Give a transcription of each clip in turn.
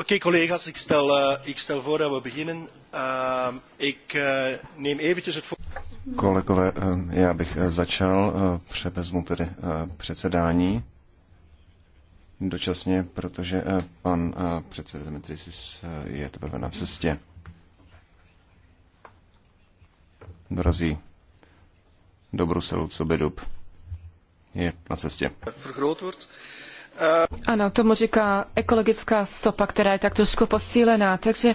Oké okay, collega's, ik stel, uh, ik stel voor dat we beginnen. Uh, ik uh, neem eventjes het voor... Kolegové, ehm, já bych eh, začal, převezmu tedy předsedání dočasně, protože pan předseda Dimitrisis je teprve na cestě. Dorazí do Bruselu, co by dub. Je na cestě. Vergroot wordt. Ano, tomu říká ekologická stopa, která je tak trošku posílená. Takže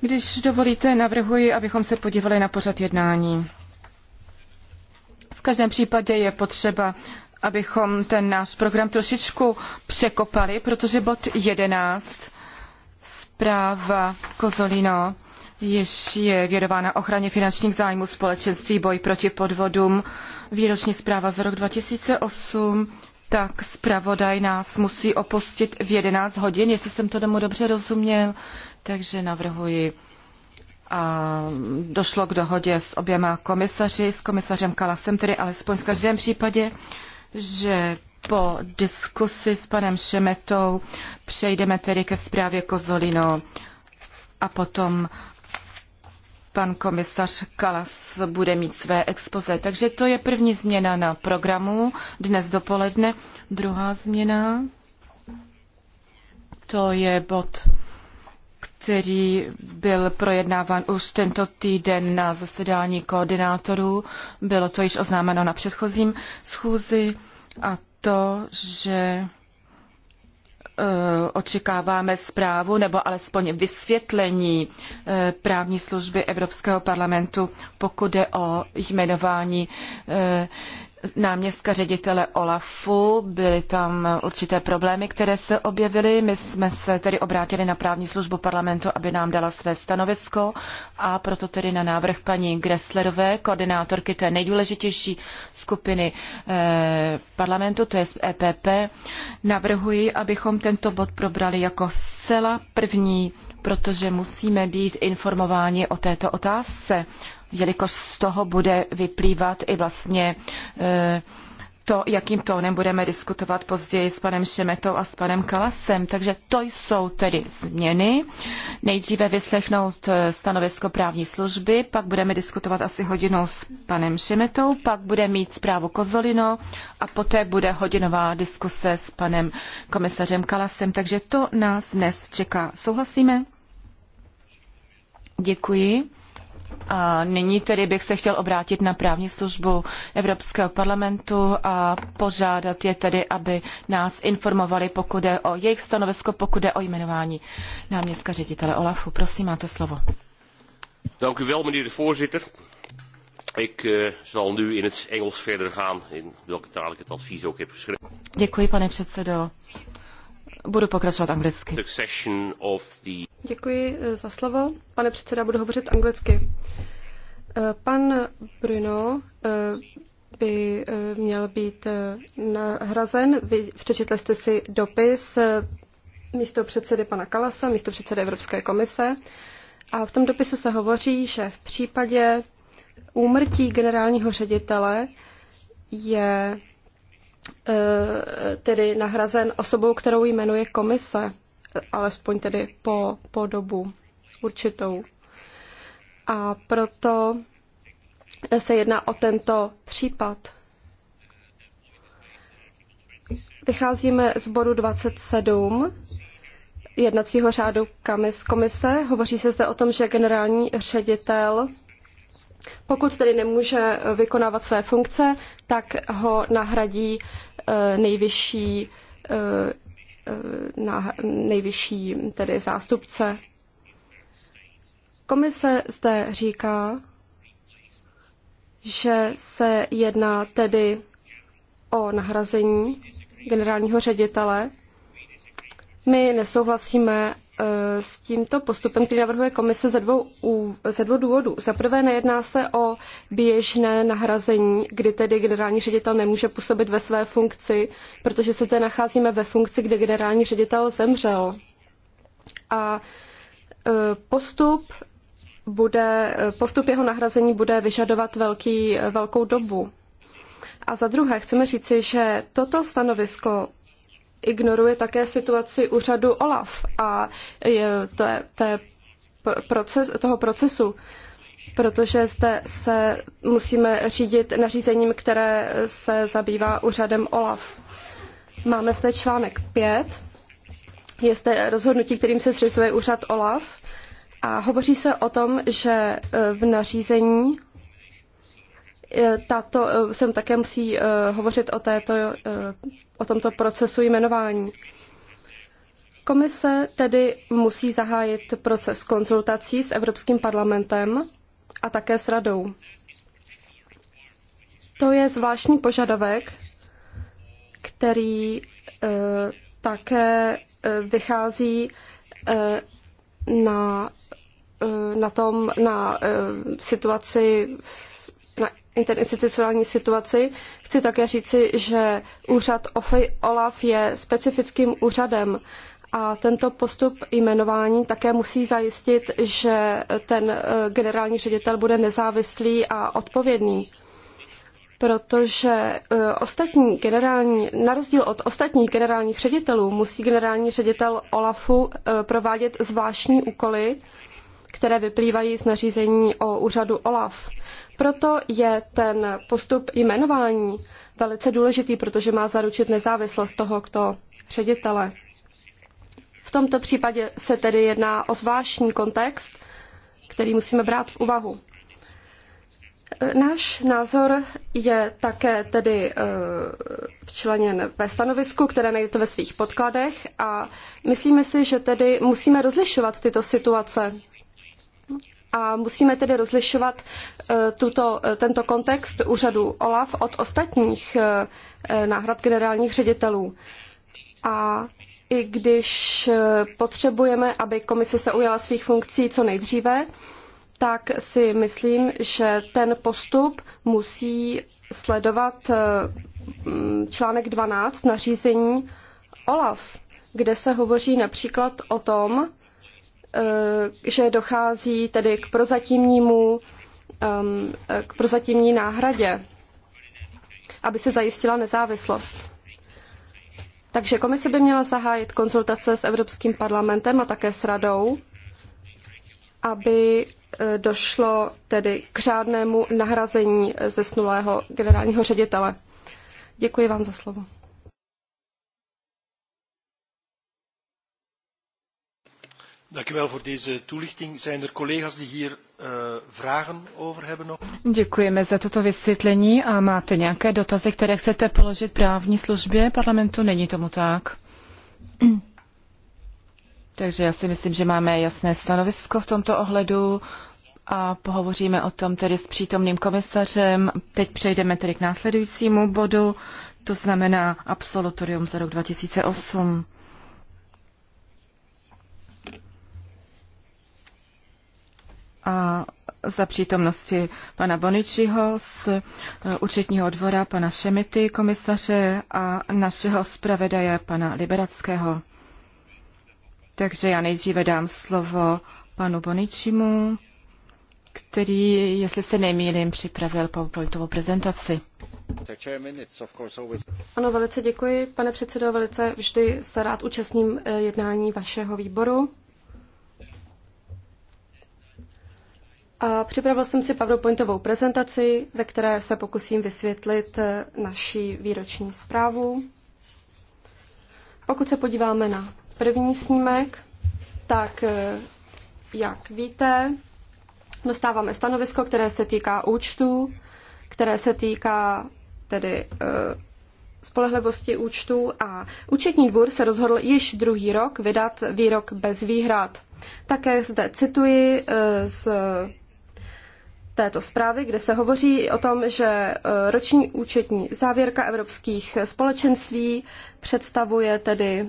když dovolíte, navrhuji, abychom se podívali na pořad jednání. V každém případě je potřeba, abychom ten náš program trošičku překopali, protože bod 11, zpráva Kozolino, jež je věnována ochraně finančních zájmů společenství, boj proti podvodům, výroční zpráva za rok 2008, tak zpravodaj nás musí opustit v 11 hodin, jestli jsem to domů dobře rozuměl, takže navrhuji a došlo k dohodě s oběma komisaři, s komisařem Kalasem tedy alespoň v každém případě, že po diskusi s panem Šemetou přejdeme tedy ke zprávě Kozolino a potom pan komisař Kalas bude mít své expoze. Takže to je první změna na programu dnes dopoledne. Druhá změna, to je bod, který byl projednáván už tento týden na zasedání koordinátorů. Bylo to již oznámeno na předchozím schůzi a to, že Eh, očekáváme zprávu nebo alespoň vysvětlení eh, právní služby Evropského parlamentu, pokud jde o jmenování eh, náměstka ředitele OLAFu. Byly tam určité problémy, které se objevily. My jsme se tedy obrátili na právní službu parlamentu, aby nám dala své stanovisko a proto tedy na návrh paní Gresslerové, koordinátorky té nejdůležitější skupiny eh, parlamentu, to je EPP, navrhuji, abychom tento bod probrali jako zcela první protože musíme být informováni o této otázce jelikož z toho bude vyplývat i vlastně e, to, jakým tónem budeme diskutovat později s panem Šemetou a s panem Kalasem. Takže to jsou tedy změny. Nejdříve vyslechnout e, stanovisko právní služby, pak budeme diskutovat asi hodinou s panem Šemetou, pak bude mít zprávu Kozolino a poté bude hodinová diskuse s panem komisařem Kalasem. Takže to nás dnes čeká. Souhlasíme? Děkuji. A nyní tedy bych se chtěl obrátit na právní službu Evropského parlamentu a požádat je tedy, aby nás informovali, pokud je o jejich stanovisko, pokud je o jmenování náměstka ředitele Olafu. Prosím, máte slovo. Dank u wel, meneer de voorzitter. Ik uh, zal nu in het Engels verder gaan, in welke taal ik het advies ook heb geschreven. Děkuji, pane předsedo. Budu pokračovat anglicky. Děkuji eh, za slovo. Pane předseda, budu hovořit anglicky. Eh, pan Bruno eh, by měl být nahrazen. Vy přečetli jste si dopis místo předsedy pana Kalasa, místo předsedy Evropské komise. A v tom dopisu se hovoří, že v případě úmrtí generálního ředitele je Eh, tedy nahrazen osobou, kterou jmenuje komise, alespoň tedy po, po dobu určitou. A proto se jedná o tento případ. Vycházíme z bodu 27 jednacího řádu komise. Hovoří se zde o tom, že generální ředitel pokud tedy nemůže vykonávat své funkce, tak ho nahradí eh, nejvyšší, eh, eh, nejvyšší tedy zástupce. Komise zde říká, že se jedná tedy o nahrazení generálního ředitele. My nesouhlasíme Eh, s tímto postupem, který navrhuje komise ze dvou, ze dvou důvodů. Za prvé nejedná se o běžné nahrazení, kdy tedy generální ředitel nemůže působit ve své funkci, protože se zde nacházíme ve funkci, kde generální ředitel zemřel. A eh, postup bude, eh, postup jeho nahrazení bude vyžadovat velký, velkou dobu. A za druhé chceme říci, že toto stanovisko ignoruje také situaci úřadu OLAF a to je proces, toho procesu, protože zde se musíme řídit nařízením, které se zabývá úřadem OLAF. Máme zde článek 5, je zde rozhodnutí, kterým se zřizuje úřad OLAF a hovoří se o tom, že e, v nařízení e, tato, jsem e, také musí hovořit o této o tomto procesu jmenování. Komise tedy musí zahájit proces konzultací s Evropským parlamentem a také s radou. To je zvláštní požadavek, který e, také e, vychází e, na, e, na tom, na e, situaci na interinstitucionální situaci. Chci také říci, že úřad OFEJ OLAF je specifickým úřadem a tento postup jmenování také musí zajistit, že ten eh, generální ředitel bude nezávislý a odpovědný protože eh, ostatní generální, na rozdíl od ostatních generálních ředitelů, musí generální ředitel OLAFu eh, provádět zvláštní úkoly, které vyplývají z nařízení o úřadu OLAF. Proto je ten postup jmenování velice důležitý, protože má zaručit nezávislost toho, kdo ředitele. V tomto případě se tedy jedná o zvláštní kontext, který musíme brát v úvahu. Náš názor je také tedy eh, včleněn ve stanovisku, které najdete ve svých podkladech a myslíme si, že tedy musíme rozlišovat tyto situace a musíme tedy rozlišovat e, tuto, e, tento kontext úřadu OLAF od ostatních e, náhrad generálních ředitelů. A i když potřebujeme, aby komise se ujala svých funkcí co nejdříve, tak si myslím, že ten postup musí sledovat článek 12 nařízení OLAF, kde se hovoří například o tom, Eh, že dochází tedy k prozatímnímu eh, k prozatímní náhradě, aby se zajistila nezávislost. Takže komise by měla zahájit konzultace s Evropským parlamentem a také s radou, aby eh, došlo tedy k řádnému nahrazení zesnulého generálního ředitele. Děkuji vám za slovo. Dank u wel voor deze toelichting. Zijn er collega's die hier uh, vragen over hebben nog? Děkujeme za toto vysvětlení a máte nějaké dotazy, které chcete položit právní službě parlamentu? Není tomu tak. Takže já si myslím, že máme jasné stanovisko v tomto ohledu a pohovoříme o tom tedy s přítomným komisařem. Teď přejdeme tedy k následujícímu bodu, to znamená absolutorium za rok 2008. a za přítomnosti pana Boničiho z e, účetního dvora, pana Šemity, komisaře a našeho zpravedaje pana Liberackého. Takže já nejdříve dám slovo panu Boničimu, který, jestli se nemýlím, připravil PowerPointovou prezentaci. Ano, velice děkuji, pane předsedo, velice vždy se rád účastním e, jednání vašeho výboru. A připravil jsem si PowerPointovou prezentaci, ve které se pokusím vysvětlit eh, naši výroční zprávu. Pokud se podíváme na první snímek, tak eh, jak víte, dostáváme stanovisko, které se týká účtu, které se týká tedy eh, spolehlivosti účtu. a účetní dvůr se rozhodl již druhý rok vydat výrok bez výhrad. Také zde cituji z této zprávy, kde se hovoří o tom, že e, roční účetní závěrka evropských společenství představuje tedy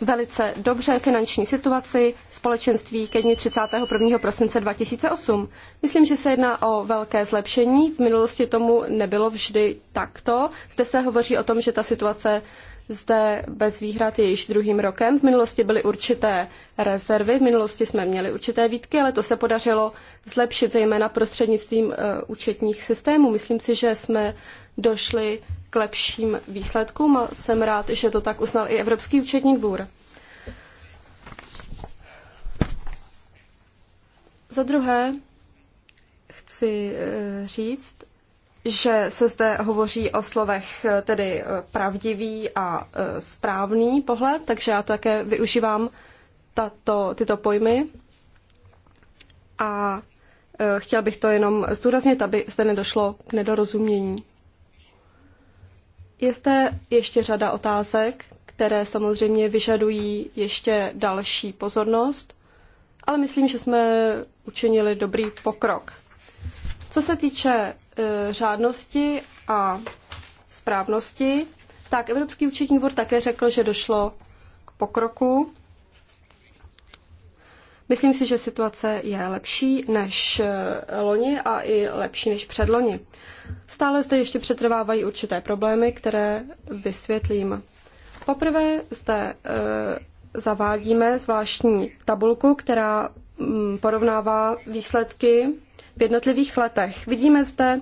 velice dobře finanční situaci společenství ke dni 31. prosince 2008. Myslím, že se jedná o velké zlepšení. V minulosti tomu nebylo vždy takto. Zde se hovoří o tom, že ta situace zde bez výhrad je již druhým rokem. V minulosti byly určité rezervy, v minulosti jsme měli určité výtky, ale to se podařilo zlepšit, zejména prostřednictvím eh, účetních systémů. Myslím si, že jsme došli k lepším výsledkům a jsem rád, že to tak uznal i Evropský účetní dvůr. Za druhé chci eh, říct, že se zde hovoří o slovech eh, tedy pravdivý a správný pohled, takže já také využívám tato, tyto pojmy. A Eh, chtěl bych to jenom zdůraznit, aby zde nedošlo k nedorozumění. Je zde ještě řada otázek, které samozřejmě vyžadují ještě další pozornost, ale myslím, že jsme učinili dobrý pokrok. Co se týče e, řádnosti a správnosti, tak Evropský účetní dvor také řekl, že došlo k pokroku. Myslím si, že situace je lepší než eh, loni a i lepší než předloni. Stále zde ještě přetrvávají určité problémy, které vysvětlím. Poprvé zde eh, zavádíme zvláštní tabulku, která mm, porovnává výsledky v jednotlivých letech. Vidíme zde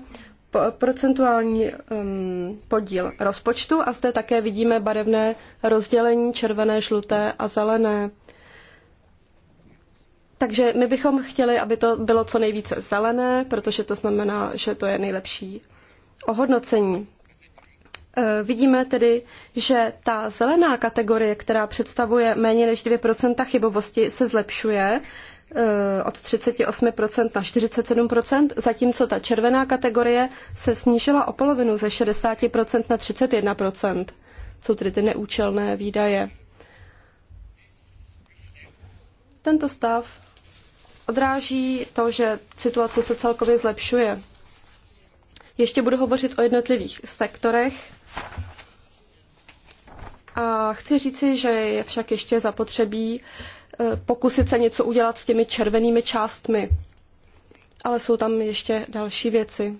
procentuální mm, podíl rozpočtu a zde také vidíme barevné rozdělení červené, žluté a zelené. Takže my bychom chtěli, aby to bylo co nejvíce zelené, protože to znamená, že to je nejlepší ohodnocení. Eh, vidíme tedy, že ta zelená kategorie, která představuje méně než 2 chybovosti, se zlepšuje eh, od 38% na 47%, zatímco ta červená kategorie se snížila o polovinu ze 60% na 31%. Jsou tedy ty neúčelné výdaje. Tento stav odráží to, že situace se celkově zlepšuje. Ještě budu hovořit o jednotlivých sektorech. A chci říci, že je však ještě zapotřebí e, pokusit se něco udělat s těmi červenými částmi. Ale jsou tam ještě další věci.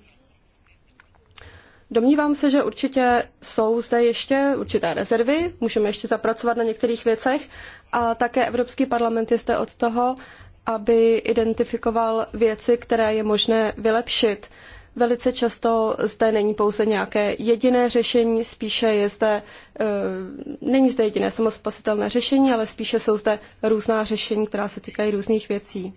Domnívám se, že určitě jsou zde ještě určité rezervy, můžeme ještě zapracovat na některých věcech a také Evropský parlament je zde od toho, aby identifikoval věci, které je možné vylepšit. Velice často zde není pouze nějaké jediné řešení, spíše je zde, eh, není zde jediné samospasitelné řešení, ale spíše jsou zde různá řešení, která se týkají různých věcí.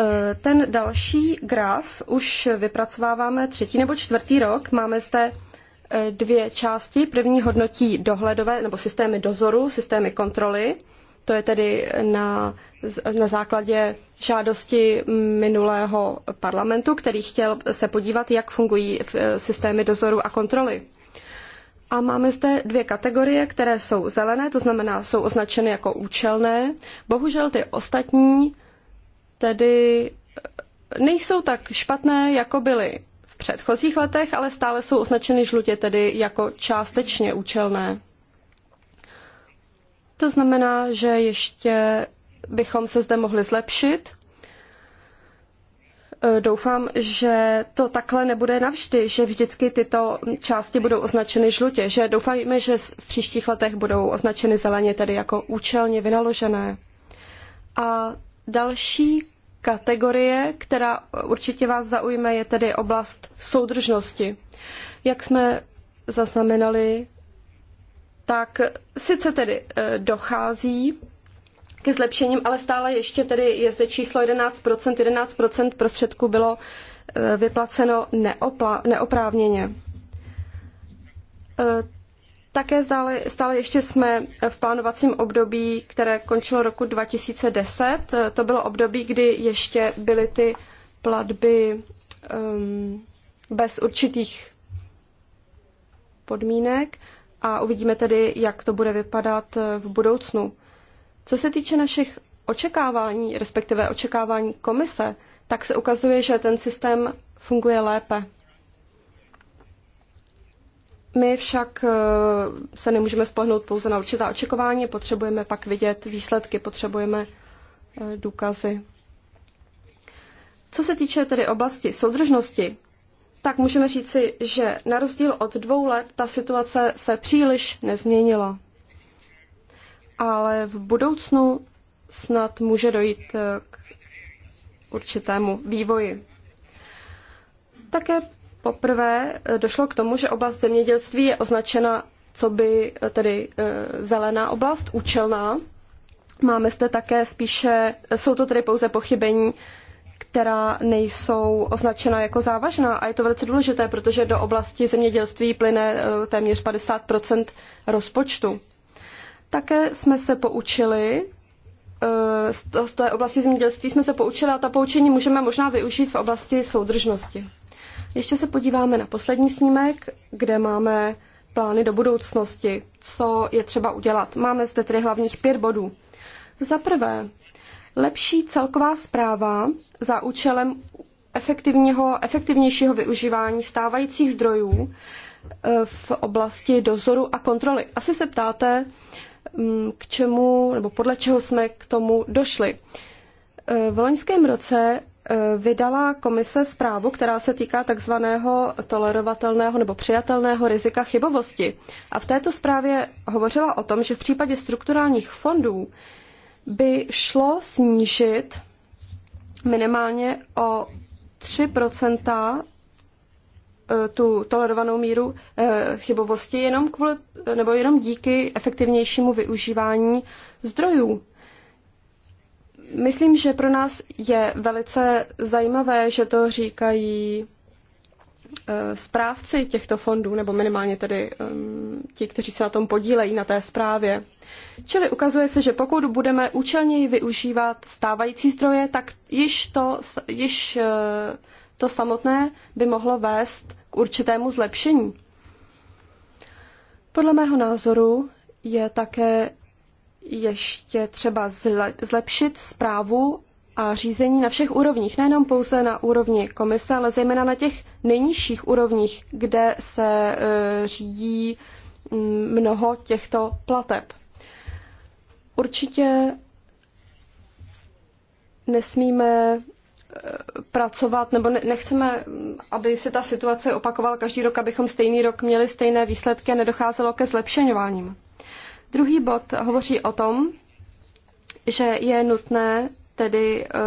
Eh, ten další graf už vypracováváme třetí nebo čtvrtý rok. Máme zde eh, dvě části. První hodnotí dohledové nebo systémy dozoru, systémy kontroly. To je tedy na, na základě žádosti minulého parlamentu, který chtěl se podívat, jak fungují eh, systémy dozoru a kontroly. A máme zde dvě kategorie, které jsou zelené, to znamená, jsou označeny jako účelné. Bohužel ty ostatní tedy eh, nejsou tak špatné, jako byly v předchozích letech, ale stále jsou označeny žlutě, tedy jako částečně účelné. To znamená, že ještě bychom se zde mohli zlepšit. E, doufám, že to takhle nebude navždy, že vždycky tyto části budou označeny žlutě, že doufáme, že v příštích letech budou označeny zeleně, tedy jako účelně vynaložené. A další kategorie, která určitě vás zaujme, je tedy oblast soudržnosti. Jak jsme zaznamenali tak sice tedy e, dochází ke zlepšením, ale stále ještě tedy je zde číslo 11%, 11% prostředků bylo e, vyplaceno neopla, neoprávněně. E, také stále, stále ještě jsme v plánovacím období, které končilo roku 2010. To bylo období, kdy ještě byly ty platby um, bez určitých podmínek a uvidíme tedy, jak to bude vypadat eh, v budoucnu. Co se týče našich očekávání, respektive očekávání komise, tak se ukazuje, že ten systém funguje lépe. My však eh, se nemůžeme spolehnout pouze na určitá očekování, potřebujeme pak vidět výsledky, potřebujeme eh, důkazy. Co se týče tedy oblasti soudržnosti, tak můžeme říci, že na rozdíl od dvou let ta situace se příliš nezměnila. Ale v budoucnu snad může dojít eh, k určitému vývoji. Také poprvé eh, došlo k tomu, že oblast zemědělství je označena co by eh, tedy zelená oblast, účelná. Máme zde také spíše, jsou to tedy pouze pochybení která nejsou označena jako závažná. A je to velice důležité, protože do oblasti zemědělství plyne eh, téměř 50 rozpočtu. Také jsme se poučili, eh, z té oblasti zemědělství jsme se poučili a ta poučení můžeme možná využít v oblasti soudržnosti. Ještě se podíváme na poslední snímek, kde máme plány do budoucnosti, co je třeba udělat. Máme zde tedy hlavních pět bodů. Za prvé, lepší celková zpráva za účelem efektivního, efektivnějšího využívání stávajících zdrojů eh, v oblasti dozoru a kontroly. Asi se ptáte, mm, k čemu nebo podle čeho jsme k tomu došli. Eh, v loňském roce eh, vydala komise zprávu, která se týká takzvaného tolerovatelného nebo přijatelného rizika chybovosti. A v této zprávě hovořila o tom, že v případě strukturálních fondů by šlo snížit minimálně o 3 e, tu tolerovanou míru e, chybovosti jenom kvůli, nebo jenom díky efektivnějšímu využívání zdrojů. Myslím, že pro nás je velice zajímavé, že to říkají Eh, správci těchto fondů, nebo minimálně tedy ti, kteří se na tom podílejí, na té správě. Čili ukazuje se, že pokud budeme účelněji využívat stávající zdroje, tak již to, již, eh, to samotné by mohlo vést k určitému zlepšení. Podle mého názoru je také ještě třeba zlepšit zprávu a řízení na všech úrovních, nejenom pouze na úrovni komise, ale zejména na těch nejnižších úrovních, kde se eh, řídí mm, mnoho těchto plateb. Určitě nesmíme eh, pracovat, nebo nechceme, aby se ta situace opakovala každý rok, abychom stejný rok měli stejné výsledky a nedocházelo ke zlepšeňováním. Druhý bod hovoří o tom, že je nutné tedy eh,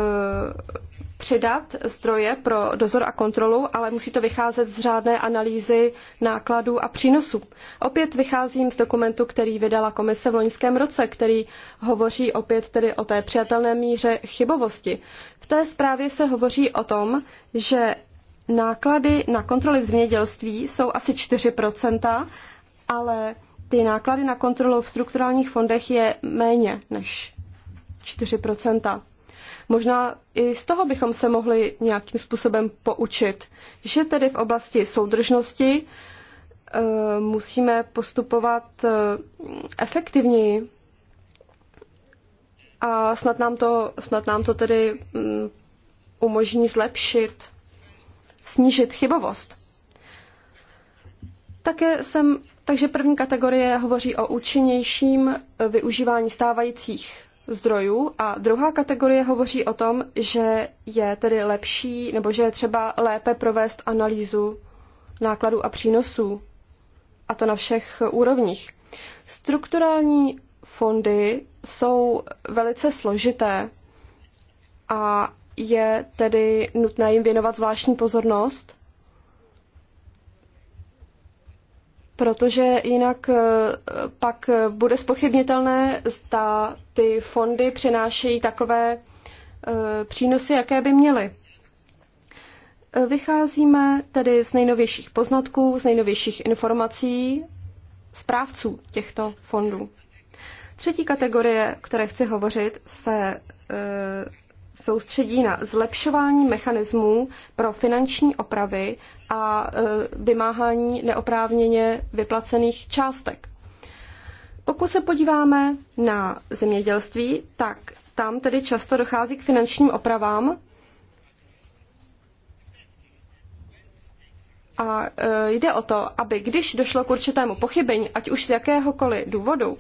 přidat zdroje pro dozor a kontrolu, ale musí to vycházet z řádné analýzy nákladů a přínosů. Opět vycházím z dokumentu, který vydala komise v loňském roce, který hovoří opět tedy o té přijatelné míře chybovosti. V té zprávě se hovoří o tom, že náklady na kontroly v zemědělství jsou asi 4%, ale ty náklady na kontrolu v strukturálních fondech je méně než 4%. Možná i z toho bychom se mohli nějakým způsobem poučit, že tedy v oblasti soudržnosti eh, musíme postupovat eh, efektivněji a snad nám to, snad nám to tedy mm, umožní zlepšit, snížit chybovost. Také jsem, takže první kategorie hovoří o účinnějším eh, využívání stávajících zdrojů. A druhá kategorie hovoří o tom, že je tedy lepší, nebo že je třeba lépe provést analýzu nákladů a přínosů. A to na všech úrovních. Strukturální fondy jsou velice složité a je tedy nutné jim věnovat zvláštní pozornost, protože jinak eh, pak bude spochybnitelné, zda ty fondy přinášejí takové eh, přínosy, jaké by měly. Eh, vycházíme tedy z nejnovějších poznatků, z nejnovějších informací zprávců těchto fondů. Třetí kategorie, které chci hovořit, se soustředí na zlepšování mechanismů pro finanční opravy a e, vymáhání neoprávněně vyplacených částek. Pokud se podíváme na zemědělství, tak tam tedy často dochází k finančním opravám. A e, jde o to, aby když došlo k určitému pochybení, ať už z jakéhokoliv důvodu,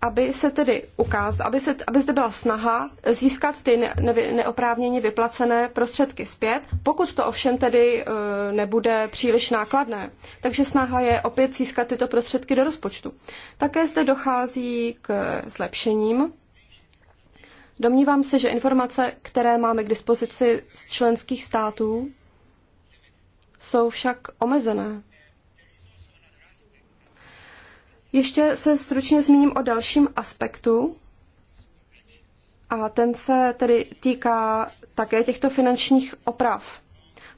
aby se tedy ukázal, aby, se, aby zde byla snaha získat ty ne, ne, neoprávněně vyplacené prostředky zpět, pokud to ovšem tedy e, nebude příliš nákladné. Takže snaha je opět získat tyto prostředky do rozpočtu. Také zde dochází k zlepšením. Domnívám se, že informace, které máme k dispozici z členských států, jsou však omezené. Ještě se stručně zmíním o dalším aspektu, a ten se tedy týká také těchto finančních oprav.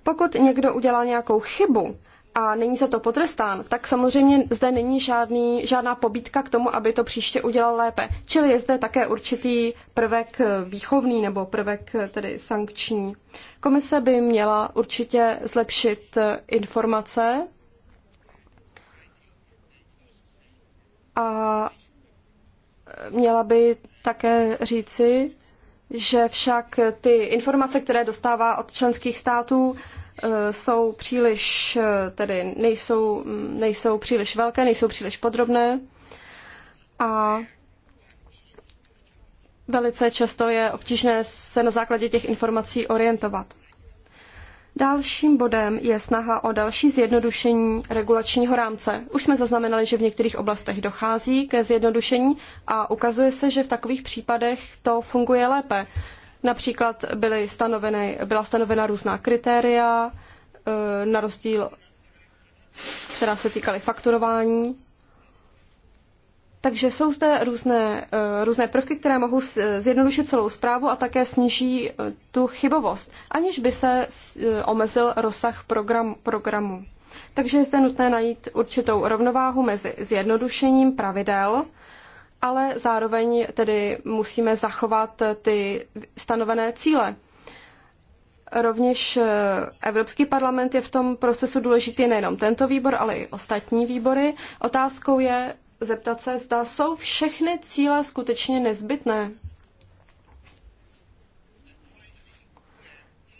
Pokud někdo udělá nějakou chybu a není za to potrestán, tak samozřejmě zde není žádný, žádná pobídka k tomu, aby to příště udělal lépe. Čili je zde také určitý prvek výchovný nebo prvek tedy sankční. Komise by měla určitě zlepšit informace a měla by také říci, že však ty informace, které dostává od členských států, eh, jsou příliš, eh, tedy nejsou, mm, nejsou příliš velké, nejsou příliš podrobné a velice často je obtížné se na základě těch informací orientovat. Dalším bodem je snaha o další zjednodušení regulačního rámce. Už jsme zaznamenali, že v některých oblastech dochází ke zjednodušení a ukazuje se, že v takových případech to funguje lépe. Například byly stanoveny, byla stanovena různá kritéria, e, na rozdíl, která se týkaly fakturování takže jsou zde různé, eh, různé prvky, které mohou eh, zjednodušit celou zprávu a také sníží eh, tu chybovost, aniž by se omezil rozsah program, programu. Takže je zde nutné najít určitou rovnováhu mezi zjednodušením pravidel, ale zároveň tedy musíme zachovat ty stanovené cíle. Rovněž Evropský parlament je v tom procesu důležitý nejenom tento výbor, ale i ostatní výbory. Otázkou je, zeptat se, zda jsou všechny cíle skutečně nezbytné.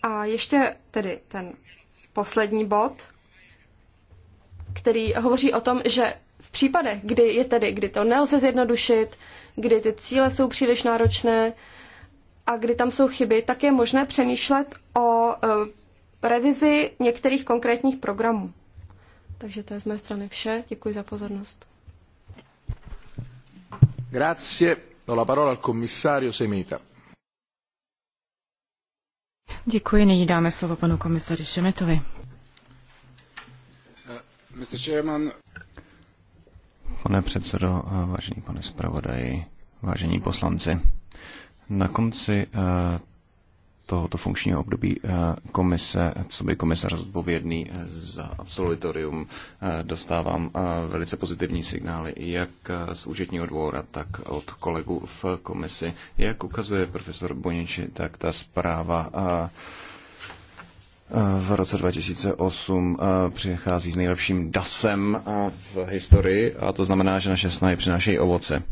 A ještě tedy ten poslední bod, který hovoří o tom, že v případech, kdy je tedy, kdy to nelze zjednodušit, kdy ty cíle jsou příliš náročné a kdy tam jsou chyby, tak je možné přemýšlet o uh, revizi některých konkrétních programů. Takže to je z mé strany vše. Děkuji za pozornost. Grazie. Do la parola al commissario Semeta. Děkuji, nyní dáme slovo panu komisaři Šemetovi. Eh, pane předsedo, eh, vážený pane zpravodaji, vážení poslanci, na konci eh, tohoto funkčního období eh, komise, co by komisař zodpovědný eh, za absolutorium, eh, dostávám velice pozitivní signály jak z účetního dvora, tak od kolegů v komisi. Jak ukazuje profesor Boniči, tak ta zpráva v roce 2008 přichází s nejlepším DASem v historii a to znamená, že naše snahy přinášejí ovoce.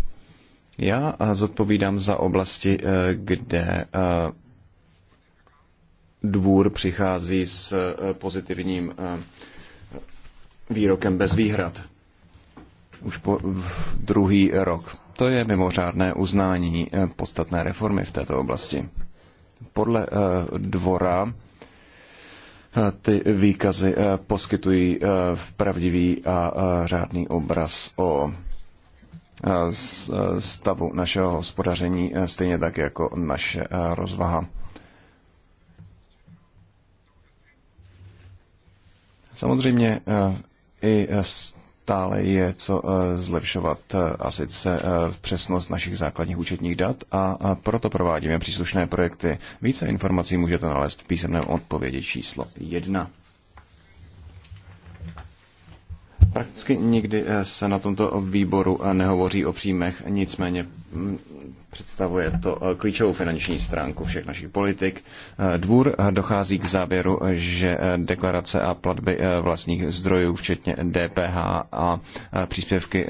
Já zodpovídám za oblasti, kde dvůr přichází s eh, pozitivním eh, výrokem bez výhrad. Už po druhý rok. To je mimořádné uznání eh, podstatné reformy v této oblasti. Podle dvora ty výkazy poskytují pravdivý a řádný obraz o stavu našeho hospodaření, stejně tak jako naše rozvaha. Samozřejmě eh, i eh, stále je co eh, zlepšovat a sice přesnost našich základních účetních dat a proto provádíme příslušné projekty. Více informací můžete nalézt v písemné odpovědi číslo 1. Prakticky nikdy eh, se na tomto výboru eh, nehovoří o příjmech, nicméně mm, představuje to eh, klíčovou finanční stránku všech našich politik. Dvůr dochází k závěru, že deklarace a platby vlastních zdrojů, včetně DPH a příspěvky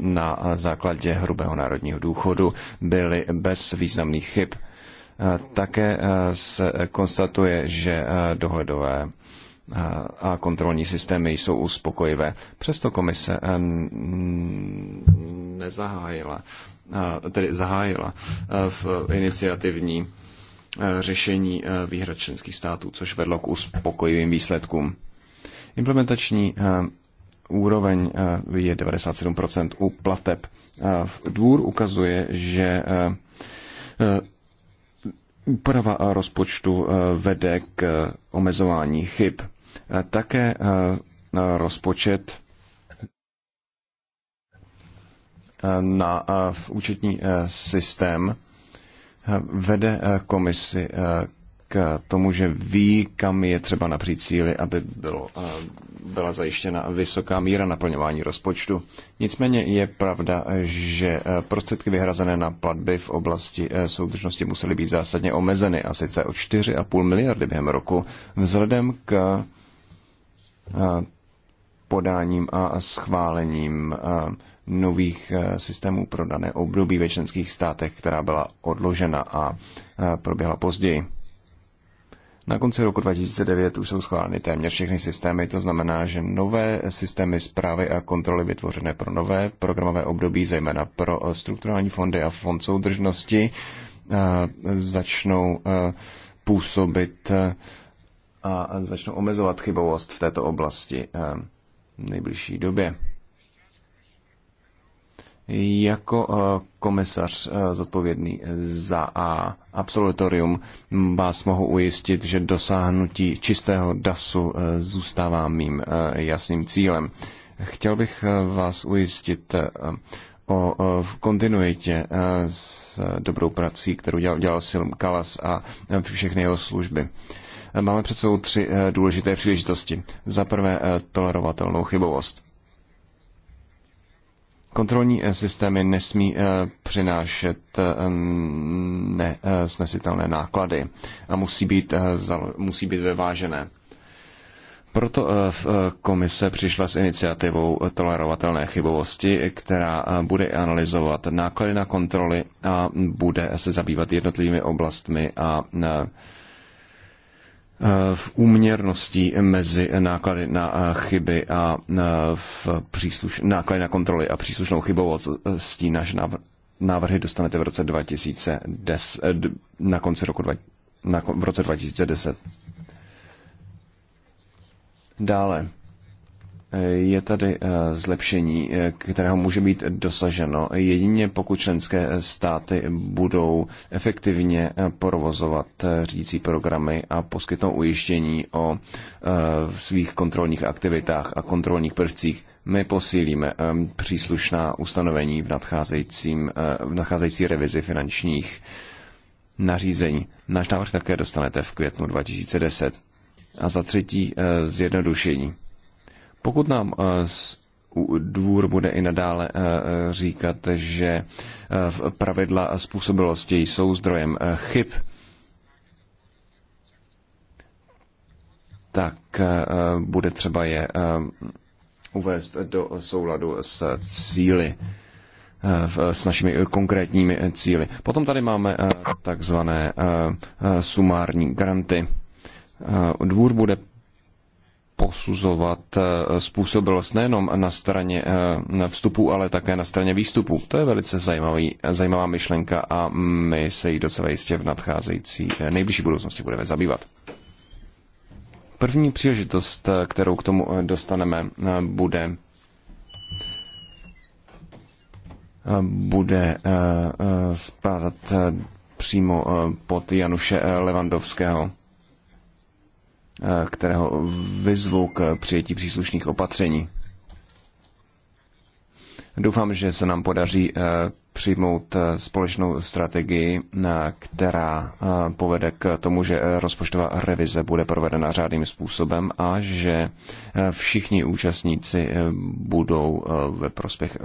na základě hrubého národního důchodu, byly bez významných chyb. Také se konstatuje, že dohledové a kontrolní systémy jsou uspokojivé. Přesto komise eh, nezahájila, tedy zahájila eh, v iniciativní eh, řešení výhrad členských států, což vedlo k uspokojivým výsledkům. Implementační úroveň je 97% u plateb. Dvůr ukazuje, že úprava rozpočtu vede k omezování chyb také eh, rozpočet eh, na eh, v účetní systém vede komisi k tomu, že ví, kam je třeba napřít cíly, aby bylo, byla zajištěna vysoká míra naplňování rozpočtu. Nicméně je pravda, že prostředky vyhrazené na platby v oblasti soudržnosti musely být zásadně omezeny, a sice o 4,5 miliardy během roku, vzhledem k podáním a schválením nových systémů pro dané období ve členských státech, která byla odložena a proběhla později. Na konci roku 2009 už jsou schváleny téměř všechny systémy, to znamená, že nové systémy zprávy a kontroly vytvořené pro nové programové období, zejména pro e, strukturální fondy a fond soudržnosti, e, začnou e, působit a začnou omezovat chybovost v této oblasti eh, v nejbližší době. Jako eh, komisař eh, zodpovědný za a absolutorium vás mohu ujistit, že dosáhnutí čistého DASu zůstává mým jasným cílem. Chtěl bych vás ujistit o kontinuitě s dobrou prací, kterou dělal, dělal Silm Kalas a všechny jeho služby. Máme před sebou tři eh, důležité příležitosti. Za prvé eh, tolerovatelnou chybovost. Kontrolní eh, systémy nesmí přinášet nesnesitelné náklady a musí být, musí být vyvážené. Proto v komise přišla s iniciativou tolerovatelné chybovosti, která bude analyzovat náklady na kontroly a bude se zabývat jednotlivými oblastmi a Eh, v úměrnosti mezi náklady na eh, chyby a eh, v přísluš- náklady na kontroly a příslušnou chybou odstín náš návrh návrhy dostanete v roce 2010, na konci roku dva, na, v roce 2010. Dále je tady eh, zlepšení, eh, kterého může být dosaženo jedině pokud členské státy budou efektivně eh, provozovat řídící programy a poskytnou ujištění o svých kontrolních aktivitách a kontrolních prvcích. My posílíme příslušná ustanovení v, nadcházejícím, v nadcházející revizi finančních nařízení. Náš návrh také dostanete v květnu 2010. A za třetí zjednodušení pokud nám eh, dvůr bude i nadále eh, eh, říkat, že pravidla způsobilosti jsou zdrojem chyb, tak bude třeba je uvést do souladu s cíly, s našimi konkrétními cíly. Potom tady máme takzvané sumární granty. Dvůr bude posuzovat eh, způsobilost nejenom na straně eh, vstupu, ale také na straně výstupu. To je velice zajímavý, zajímavá myšlenka a my se jí docela jistě v nadcházející eh, nejbližší budoucnosti budeme zabývat. První příležitost, kterou k tomu dostaneme, bude bude spadat přímo pod Januše Levandovského Eh, kterého vyzvu k přijetí příslušných opatření. Doufám, že se nám podaří eh, přijmout eh, společnou strategii, která povede k tomu, že rozpočtová revize bude provedena řádným způsobem a že všichni účastníci budou ve prospěch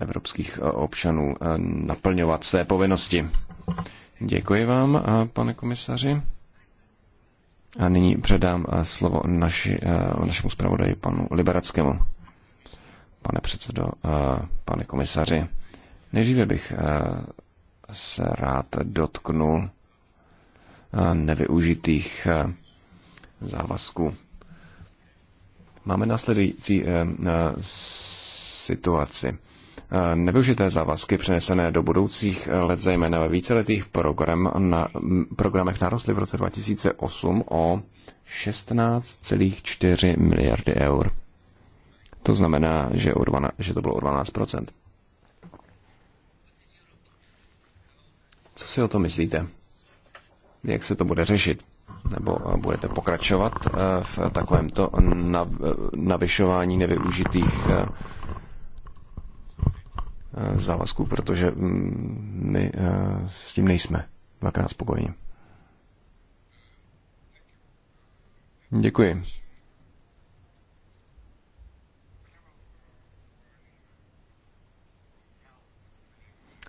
evropských občanů naplňovat své povinnosti. Děkuji vám, pane komisaři. A nyní předám eh, slovo naši, eh, našemu zpravodaji panu Liberackému. Pane předsedo, eh, pane komisaři, nejdříve bych se rád dotknul nevyužitých závazků. Máme následující situaci. Eh, nevyužité závazky přenesené do budoucích eh, let, zejména ve víceletých program na, programech narostly v roce 2008 o 16,4 miliardy eur. To znamená, že, o 12, že to bylo o 12 Co si o to myslíte? Jak se to bude řešit? Nebo eh, budete pokračovat v takovémto navyšování nevyužitých Eh, závazků, protože mm, my eh, s tím nejsme dvakrát spokojení. Děkuji.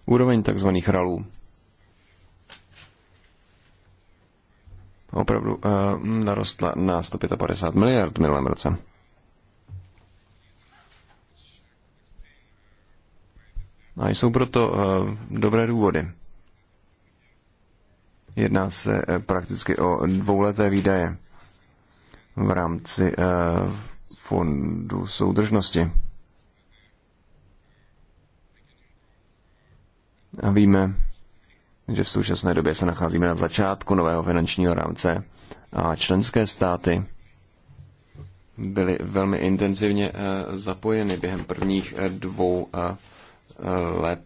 Úroveň takzvaných ralů. Opravdu eh, narostla na 155 miliard v minulém roce. A jsou proto eh, dobré důvody. Jedná se eh, prakticky o dvouleté výdaje v rámci eh, fondu soudržnosti. A víme, že v současné době se nacházíme na začátku nového finančního rámce a členské státy byly velmi intenzivně zapojeny během prvních dvou let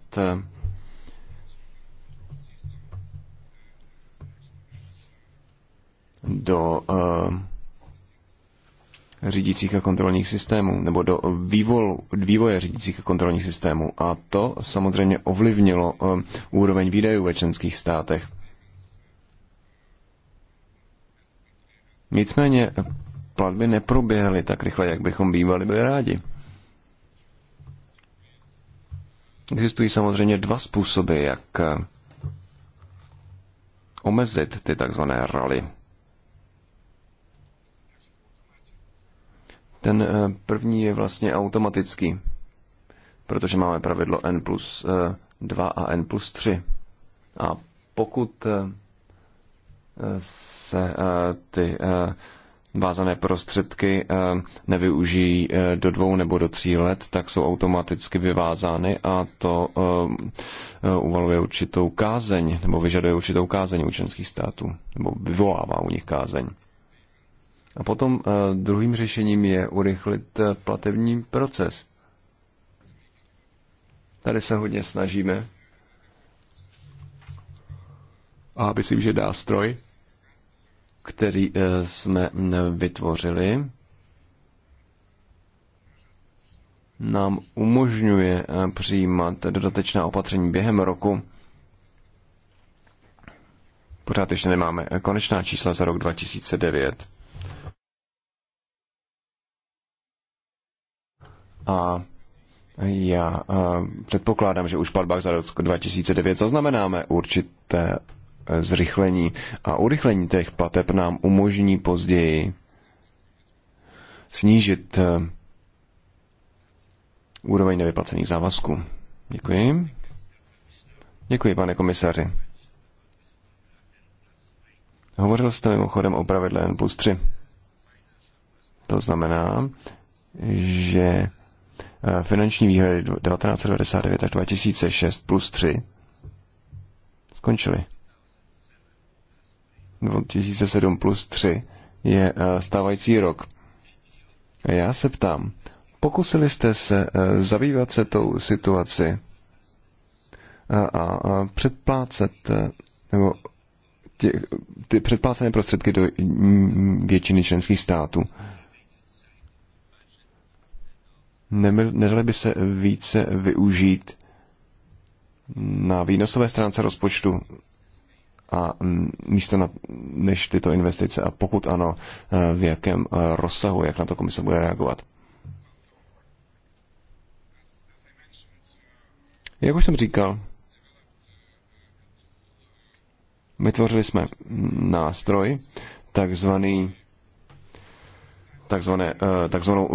do eh, řídících a kontrolních systémů, nebo do vývolu, vývoje řídících a kontrolních systémů. A to samozřejmě ovlivnilo eh, úroveň výdajů ve členských státech. Nicméně platby neproběhly tak rychle, jak bychom bývali byli rádi. Existují samozřejmě dva způsoby, jak eh, omezit ty takzvané rally. Ten eh, první je vlastně automatický, protože máme pravidlo n plus 2 eh, a n plus 3. A pokud se ty vázané prostředky eh, nevyužijí eh, do dvou nebo do tří let, tak jsou automaticky vyvázány a to eh, uvaluje určitou kázeň nebo vyžaduje určitou kázeň u členských států nebo vyvolává u nich kázeň. A potom druhým řešením je urychlit platební proces. Tady se hodně snažíme. A myslím, že stroj který eh, jsme vytvořili, nám umožňuje eh, přijímat dodatečná opatření během roku. Pořád ještě nemáme eh, konečná čísla za rok 2009. A já předpokládám, že už platbách za rok 2009 zaznamenáme určité Eh, zrychlení. A urychlení těch plateb nám umožní později snížit eh, úroveň nevyplacených závazků. Děkuji. Děkuji, pane komisaři. Hovořil jste mimochodem o pravidle N plus 3. To znamená, že eh, finanční výhledy 1999 až 2006 plus 3 skončily. 2007 plus 3 je eh, stávající rok. Já se ptám, pokusili jste se eh, zabývat se tou situaci a, a, a předplácet eh, nebo tě, ty předplácené prostředky do mm, mm, většiny členských států. Nedali by se více využít na výnosové stránce rozpočtu a místo na, než tyto investice a pokud ano, eh, v jakém eh, rozsahu, jak na to komise bude reagovat. Jak už jsem říkal, vytvořili jsme nástroj, takzvaný, takzvané, eh, takzvanou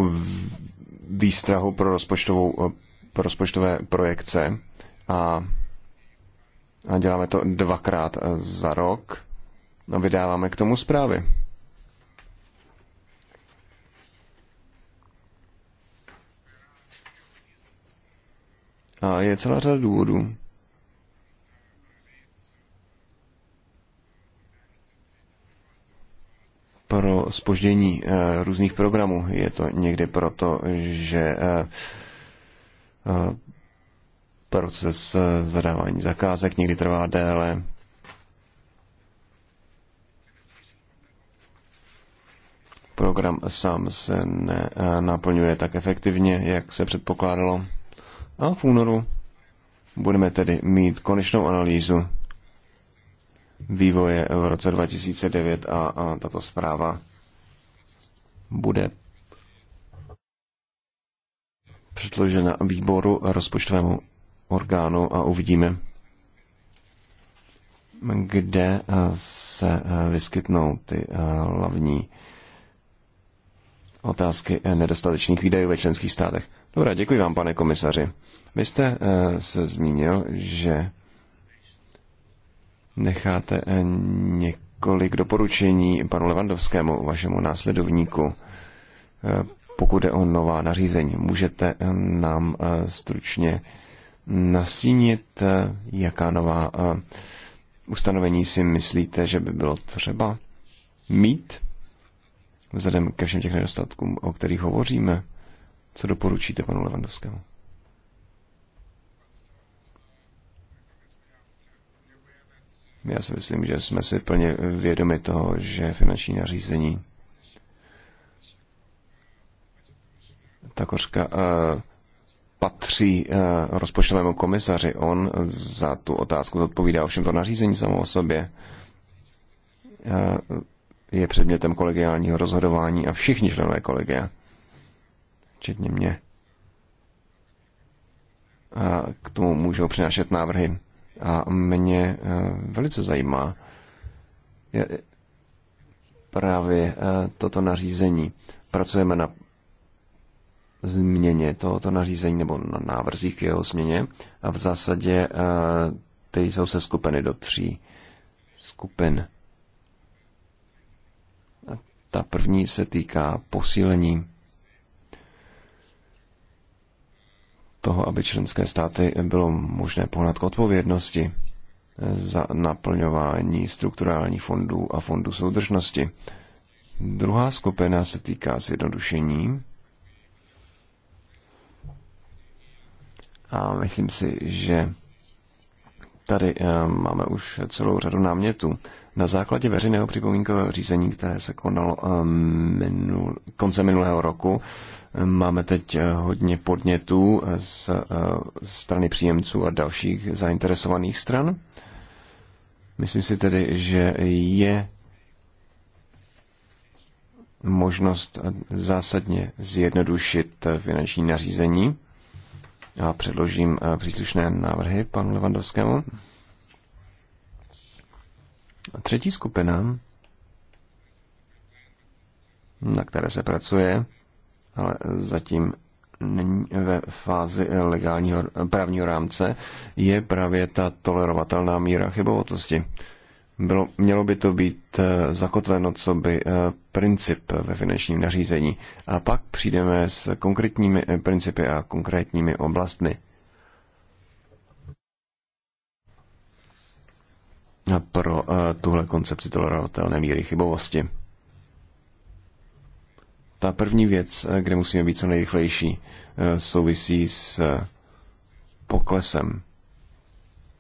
výstrahu pro, rozpočtovou, pro rozpočtové projekce a a děláme to dvakrát eh, za rok. No vydáváme k tomu zprávy. A je celá řada důvodů. pro spoždění eh, různých programů. Je to někdy proto, že eh, Proces eh, zadávání zakázek někdy trvá déle. Program sám se eh, naplňuje tak efektivně, jak se předpokládalo. A v únoru budeme tedy mít konečnou analýzu vývoje v roce 2009 a, a tato zpráva bude předložena výboru rozpočtovému orgánu a uvidíme, kde eh, se eh, vyskytnou ty eh, hlavní otázky nedostatečných výdajů ve členských státech. Dobrá, děkuji vám, pane komisaři. Vy jste se zmínil, že necháte několik doporučení panu Levandovskému, vašemu následovníku, pokud je o nová nařízení. Můžete nám stručně nastínit, eh, jaká nová eh, ustanovení si myslíte, že by bylo třeba mít vzhledem ke všem těch nedostatkům, o kterých hovoříme? Co doporučíte panu Levandovskému? Já si myslím, že jsme si plně vědomi toho, že finanční nařízení takořka uh, patří eh, rozpočtovému komisaři. On za tu otázku odpovídá ovšem to nařízení samo o sobě. Eh, je předmětem kolegiálního rozhodování a všichni členové kolegia, včetně mě, a k tomu můžou přinášet návrhy. A mě eh, velice zajímá právě toto nařízení. Pracujeme na změně tohoto nařízení nebo na návrzích k jeho změně a v zásadě eh, ty jsou se skupeny do tří skupin. A ta první se týká posílení toho, aby členské státy bylo možné pohnat k odpovědnosti eh, za naplňování strukturálních fondů a fondů soudržnosti. Druhá skupina se týká zjednodušení A myslím si, že tady eh, máme už celou řadu námětů. Na základě veřejného připomínkového řízení, které se konalo eh, minul, konce minulého roku, eh, máme teď hodně podnětů z strany příjemců a dalších zainteresovaných stran. Myslím si tedy, že je možnost zásadně zjednodušit finanční nařízení já předložím eh, příslušné návrhy panu Levandovskému. Třetí skupina, na které se pracuje, ale zatím není ve fázi legálního eh, právního rámce, je právě ta tolerovatelná míra chybovatosti. Bylo, mělo by to být eh, zakotveno co by eh, princip ve finančním nařízení. A pak přijdeme s konkrétními eh, principy a konkrétními oblastmi. pro tuhle koncepci tolerovatelné míry chybovosti. Ta první věc, kde musíme být co nejrychlejší, souvisí s poklesem,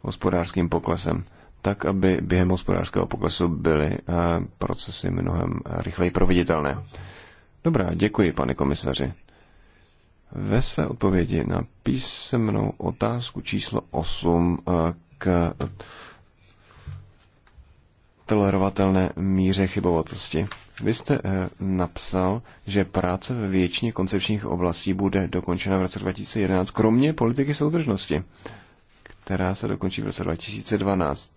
hospodářským poklesem tak aby během hospodářského poklesu byly eh, procesy mnohem rychleji proveditelné. Dobrá, děkuji, pane komisaři. Ve své odpovědi na písemnou otázku číslo 8 eh, k tolerovatelné míře chybovatosti. Vy jste eh, napsal, že práce ve většině koncepčních oblastí bude dokončena v roce 2011, kromě politiky soudržnosti, která se dokončí v roce 2012.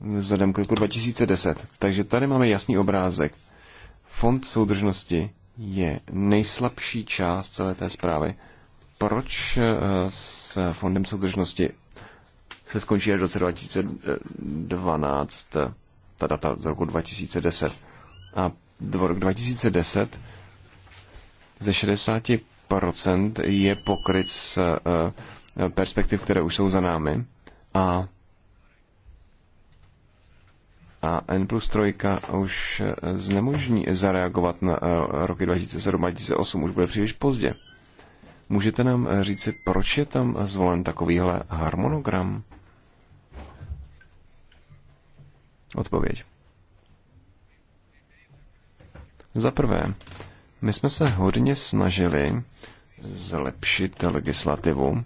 vzhledem k roku 2010. Takže tady máme jasný obrázek. Fond soudržnosti je nejslabší část celé té zprávy. Proč eh, s Fondem soudržnosti se skončí až v roce 2012, ta data z roku 2010. A roku 2010 ze 60% je pokryt z eh, perspektiv, které už jsou za námi. A a N plus 3 už eh, znemožní zareagovat na eh, roky 2007 a 2008, už bude příliš pozdě. Můžete nám eh, říci, proč je tam zvolen takovýhle harmonogram? Odpověď. Za prvé, my jsme se hodně snažili zlepšit legislativu,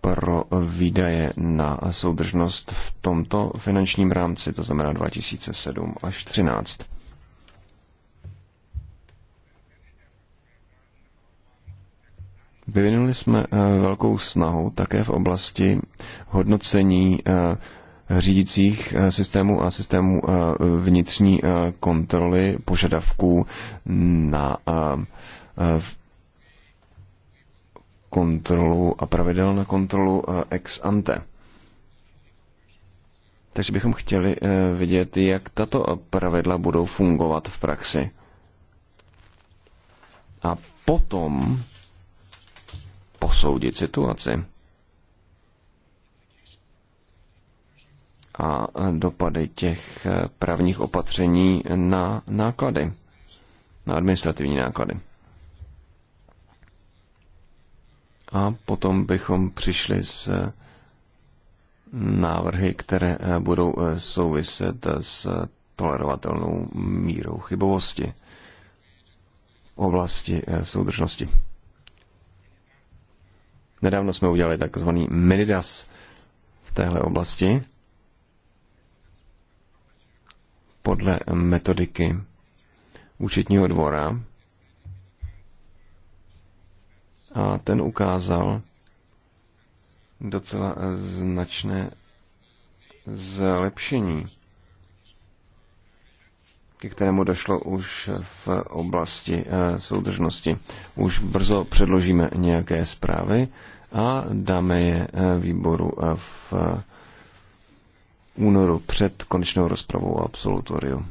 pro výdaje na soudržnost v tomto finančním rámci, to znamená 2007 až 2013. Vyvinuli jsme eh, velkou snahu také v oblasti hodnocení eh, řídících eh, systémů a systémů vnitřní kontroly požadavků na kontrolu a pravidel na kontrolu eh, ex ante. Takže bychom chtěli eh, vidět, jak tato pravidla budou fungovat v praxi. A potom posoudit situaci. A dopady těch eh, právních opatření na náklady, na administrativní náklady. a potom bychom přišli s eh, návrhy, které eh, budou eh, souviset s tolerovatelnou mírou chybovosti v oblasti soudržnosti. Nedávno jsme udělali takzvaný minidas v téhle oblasti podle metodiky účetního dvora a ten ukázal docela eh, značné zlepšení, ke kterému došlo už v oblasti eh, soudržnosti. Už brzo předložíme nějaké zprávy a dáme je eh, výboru v únoru před konečnou rozpravou o absolutoriu.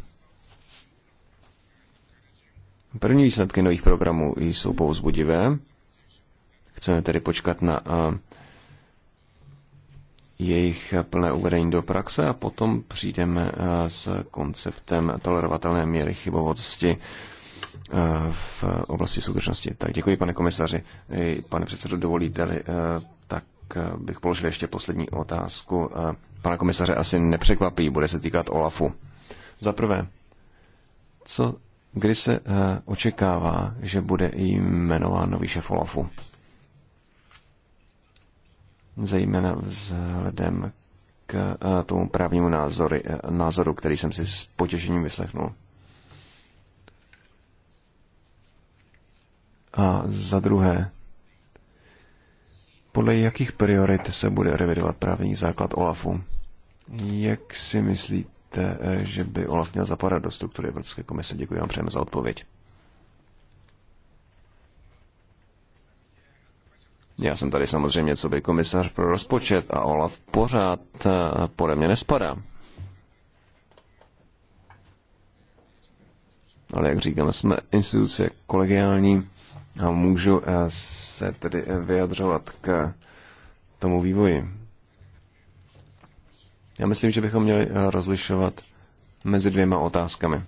První výsledky nových programů jsou pouzbudivé Chceme tedy počkat na eh, jejich plné uvedení do praxe a potom přijdeme eh, s konceptem tolerovatelné míry chybovosti eh, v oblasti soudržnosti. Tak děkuji, pane komisaři. Pane předsedo, dovolíte-li, tak bych položil ještě poslední otázku. Pane komisaře asi nepřekvapí, bude se týkat OLAFu. Za prvé, co, kdy se očekává, že bude jmenován nový šef OLAFu? zejména vzhledem k eh, tomu právnímu názory, eh, názoru, který jsem si s potěšením vyslechnul. A za druhé, podle jakých priorit se bude revidovat právní základ OLAFu? Jak si myslíte, eh, že by OLAF měl zapadat do struktury Evropské komise? Děkuji vám přejeme za odpověď. Já jsem tady samozřejmě co by komisař pro rozpočet a Olaf pořád eh, pode mě nespadá. Ale jak říkám, jsme instituce kolegiální a můžu eh, se tedy eh, vyjadřovat k tomu vývoji. Já myslím, že bychom měli rozlišovat mezi dvěma otázkami,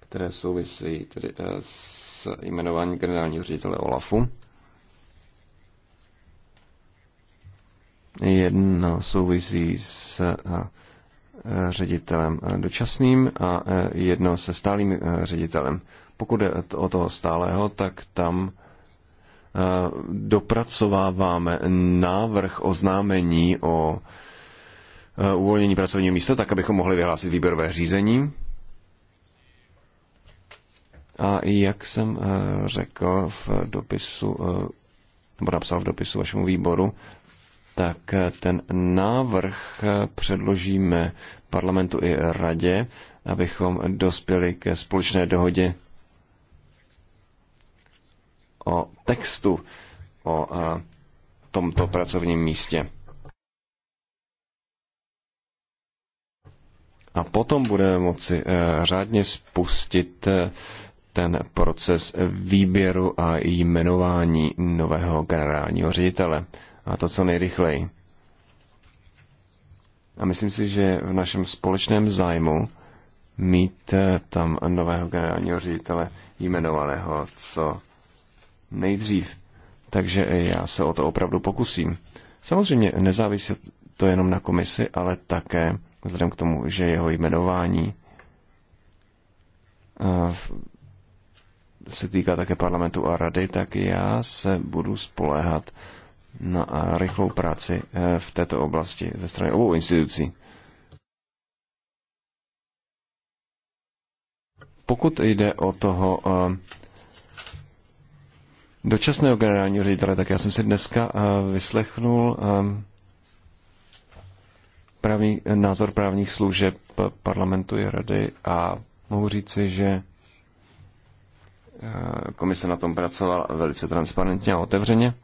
které souvisí tedy s jmenováním generálního ředitele OLAFu Jedno souvisí s eh, ředitelem eh, dočasným a eh, jedno se stálým ředitelem. Pokud je o toho stálého, tak tam dopracováváme návrh oznámení o uvolnění pracovního místa, tak abychom mohli vyhlásit výběrové řízení. A jak jsem řekl v dopisu, nebo napsal v dopisu vašemu výboru, tak ten návrh předložíme parlamentu i radě, abychom dospěli ke společné dohodě o textu, o tomto pracovním místě. A potom budeme moci e, řádně spustit e, ten proces výběru a jmenování nového generálního ředitele a to co nejrychleji. A myslím si, že v našem společném zájmu mít eh, tam nového generálního ředitele jmenovaného co nejdřív. Takže eh, já se o to opravdu pokusím. Samozřejmě nezávisí to jenom na komisi, ale také vzhledem k tomu, že jeho jmenování eh, se týká také parlamentu a rady, tak já se budu spoléhat na eh, rychlou práci eh, v této oblasti ze strany obou institucí. Pokud jde o toho eh, dočasného generálního ředitele, tak já jsem si dneska vyslechnul právní, názor právních služeb parlamentu i rady a mohu říci, že komise na tom pracovala velice transparentně a otevřeně.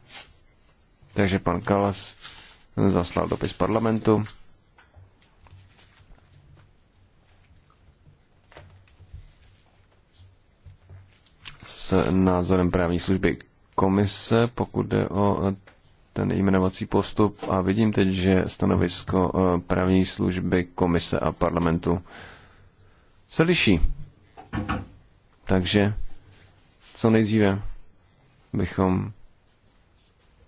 Takže pan Kalas zaslal dopis parlamentu. s názorem právní služby komise, pokud jde o ten jmenovací postup a vidím teď, že stanovisko eh, právní služby komise a parlamentu se liší. Takže co nejdříve bychom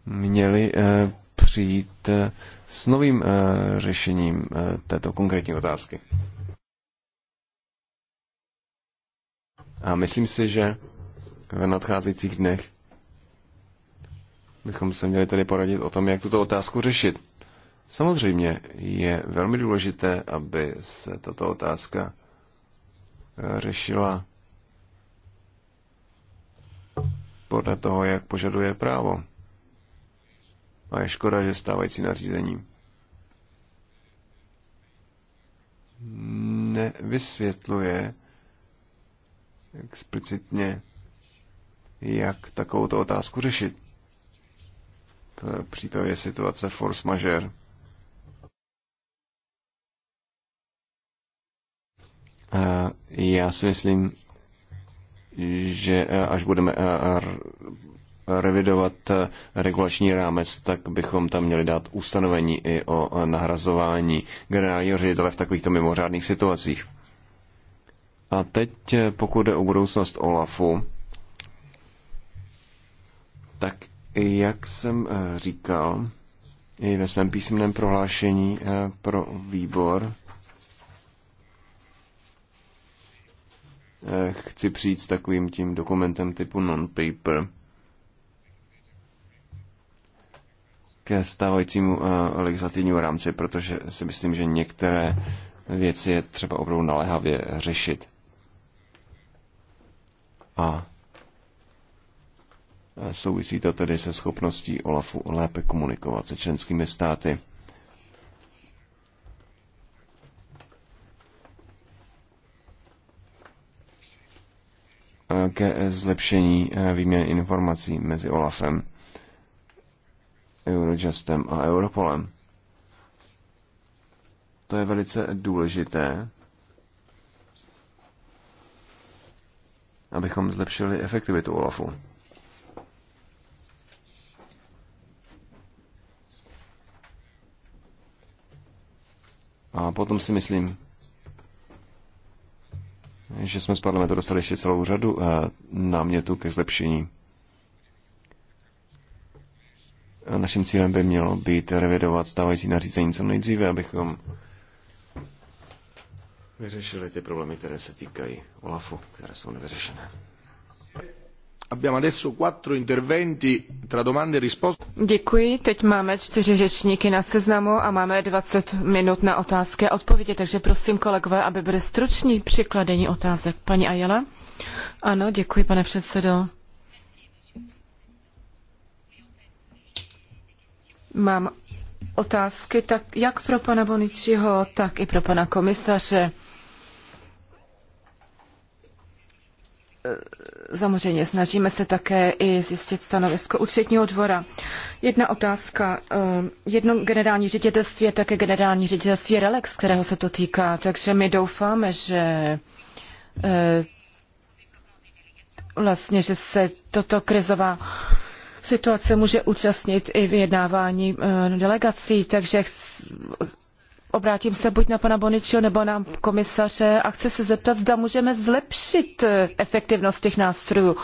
měli eh, přijít eh, s novým eh, řešením této konkrétní otázky. A myslím si, že v nadcházejících dnech bychom se měli tady poradit o tom, jak tuto otázku řešit. Samozřejmě je velmi důležité, aby se tato otázka řešila podle toho, jak požaduje právo. A je škoda, že stávající nařízení nevysvětluje explicitně, jak takovou otázku řešit v případě situace force majeure. Já si myslím, že eh, až budeme eh, revidovat eh, regulační rámec, tak bychom tam měli dát ustanovení i o eh, nahrazování generálního ředitele v takovýchto mimořádných situacích. A teď, eh, pokud jde o budoucnost OLAFu, tak jak jsem říkal i ve svém písemném prohlášení pro výbor, chci přijít s takovým tím dokumentem typu non-paper, ke stávajícímu eh, legislativnímu rámci, protože si myslím, že některé věci je třeba opravdu naléhavě řešit. A eh, souvisí to tedy se schopností OLAFu lépe komunikovat se členskými státy. Eh, ke zlepšení výměny informací mezi OLAFem Eurojustem a Europolem. To je velice důležité, abychom zlepšili efektivitu OLAFu. A potom si myslím, že jsme z parlamentu dostali ještě celou řadu eh, námětů ke zlepšení. A naším cílem by mělo být revidovat stávající nařízení co nejdříve, abychom vyřešili ty problémy, které se týkají OLAFu, které jsou nevyřešené. E děkuji, teď máme čtyři řečníky na seznamu a máme 20 minut na otázky a odpovědi, takže prosím kolegové, aby byly struční při otázek. Paní Ajela? Ano, děkuji, pane předsedo. Mám otázky tak jak pro pana Boničiho, tak i pro pana komisaře. Samozřejmě snažíme se také i zjistit stanovisko účetního dvora. Jedna otázka. Eh, jedno generální ředitelství je také generální ředitelství Relax, kterého se to týká, takže my doufáme, že eh, vlastně, že se toto krizová situace může účastnit i vyjednávání eh, delegací, takže obrátím se buď na pana Boničio nebo na komisaře a chci se zeptat, zda můžeme zlepšit eh, efektivnost těch nástrojů.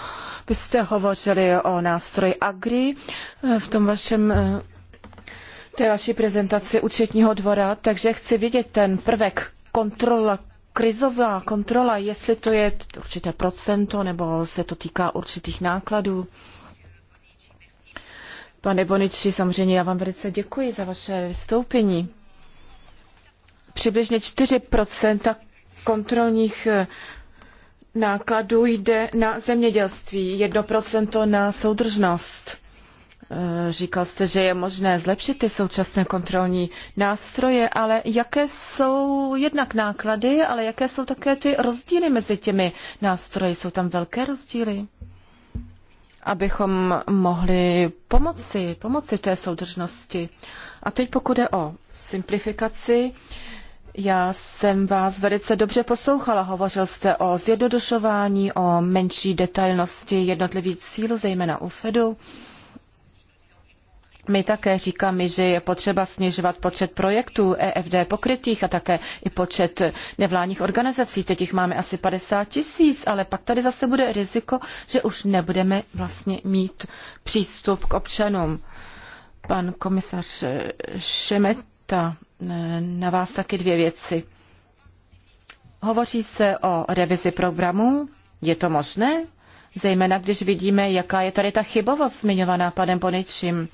Vy jste hovořili o nástroji Agri eh, v tom vašem té vaší prezentaci účetního dvora, takže chci vidět ten prvek kontrola, krizová kontrola, jestli to je určité procento nebo se to týká určitých nákladů. Pane Boniči, samozřejmě já vám velice děkuji za vaše vystoupení. Přibližně 4% kontrolních eh, nákladů jde na zemědělství, 1% na soudržnost. Eh, říkal jste, že je možné zlepšit ty současné kontrolní nástroje, ale jaké jsou jednak náklady, ale jaké jsou také ty rozdíly mezi těmi nástroji? Jsou tam velké rozdíly? abychom mohli pomoci, pomoci té soudržnosti. A teď pokud je o simplifikaci, já jsem vás velice dobře poslouchala. Hovořil jste o zjednodušování, o menší detailnosti jednotlivých cílů, zejména u Fedu. My také říkáme, že je potřeba snižovat počet projektů EFD pokrytých a také i počet nevládních organizací. Teď jich máme asi 50 tisíc, ale pak tady zase bude riziko, že už nebudeme vlastně mít přístup k občanům. Pan komisař Šemeta, eh, na vás taky dvě věci. Hovoří se o revizi programu. Je to možné? Zejména když vidíme, jaká je tady ta chybovost zmiňovaná panem Poničím.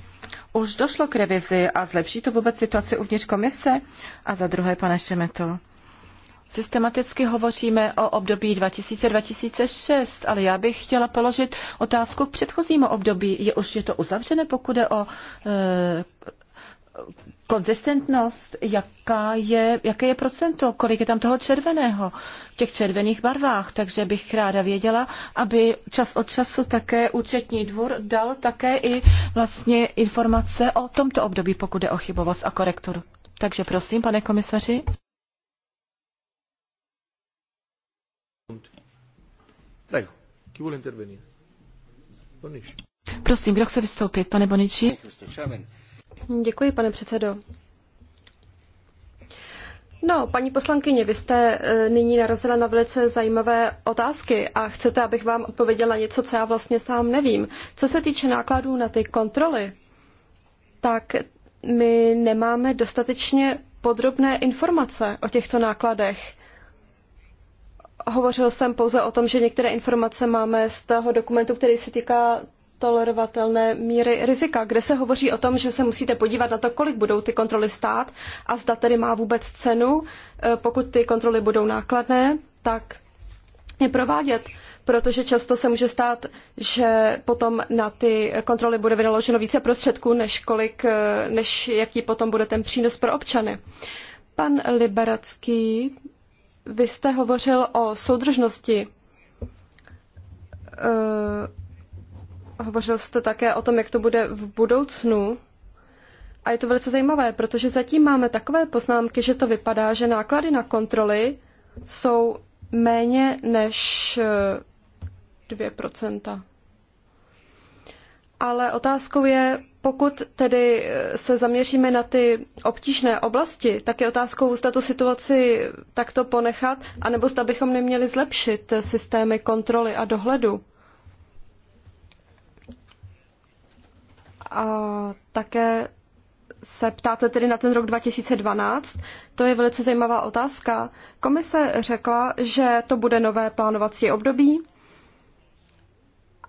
Už došlo k revizi a zlepší to vůbec situaci uvnitř komise? A za druhé, pane Šemeto, systematicky hovoříme o období 2000-2006, ale já bych chtěla položit otázku k předchozímu období. Je už je to uzavřené, pokud je o e, konzistentnost, jaká je, jaké je procento, kolik je tam toho červeného v těch červených barvách. Takže bych ráda věděla, aby čas od času také účetní dvůr dal také i vlastně informace o tomto období, pokud je o chybovost a korektor. Takže prosím, pane komisaři. Prosím, kdo chce vystoupit, pane Bonici? Děkuji, pane předsedo. No, paní poslankyně, vy jste e, nyní narazila na velice zajímavé otázky a chcete, abych vám odpověděla něco, co já vlastně sám nevím. Co se týče nákladů na ty kontroly, tak my nemáme dostatečně podrobné informace o těchto nákladech. Hovořil jsem pouze o tom, že některé informace máme z toho dokumentu, který se týká tolerovatelné míry rizika, kde se hovoří o tom, že se musíte podívat na to, kolik budou ty kontroly stát a zda tedy má vůbec cenu, e, pokud ty kontroly budou nákladné, tak je provádět, protože často se může stát, že potom na ty kontroly bude vynaloženo více prostředků, než, kolik, e, než jaký potom bude ten přínos pro občany. Pan Liberacký, vy jste hovořil o soudržnosti e, Hovořil jste také o tom, jak to bude v budoucnu. A je to velice zajímavé, protože zatím máme takové poznámky, že to vypadá, že náklady na kontroly jsou méně než 2%. Eh, Ale otázkou je, pokud tedy eh, se zaměříme na ty obtížné oblasti, tak je otázkou, zda tu situaci takto ponechat, anebo zda bychom neměli zlepšit eh, systémy kontroly a dohledu. A také se ptáte tedy na ten rok 2012, to je velice zajímavá otázka. Komise řekla, že to bude nové plánovací období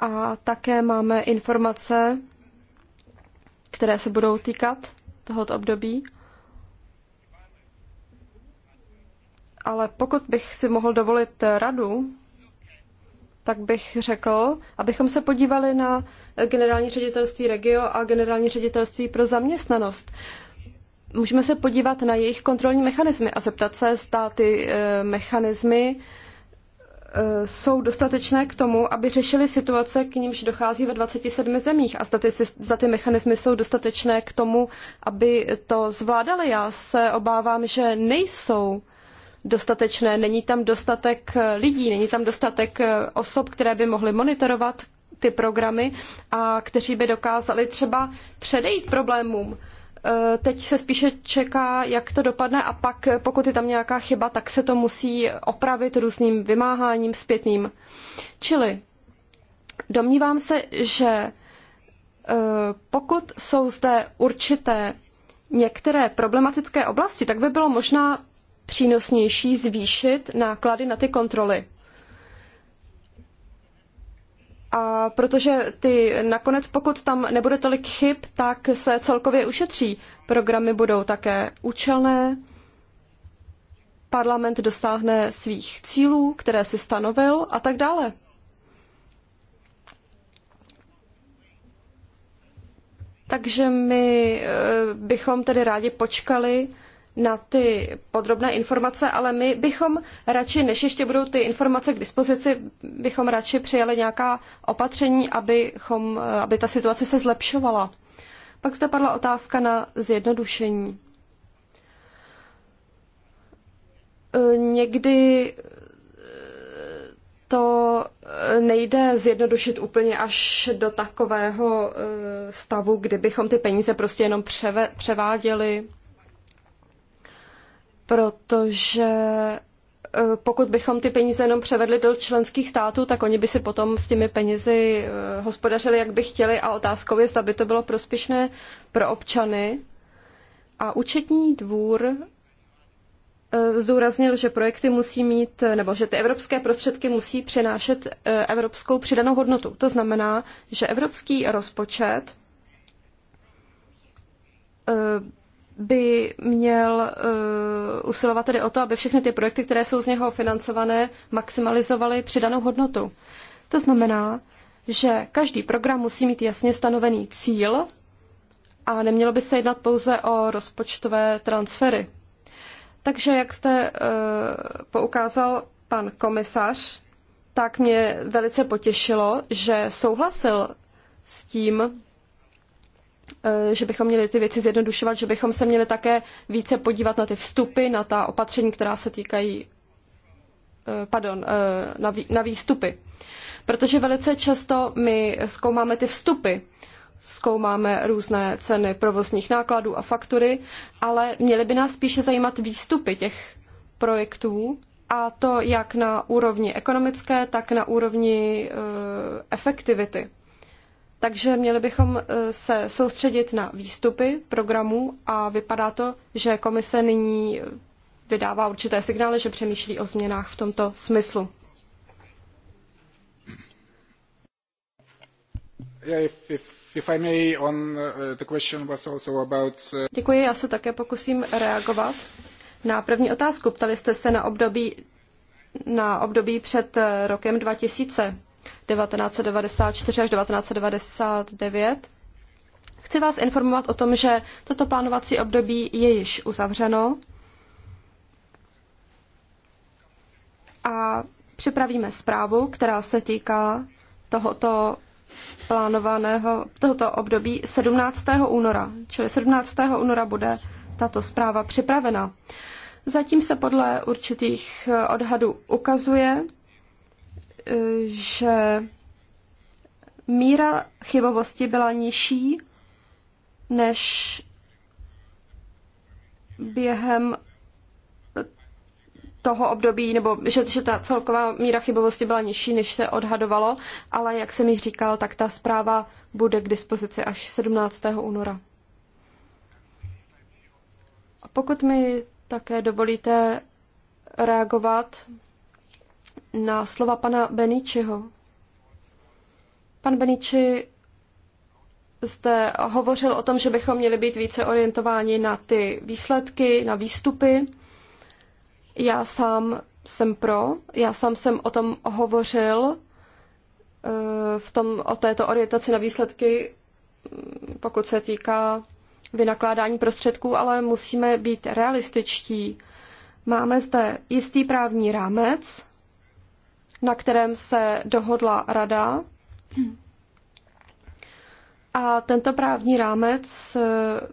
a také máme informace, které se budou týkat tohoto období. Ale pokud bych si mohl dovolit radu, tak bych řekl, abychom se podívali na generální ředitelství regio a generální ředitelství pro zaměstnanost. Můžeme se podívat na jejich kontrolní mechanismy a zeptat se, zda ty eh, mechanismy eh, jsou dostatečné k tomu, aby řešili situace, k nímž dochází ve 27 zemích a zda ty, zda ty mechanismy jsou dostatečné k tomu, aby to zvládali. Já se obávám, že nejsou dostatečné, není tam dostatek eh, lidí, není tam dostatek eh, osob, které by mohly monitorovat ty programy a kteří by dokázali třeba předejít problémům. Eh, teď se spíše čeká, jak to dopadne a pak, pokud je tam nějaká chyba, tak se to musí opravit různým vymáháním zpětným. Čili domnívám se, že pokud jsou zde určité některé problematické oblasti, tak by bylo možná přínosnější zvýšit náklady na ty kontroly. A protože ty nakonec, pokud tam nebude tolik chyb, tak se celkově ušetří. Programy budou také účelné, parlament dosáhne svých cílů, které si stanovil a tak dále. Takže my eh, bychom tedy rádi počkali na ty podrobné informace, ale my bychom radši, než ještě budou ty informace k dispozici, bychom radši přijali nějaká opatření, abychom, aby ta situace se zlepšovala. Pak zde padla otázka na zjednodušení. E, někdy e, to nejde zjednodušit úplně až do takového e, stavu, kdybychom ty peníze prostě jenom převe, převáděli protože e, pokud bychom ty peníze jenom převedli do členských států, tak oni by si potom s těmi penězi e, hospodařili, jak by chtěli a otázkově zda by to bylo prospěšné pro občany. A účetní dvůr e, zdůraznil, že projekty musí mít, nebo že ty evropské prostředky musí přinášet evropskou přidanou hodnotu. To znamená, že evropský rozpočet by měl uh, usilovat tedy o to, aby všechny ty projekty, které jsou z něho financované, maximalizovaly přidanou hodnotu. To znamená, že každý program musí mít jasně stanovený cíl a nemělo by se jednat pouze o rozpočtové transfery. Takže, jak jste uh, poukázal pan komisař, tak mě velice potěšilo, že souhlasil s tím, Eh, že bychom měli ty věci zjednodušovat, že bychom se měli také více podívat na ty vstupy, na ta opatření, která se týkají, eh, pardon, eh, na, vý, na výstupy. Protože velice často my zkoumáme ty vstupy, zkoumáme různé ceny provozních nákladů a faktury, ale měly by nás spíše zajímat výstupy těch projektů, a to jak na úrovni ekonomické, tak na úrovni efektivity. Takže měli bychom eh, se soustředit na výstupy programů a vypadá to, že komise nyní eh, vydává určité signály, že přemýšlí o změnách v tomto smyslu. Uh, uh, Děkuji, já se také pokusím reagovat na první otázku. Ptali jste se na období, na období před eh, rokem 2000. 1994 až 1999. Chci vás informovat o tom, že toto plánovací období je již uzavřeno a připravíme zprávu, která se týká tohoto plánovaného, tohoto období 17. února. Čili 17. února bude tato zpráva připravena. Zatím se podle určitých odhadů ukazuje, že míra chybovosti byla nižší než během toho období, nebo že, že ta celková míra chybovosti byla nižší, než se odhadovalo, ale jak jsem již říkal, tak ta zpráva bude k dispozici až 17. února. A pokud mi také dovolíte reagovat na slova pana Beničiho. Pan Beniči zde hovořil o tom, že bychom měli být více orientováni na ty výsledky, na výstupy. Já sám jsem pro, já sám jsem o tom hovořil, eh, v tom, o této orientaci na výsledky, mm, pokud se týká vynakládání prostředků, ale musíme být realističtí. Máme zde jistý právní rámec, na kterém se dohodla rada. A tento právní rámec eh,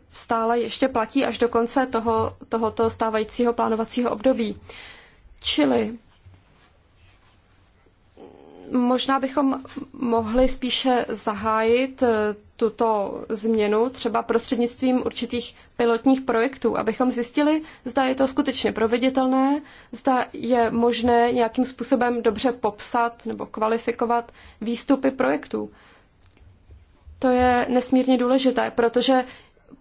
stále ještě platí až do konce toho, tohoto stávajícího plánovacího období. Čili možná bychom mohli spíše zahájit eh, tuto změnu třeba prostřednictvím určitých pilotních projektů, abychom zjistili, zda je to skutečně proveditelné, zda je možné nějakým způsobem dobře popsat nebo kvalifikovat výstupy projektů. To je nesmírně důležité, protože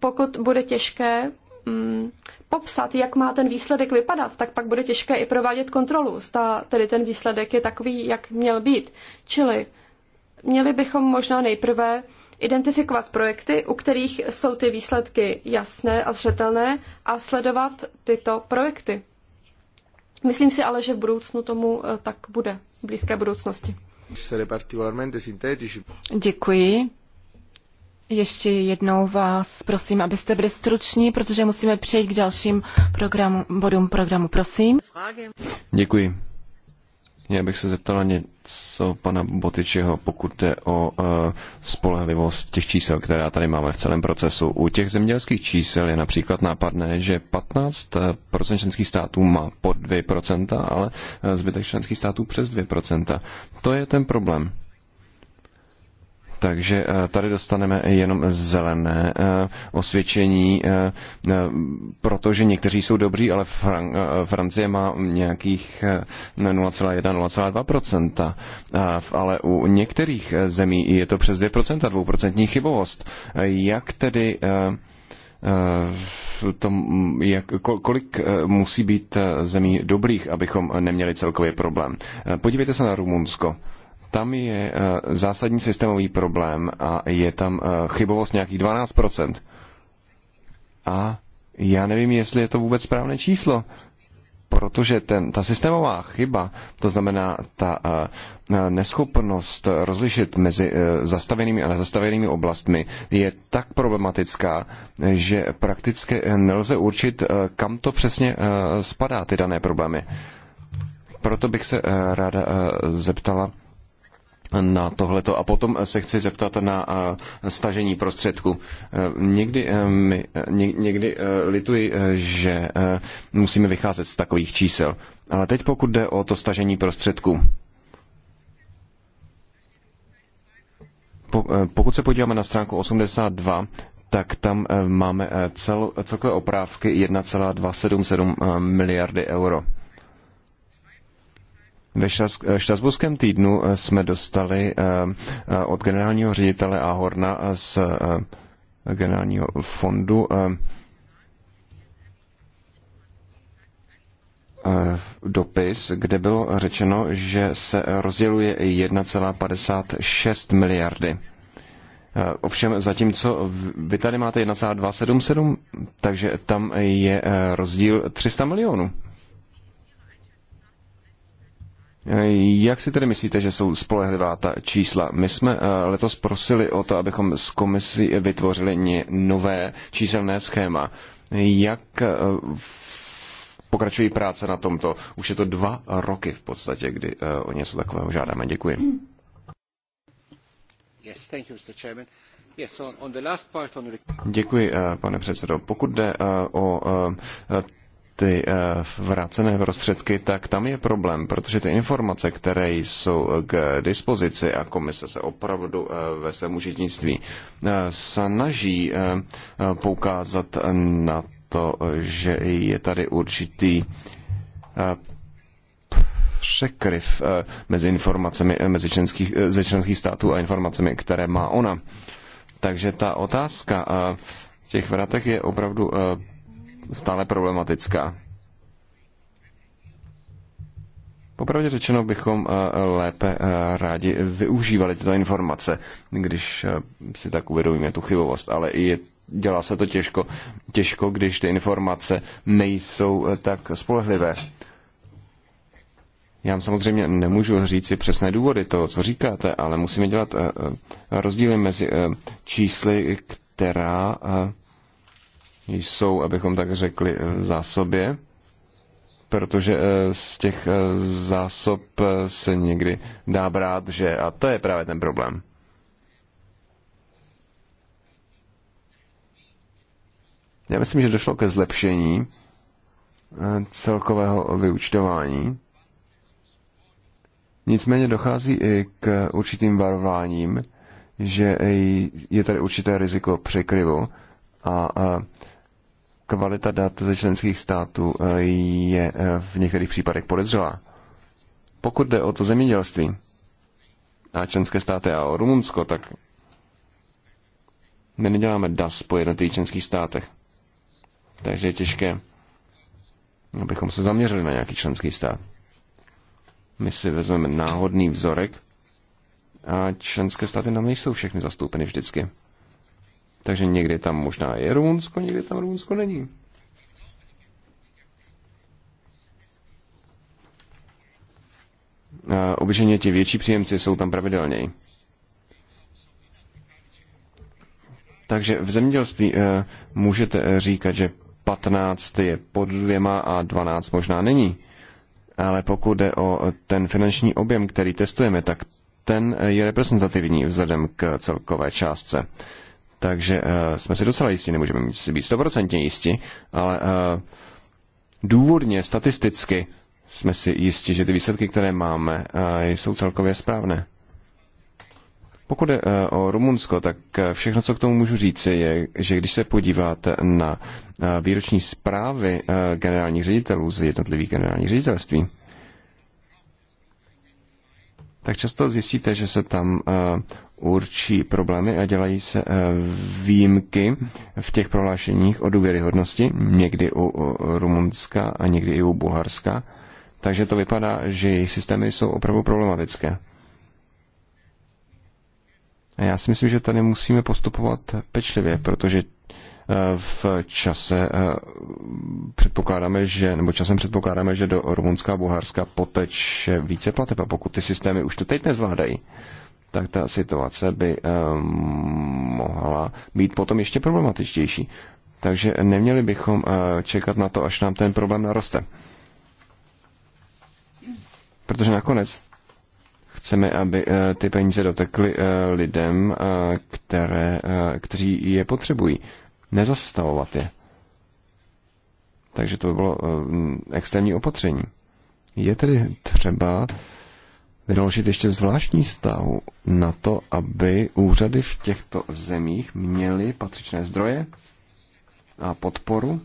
pokud bude těžké mm, popsat, jak má ten výsledek vypadat, tak pak bude těžké i provádět kontrolu, zda tedy ten výsledek je takový, jak měl být. Čili měli bychom možná nejprve identifikovat projekty, u kterých jsou ty výsledky jasné a zřetelné a sledovat tyto projekty. Myslím si ale, že v budoucnu tomu eh, tak bude, v blízké budoucnosti. Děkuji. Ještě jednou vás prosím, abyste byli struční, protože musíme přejít k dalším programu, bodům programu. Prosím. Děkuji. Já bych se zeptala co pana Botyčeho, pokud jde o e, spolehlivost těch čísel, která tady máme v celém procesu. U těch zemědělských čísel je například nápadné, že 15% e, členských států má pod 2%, ale e, zbytek členských států přes 2%. To je ten problém. Takže eh, tady dostaneme jenom zelené eh, osvědčení, eh, protože někteří jsou dobří, ale Francie má nějakých 0,1-0,2%, ale u některých zemí je to přes 2%, 2% chybovost. Jak tedy tom, jak, kolik musí být zemí dobrých, abychom neměli celkový problém. Podívejte se na Rumunsko. Tam je eh, zásadní systémový problém a je tam eh, chybovost nějakých 12%. A já nevím, jestli je to vůbec správné číslo, protože ten, ta systémová chyba, to znamená ta eh, neschopnost rozlišit mezi zastavenými a nezastavenými oblastmi, je tak problematická, že prakticky nelze určit, kam to přesně spadá, ty dané problémy. Proto bych se ráda zeptala, na tohleto. A potom eh, se chci zeptat na eh, stažení prostředku. Eh, někdy, my, někdy lituji, že musíme vycházet z takových čísel. Ale teď pokud jde o to stažení prostředku. pokud se podíváme na stránku 82, tak tam máme cel, celkové oprávky 1,277 miliardy euro. Ve eh, štrasburském týdnu eh, jsme dostali eh, od generálního ředitele Ahorna z generálního fondu dopis, kde bylo řečeno, že se rozděluje 1,56 miliardy. Ovšem zatímco vy tady máte 1,277, takže tam je rozdíl 300 milionů. Jak si tedy myslíte, že jsou spolehlivá ta čísla? My jsme eh, letos prosili o to, abychom s komisí vytvořili nové číselné schéma. Jak eh, pokračují práce na tomto? Už je to dva roky v podstatě, kdy eh, o něco takového žádáme. Děkuji. Děkuji, pane předsedo. Pokud jde o ty eh, vrácené prostředky, tak tam je problém, protože ty informace, které jsou k dispozici a komise se opravdu eh, ve svém užitnictví eh, snaží poukázat na to, že je tady určitý překryv mezi informacemi mezi členských, ze členských států a informacemi, které má ona. Takže ta otázka těch vratek je opravdu stále problematická. Popravdě řečeno bychom eh, lépe eh, rádi využívali tyto informace, když eh, si tak uvědomíme tu chybovost, ale i je, dělá se to těžko, těžko, když ty informace nejsou tak spolehlivé. Já vám samozřejmě nemůžu říct si přesné důvody toho, co říkáte, ale musíme dělat rozdíly mezi čísly, která jsou, abychom tak řekli, v eh, zásobě, protože eh, z těch eh, zásob se někdy dá brát, že a to je právě ten problém. Já myslím, že došlo ke zlepšení celkového vyučtování. Nicméně dochází i k určitým varováním, že je tady určité riziko překryvu a, a kvalita dat ze členských států eh, je eh, v některých případech podezřelá. Pokud jde o to zemědělství a členské státy a o Rumunsko, tak my neděláme DAS po jednotlivých členských státech. Takže je těžké, abychom se zaměřili na nějaký členský stát. My si vezmeme náhodný vzorek a členské státy nám nejsou všechny zastoupeny vždycky. Takže někdy tam možná je Rumunsko, někdy tam Rumunsko není. Obyčejně ti větší příjemci jsou tam pravidelněji. Takže v zemědělství eh, můžete eh, říkat, že 15 je pod dvěma a 12 možná není. Ale pokud jde o eh, ten finanční objem, který testujeme, tak ten je reprezentativní vzhledem k celkové částce. Takže eh, jsme si docela jistí, nemůžeme si být stoprocentně jistí, ale eh, důvodně, statisticky jsme si jistí, že ty výsledky, které máme, eh, jsou celkově správné. Pokud je o Rumunsko, tak všechno, co k tomu můžu říci, je, že když se podíváte na výroční zprávy generálních ředitelů z jednotlivých generálních ředitelství, tak často zjistíte, že se tam určí problémy a dělají se eh, výjimky v těch prohlášeních o důvěryhodnosti, někdy u Rumunska a někdy i u Bulharska. Takže to vypadá, že jejich systémy jsou opravdu problematické. A já si myslím, že tady musíme postupovat pečlivě, protože eh, v čase eh, předpokládáme, že, nebo časem předpokládáme, že do Rumunská a Bulharska poteče více plateb, a pokud ty systémy už to teď nezvládají, tak ta situace by eh, mohla být potom ještě problematičtější. Takže neměli bychom eh, čekat na to, až nám ten problém naroste. Protože nakonec chceme, aby eh, ty peníze dotekly lidem, které, kteří je potřebují. Nezastavovat je. Takže to by bylo extrémní opatření. Je tedy třeba vynaložit ještě zvláštní stavu na to, aby úřady v těchto zemích měly patřičné zdroje a podporu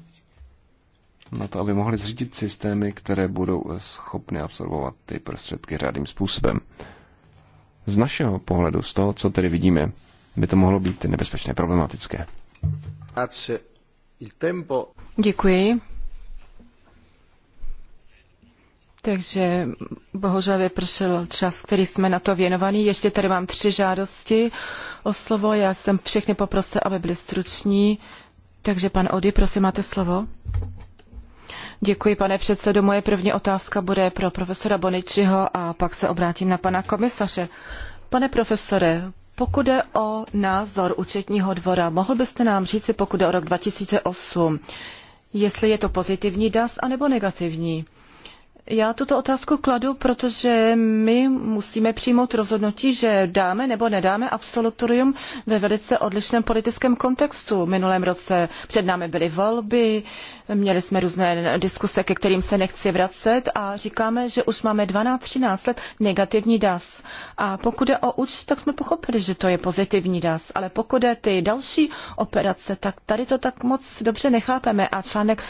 na to, aby mohly zřídit systémy, které budou schopny absorbovat ty prostředky řádným způsobem. Z našeho pohledu, z toho, co tedy vidíme, by to mohlo být nebezpečné, problematické. Děkuji. Takže bohužel vypršel čas, který jsme na to věnovaný. Ještě tady mám tři žádosti o slovo. Já jsem všechny poprosil, aby byli struční. Takže pan Ody, prosím, máte slovo. Děkuji, pane předsedo. Moje první otázka bude pro profesora Boničiho a pak se obrátím na pana komisaře. Pane profesore, pokud je o názor účetního dvora, mohl byste nám říci, pokud je o rok 2008, jestli je to pozitivní DAS anebo negativní? Já tuto otázku kladu, protože my musíme přijmout rozhodnutí, že dáme nebo nedáme absolutorium ve velice odlišném politickém kontextu. minulém roce před námi byly volby, měli jsme různé diskuse, ke kterým se nechci vracet a říkáme, že už máme 12-13 let negativní DAS. A pokud je o účet, tak jsme pochopili, že to je pozitivní DAS, ale pokud je ty další operace, tak tady to tak moc dobře nechápeme a článek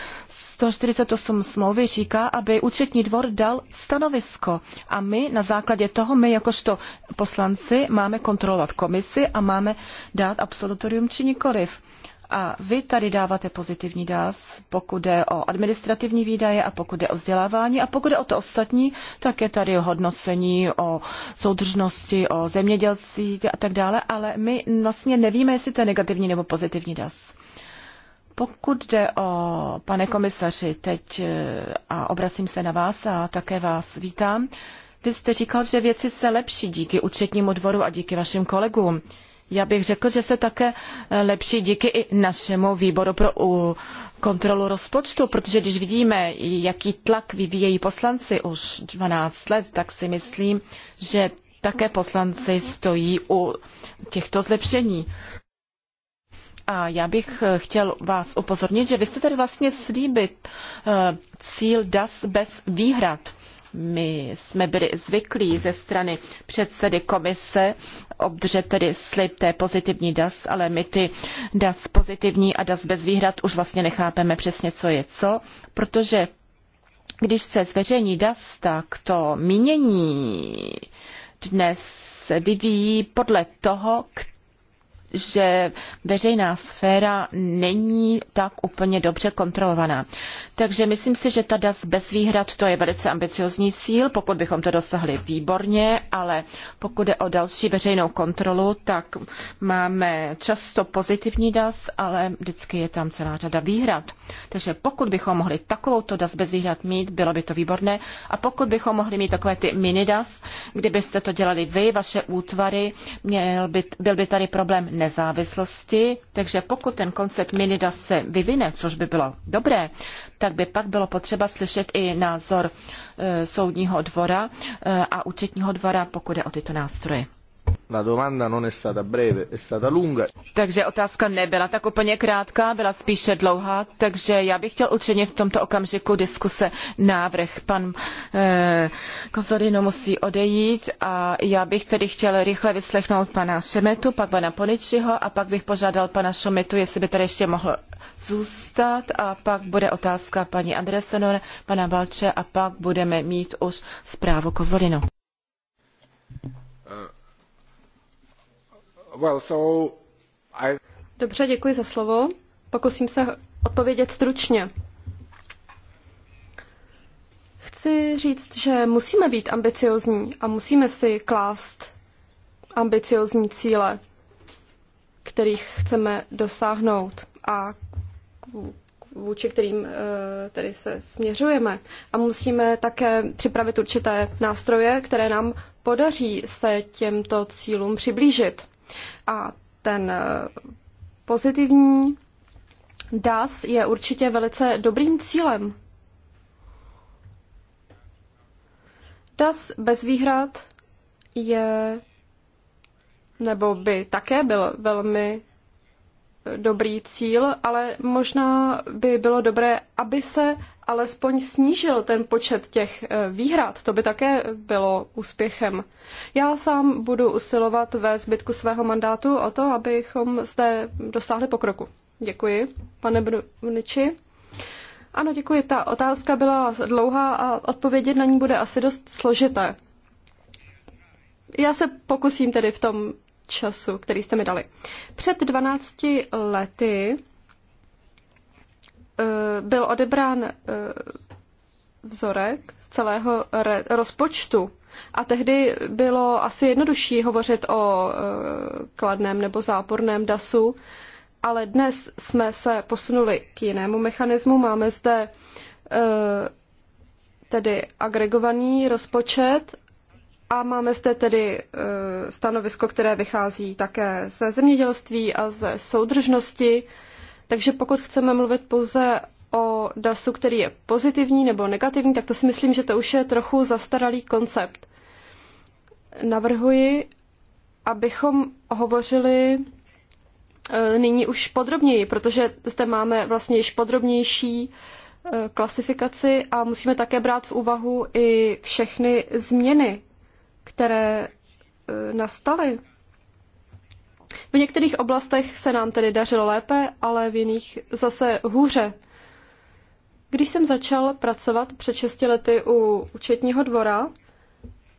148 smlouvy říká, aby účetní dvor dal stanovisko. A my na základě toho, my jakožto poslanci, máme kontrolovat komisi a máme dát absolutorium či nikoliv. A vy tady dáváte pozitivní dáz, pokud je o administrativní výdaje a pokud je o vzdělávání a pokud je o to ostatní, tak je tady hodnocení o soudržnosti, o zemědělství a tak dále, ale my vlastně nevíme, jestli to je negativní nebo pozitivní dáz. Pokud jde o, pane komisaři, teď eh, a obracím se na vás a také vás vítám, vy jste říkal, že věci se lepší díky účetnímu dvoru a díky vašim kolegům. Já bych řekl, že se také eh, lepší díky i našemu výboru pro kontrolu rozpočtu, protože když vidíme, jaký tlak vyvíjejí poslanci už 12 let, tak si myslím, že také poslanci stojí u těchto zlepšení. A já bych eh, chtěl vás upozornit, že vy jste tady vlastně slíbit eh, cíl DAS bez výhrad. My jsme byli zvyklí ze strany předsedy komise obdržet tedy slib té pozitivní DAS, ale my ty DAS pozitivní a DAS bez výhrad už vlastně nechápeme přesně, co je co, protože když se zveřejní DAS, tak to mínění dnes se vyvíjí podle toho, že veřejná sféra není tak úplně dobře kontrolovaná. Takže myslím si, že ta DAS bez výhrad to je velice ambiciozní cíl, pokud bychom to dosahli výborně, ale pokud je o další veřejnou kontrolu, tak máme často pozitivní DAS, ale vždycky je tam celá řada výhrad. Takže pokud bychom mohli takovouto DAS bez výhrad mít, bylo by to výborné. A pokud bychom mohli mít takové ty mini DAS, kdybyste to dělali vy, vaše útvary, měl by, byl by tady problém nezávislosti, takže pokud ten koncept Minida se vyvine, což by bylo dobré, tak by pak bylo potřeba slyšet i názor e, soudního dvora e, a účetního dvora, pokud je o tyto nástroje. La domanda non è stata breve, è stata lunga. Takže otázka nebyla tak úplně krátká, byla spíše dlouhá, takže já bych chtěl učinit v tomto okamžiku diskuse návrh. Pan eh, musí odejít a já bych tedy chtěl rychle vyslechnout pana Šemetu, pak pana Poničiho a pak bych požádal pana Šometu, jestli by tady ještě mohl zůstat a pak bude otázka paní Andresenone, pana Valče a pak budeme mít už zprávu Kozorino. Well, so I... Dobře, děkuji za slovo. Pokusím se odpovědět stručně. Chci říct, že musíme být ambiciozní a musíme si klást ambiciozní cíle, kterých chceme dosáhnout a vůči kterým eh, tedy se směřujeme. A musíme také připravit určité nástroje, které nám podaří se těmto cílům přiblížit. A ten eh, pozitivní DAS je určitě velice dobrým cílem. DAS bez výhrad je nebo by také byl velmi eh, dobrý cíl, ale možná by bylo dobré, aby se alespoň snížil ten počet těch eh, výhrad, to by také bylo úspěchem. Já sám budu usilovat ve zbytku svého mandátu o to, abychom zde dosáhli pokroku. Děkuji, pane Brniči. Ano, děkuji. Ta otázka byla dlouhá a odpovědět na ní bude asi dost složité. Já se pokusím tedy v tom času, který jste mi dali. Před 12 lety Eh, byl odebrán eh, vzorek z celého rozpočtu. A tehdy bylo asi jednodušší hovořit o eh, kladném nebo záporném DASu, ale dnes jsme se posunuli k jinému mechanismu. Máme zde tedy agregovaný rozpočet a máme zde tedy stanovisko, které vychází také ze zemědělství a ze soudržnosti. Takže pokud chceme mluvit pouze o DASu, který je pozitivní nebo negativní, tak to si myslím, že to už je trochu zastaralý koncept. Navrhuji, abychom hovořili eh, nyní už podrobněji, protože zde máme vlastně již podrobnější eh, klasifikaci a musíme také brát v úvahu i všechny změny, které eh, nastaly. V některých oblastech se nám tedy dařilo lépe, ale v jiných zase hůře. Když jsem začal pracovat před 6 lety u účetního dvora,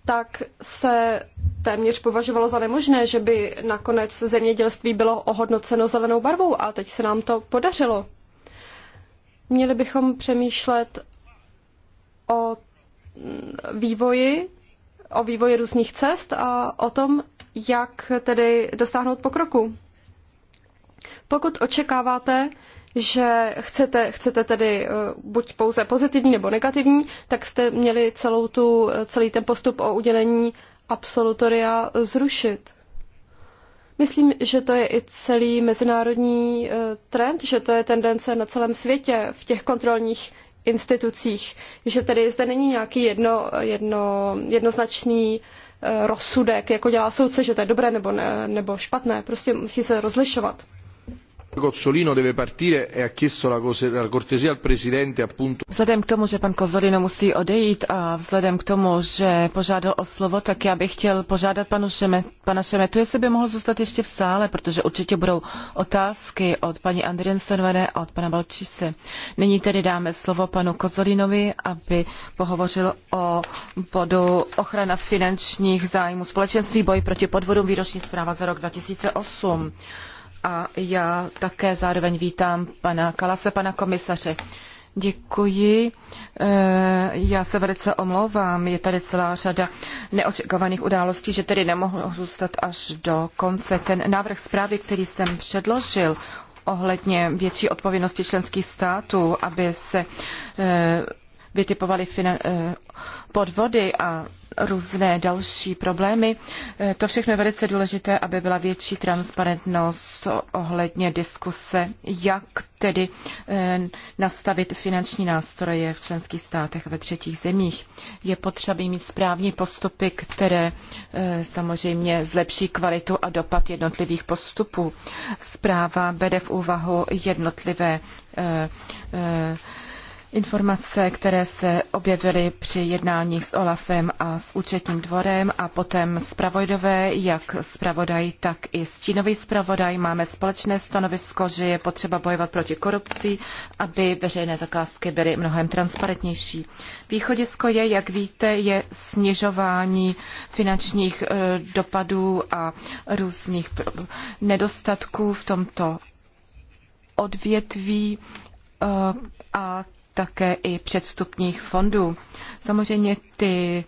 tak se téměř považovalo za nemožné, že by nakonec zemědělství bylo ohodnoceno zelenou barvou a teď se nám to podařilo. Měli bychom přemýšlet o vývoji, o vývoji různých cest a o tom, jak tedy dosáhnout pokroku. Pokud očekáváte, že chcete, chcete tedy eh, buď pouze pozitivní nebo negativní, tak jste měli celou tu, eh, celý ten postup o udělení absolutoria zrušit. Myslím, že to je i celý mezinárodní eh, trend, že to je tendence na celém světě v těch kontrolních institucích, že tedy zde není nějaký jedno, jedno, jednoznačný rozsudek, jako dělá soudce, že to je dobré nebo, ne, nebo špatné. Prostě musí se rozlišovat. Cozzolino deve partire e ha chiesto la cortesia al presidente appunto. Vzhledem k tomu, že pan Kozolino musí odejít a vzhledem k tomu, že požádal o slovo, tak já bych chtěl požádat panu Šemet, pana Šemetu, jestli by mohl zůstat ještě v sále, protože určitě budou otázky od paní Andriensenové a od pana Balčise. Nyní tedy dáme slovo panu Kozolinovi, aby pohovořil o bodu ochrana finančních zájmů společenství, boj proti podvodům, výroční zpráva za rok 2008 a já také zároveň vítám pana Kalase, pana komisaře. Děkuji. Eh, já se velice omlouvám. Je tady celá řada neočekovaných událostí, že tedy nemohu zůstat až do konce. Ten návrh zprávy, který jsem předložil ohledně větší odpovědnosti členských států, aby se eh, vytipovali eh, podvody a různé další problémy. Eh, to všechno je velice důležité, aby byla větší transparentnost ohledně diskuse, jak tedy eh, nastavit finanční nástroje v členských státech a ve třetích zemích. Je potřeba mít správní postupy, které samozřejmě zlepší kvalitu a dopad jednotlivých postupů. Zpráva bere v úvahu jednotlivé Informace, které se objevily při jednáních s Olafem a s účetním dvorem a potom zpravodové, jak zpravodaj, tak i stínový zpravodaj, máme společné stanovisko, že je potřeba bojovat proti korupci, aby veřejné zakázky byly mnohem transparentnější. Východisko je, jak víte, je snižování finančních eh, dopadů a různých nedostatků v tomto odvětví eh, a také i předstupních fondů. Samozřejmě ty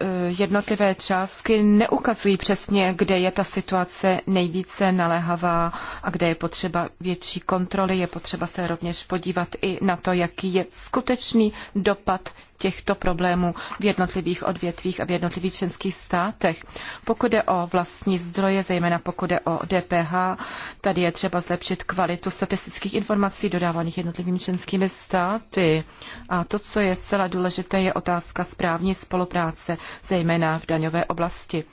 e, jednotlivé částky neukazují přesně, kde je ta situace nejvíce naléhavá a kde je potřeba větší kontroly. Je potřeba se rovněž podívat i na to, jaký je skutečný dopad těchto problémů v jednotlivých odvětvích a v jednotlivých členských státech. Pokud jde o vlastní zdroje, zejména pokud jde o DPH, tady je třeba zlepšit kvalitu statistických informací dodávaných jednotlivými členskými státy. A to, co je zcela důležité, je otázka správní spolupráce, zejména v daňové oblasti.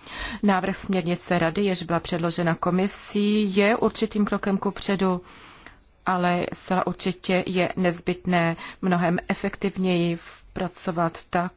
Návrh směrnice Rady, jež byla předložena komisí, je určitým krokem ku předu ale zcela určitě je nezbytné mnohem efektivněji pracovat tak,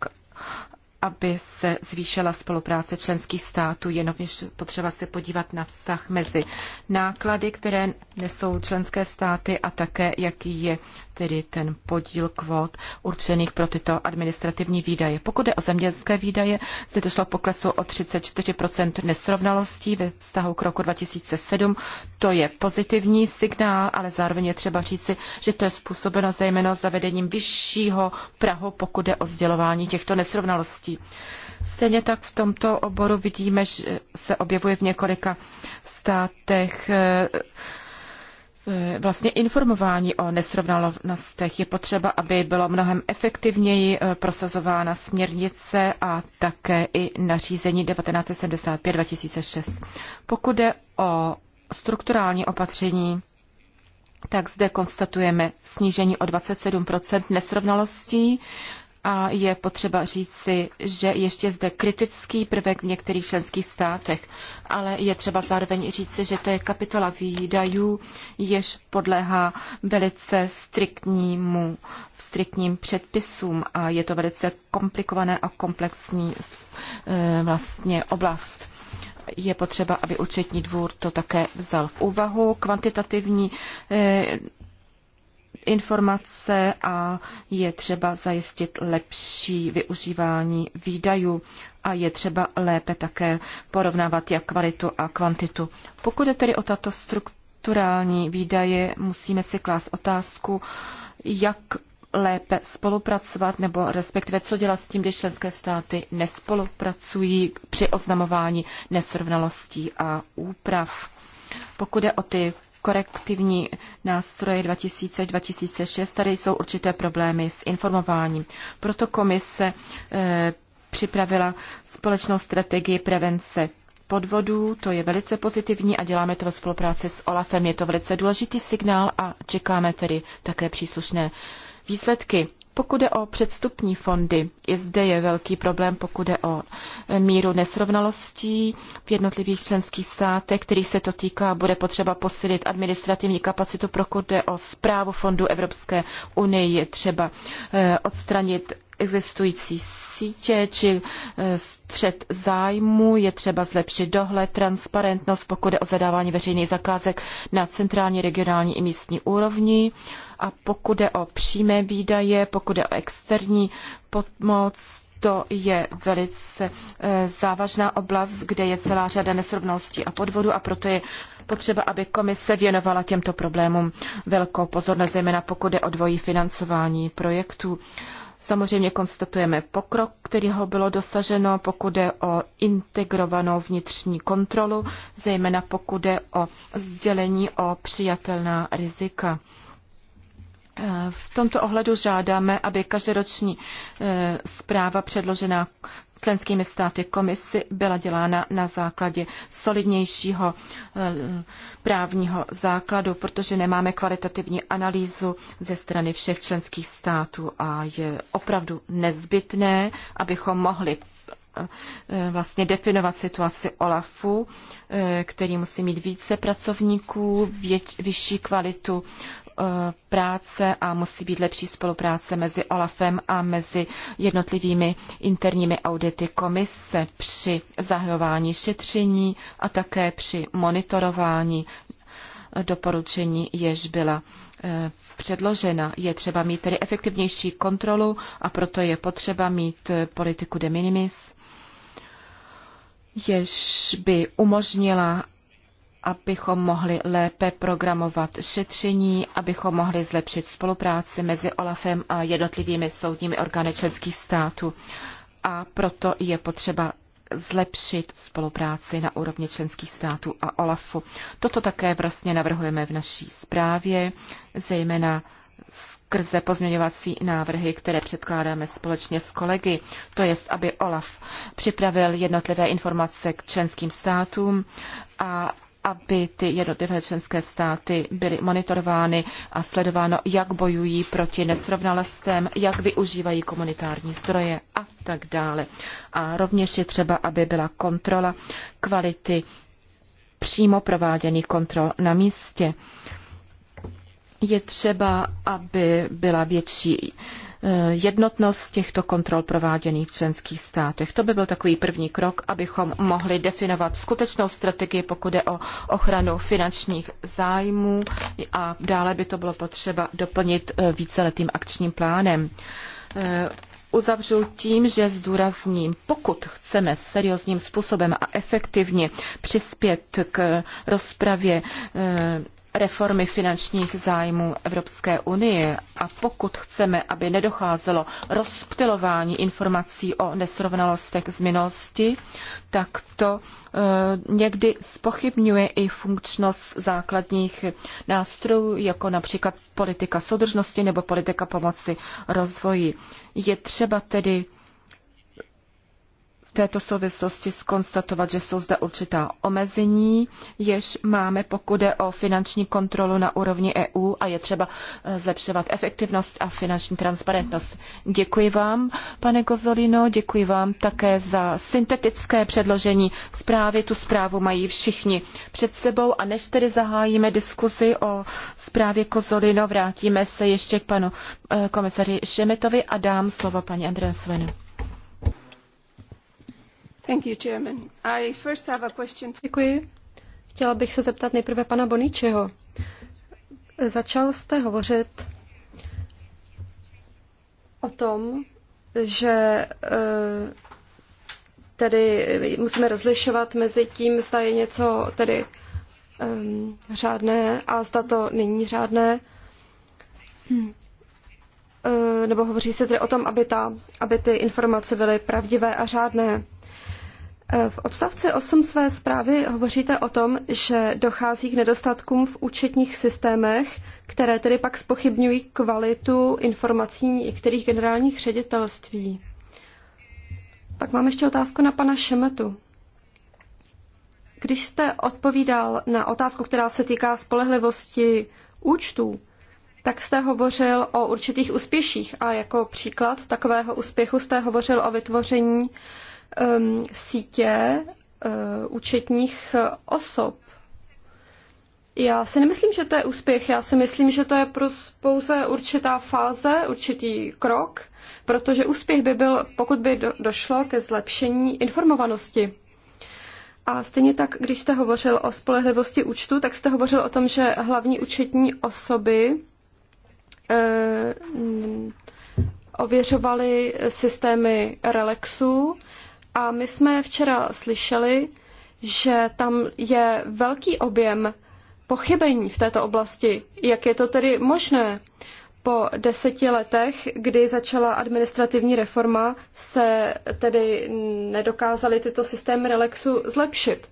aby se zvýšila spolupráce členských států. Je rovněž potřeba se podívat na vztah mezi náklady, které nesou členské státy a také, jaký je tedy ten podíl kvot určených pro tyto administrativní výdaje. Pokud je o zemědělské výdaje, zde došlo poklesu o 34 nesrovnalostí ve vztahu k roku 2007. To je pozitivní signál, ale zároveň je třeba říci, že to je způsobeno zejména zavedením vyššího Prahu, pokud je o sdělování těchto nesrovnalostí. Stejně tak v tomto oboru vidíme, že se objevuje v několika státech eh, Eh, vlastně informování o nesrovnalostech je potřeba, aby bylo mnohem efektivněji eh, prosazována směrnice a také i nařízení 1975-2006. Pokud jde o strukturální opatření, tak zde konstatujeme snížení o 27 nesrovnalostí a je potřeba říci, že ještě zde kritický prvek v některých členských státech, ale je třeba zároveň říci, že to je kapitola výdajů, jež podlehá velice striktnímu, striktním předpisům a je to velice komplikované a komplexní eh, vlastně oblast je potřeba, aby účetní dvůr to také vzal v úvahu. Kvantitativní eh, informace a je třeba zajistit lepší využívání výdajů a je třeba lépe také porovnávat jak kvalitu a kvantitu. Pokud je tedy o tato strukturální výdaje, musíme si klást otázku, jak lépe spolupracovat, nebo respektive co dělat s tím, když členské státy nespolupracují při oznamování nesrovnalostí a úprav. Pokud je o ty korektivní nástroje 2000-2006, tady jsou určité problémy s informováním. Proto komise eh, připravila společnou strategii prevence podvodů, to je velice pozitivní a děláme to ve spolupráci s OLAFem. Je to velice důležitý signál a čekáme tedy také příslušné výsledky. Pokud jde o předstupní fondy, i zde je velký problém, pokud jde o e, míru nesrovnalostí v jednotlivých členských státech, který se to týká, bude potřeba posilit administrativní kapacitu, pokud jde o zprávu fondu Evropské unie, je třeba e, odstranit existující sítě či e, střed zájmu, je třeba zlepšit dohled, transparentnost, pokud je o zadávání veřejných zakázek na centrální, regionální i místní úrovni. A pokud je o přímé výdaje, pokud je o externí pomoc, to je velice e, závažná oblast, kde je celá řada nesrovností a podvodů a proto je potřeba, aby komise věnovala těmto problémům velkou pozornost, zejména pokud je o dvojí financování projektů. Samozřejmě konstatujeme pokrok, kterýho bylo dosaženo, pokud je o integrovanou vnitřní kontrolu, zejména pokud je o sdělení o přijatelná rizika. Eh, v tomto ohledu žádáme, aby každoroční eh, zpráva předložená členskými státy komisi byla dělána na základě solidnějšího eh, právního základu, protože nemáme kvalitativní analýzu ze strany všech členských států a je opravdu nezbytné, abychom mohli E, vlastně definovat situaci OLAFu, e, který musí mít více pracovníků, věč, vyšší kvalitu e, práce a musí být lepší spolupráce mezi OLAFem a mezi jednotlivými interními audity komise při zahajování šetření a také při monitorování doporučení, jež byla předložena. Je třeba mít tedy efektivnější kontrolu a proto je potřeba mít politiku de minimis jež by umožnila, abychom mohli lépe programovat šetření, abychom mohli zlepšit spolupráci mezi OLAFem a jednotlivými soudními orgány členských států. A proto je potřeba zlepšit spolupráci na úrovni členských států a OLAFu. Toto také vlastně navrhujeme v naší zprávě, zejména s skrze pozměňovací návrhy, které předkládáme společně s kolegy. To je, aby OLAF připravil jednotlivé informace k členským státům a aby ty jednotlivé členské státy byly monitorovány a sledováno, jak bojují proti nesrovnalostem, jak využívají komunitární zdroje a tak dále. A rovněž je třeba, aby byla kontrola kvality přímo prováděných kontrol na místě. Je třeba, aby byla větší eh, jednotnost těchto kontrol prováděných v členských státech. To by byl takový první krok, abychom mohli definovat skutečnou strategii, pokud je o ochranu finančních zájmů a dále by to bylo potřeba doplnit eh, víceletým akčním plánem. Eh, uzavřu tím, že zdůrazním, pokud chceme seriózním způsobem a efektivně přispět k rozpravě reformy finančních zájmů Evropské unie a pokud chceme, aby nedocházelo rozptilování informací o nesrovnalostech z minulosti, tak to eh, někdy spochybňuje i funkčnost základních nástrojů, jako například politika soudržnosti nebo politika pomoci rozvoji. Je třeba tedy této souvislosti skonstatovat, že jsou zde určitá omezení, jež máme, pokud jde o finanční kontrolu na úrovni EU a je třeba eh, zlepšovat efektivnost a finanční transparentnost. Děkuji vám, pane Gozolino, děkuji vám také za syntetické předložení zprávy. Tu zprávu mají všichni před sebou a než tedy zahájíme diskuzi o zprávě Kozolino, vrátíme se ještě k panu eh, komisaři Šemetovi a dám slovo paní Andreasovenu. Děkuji. Chtěla bych se zeptat nejprve pana Boničeho. Začal jste hovořit o tom, že eh, tedy musíme rozlišovat mezi tím, zda je něco tedy um, řádné a zda to není řádné. Hmm. Nebo hovoří se tedy o tom, aby, ta, aby ty informace byly pravdivé a řádné. V odstavci 8 své zprávy hovoříte o tom, že dochází k nedostatkům v účetních systémech, které tedy pak spochybňují kvalitu informací některých generálních ředitelství. Pak mám ještě otázku na pana Šemetu. Když jste odpovídal na otázku, která se týká spolehlivosti účtů, tak jste hovořil o určitých úspěších a jako příklad takového úspěchu jste hovořil o vytvoření uh, um, sítě uh, účetních osob. Já si nemyslím, že to je úspěch. Já si myslím, že to je pouze určitá fáze, určitý krok, protože úspěch by byl, pokud by do, došlo ke zlepšení informovanosti. A stejně tak, když jste hovořil o spolehlivosti účtu, tak jste hovořil o tom, že hlavní účetní osoby e, ověřovaly systémy Relexu, a my jsme včera slyšeli, že tam je velký objem pochybení v této oblasti. Jak je to tedy možné? Po deseti letech, kdy začala administrativní reforma, se tedy nedokázaly tyto systémy relaxu zlepšit.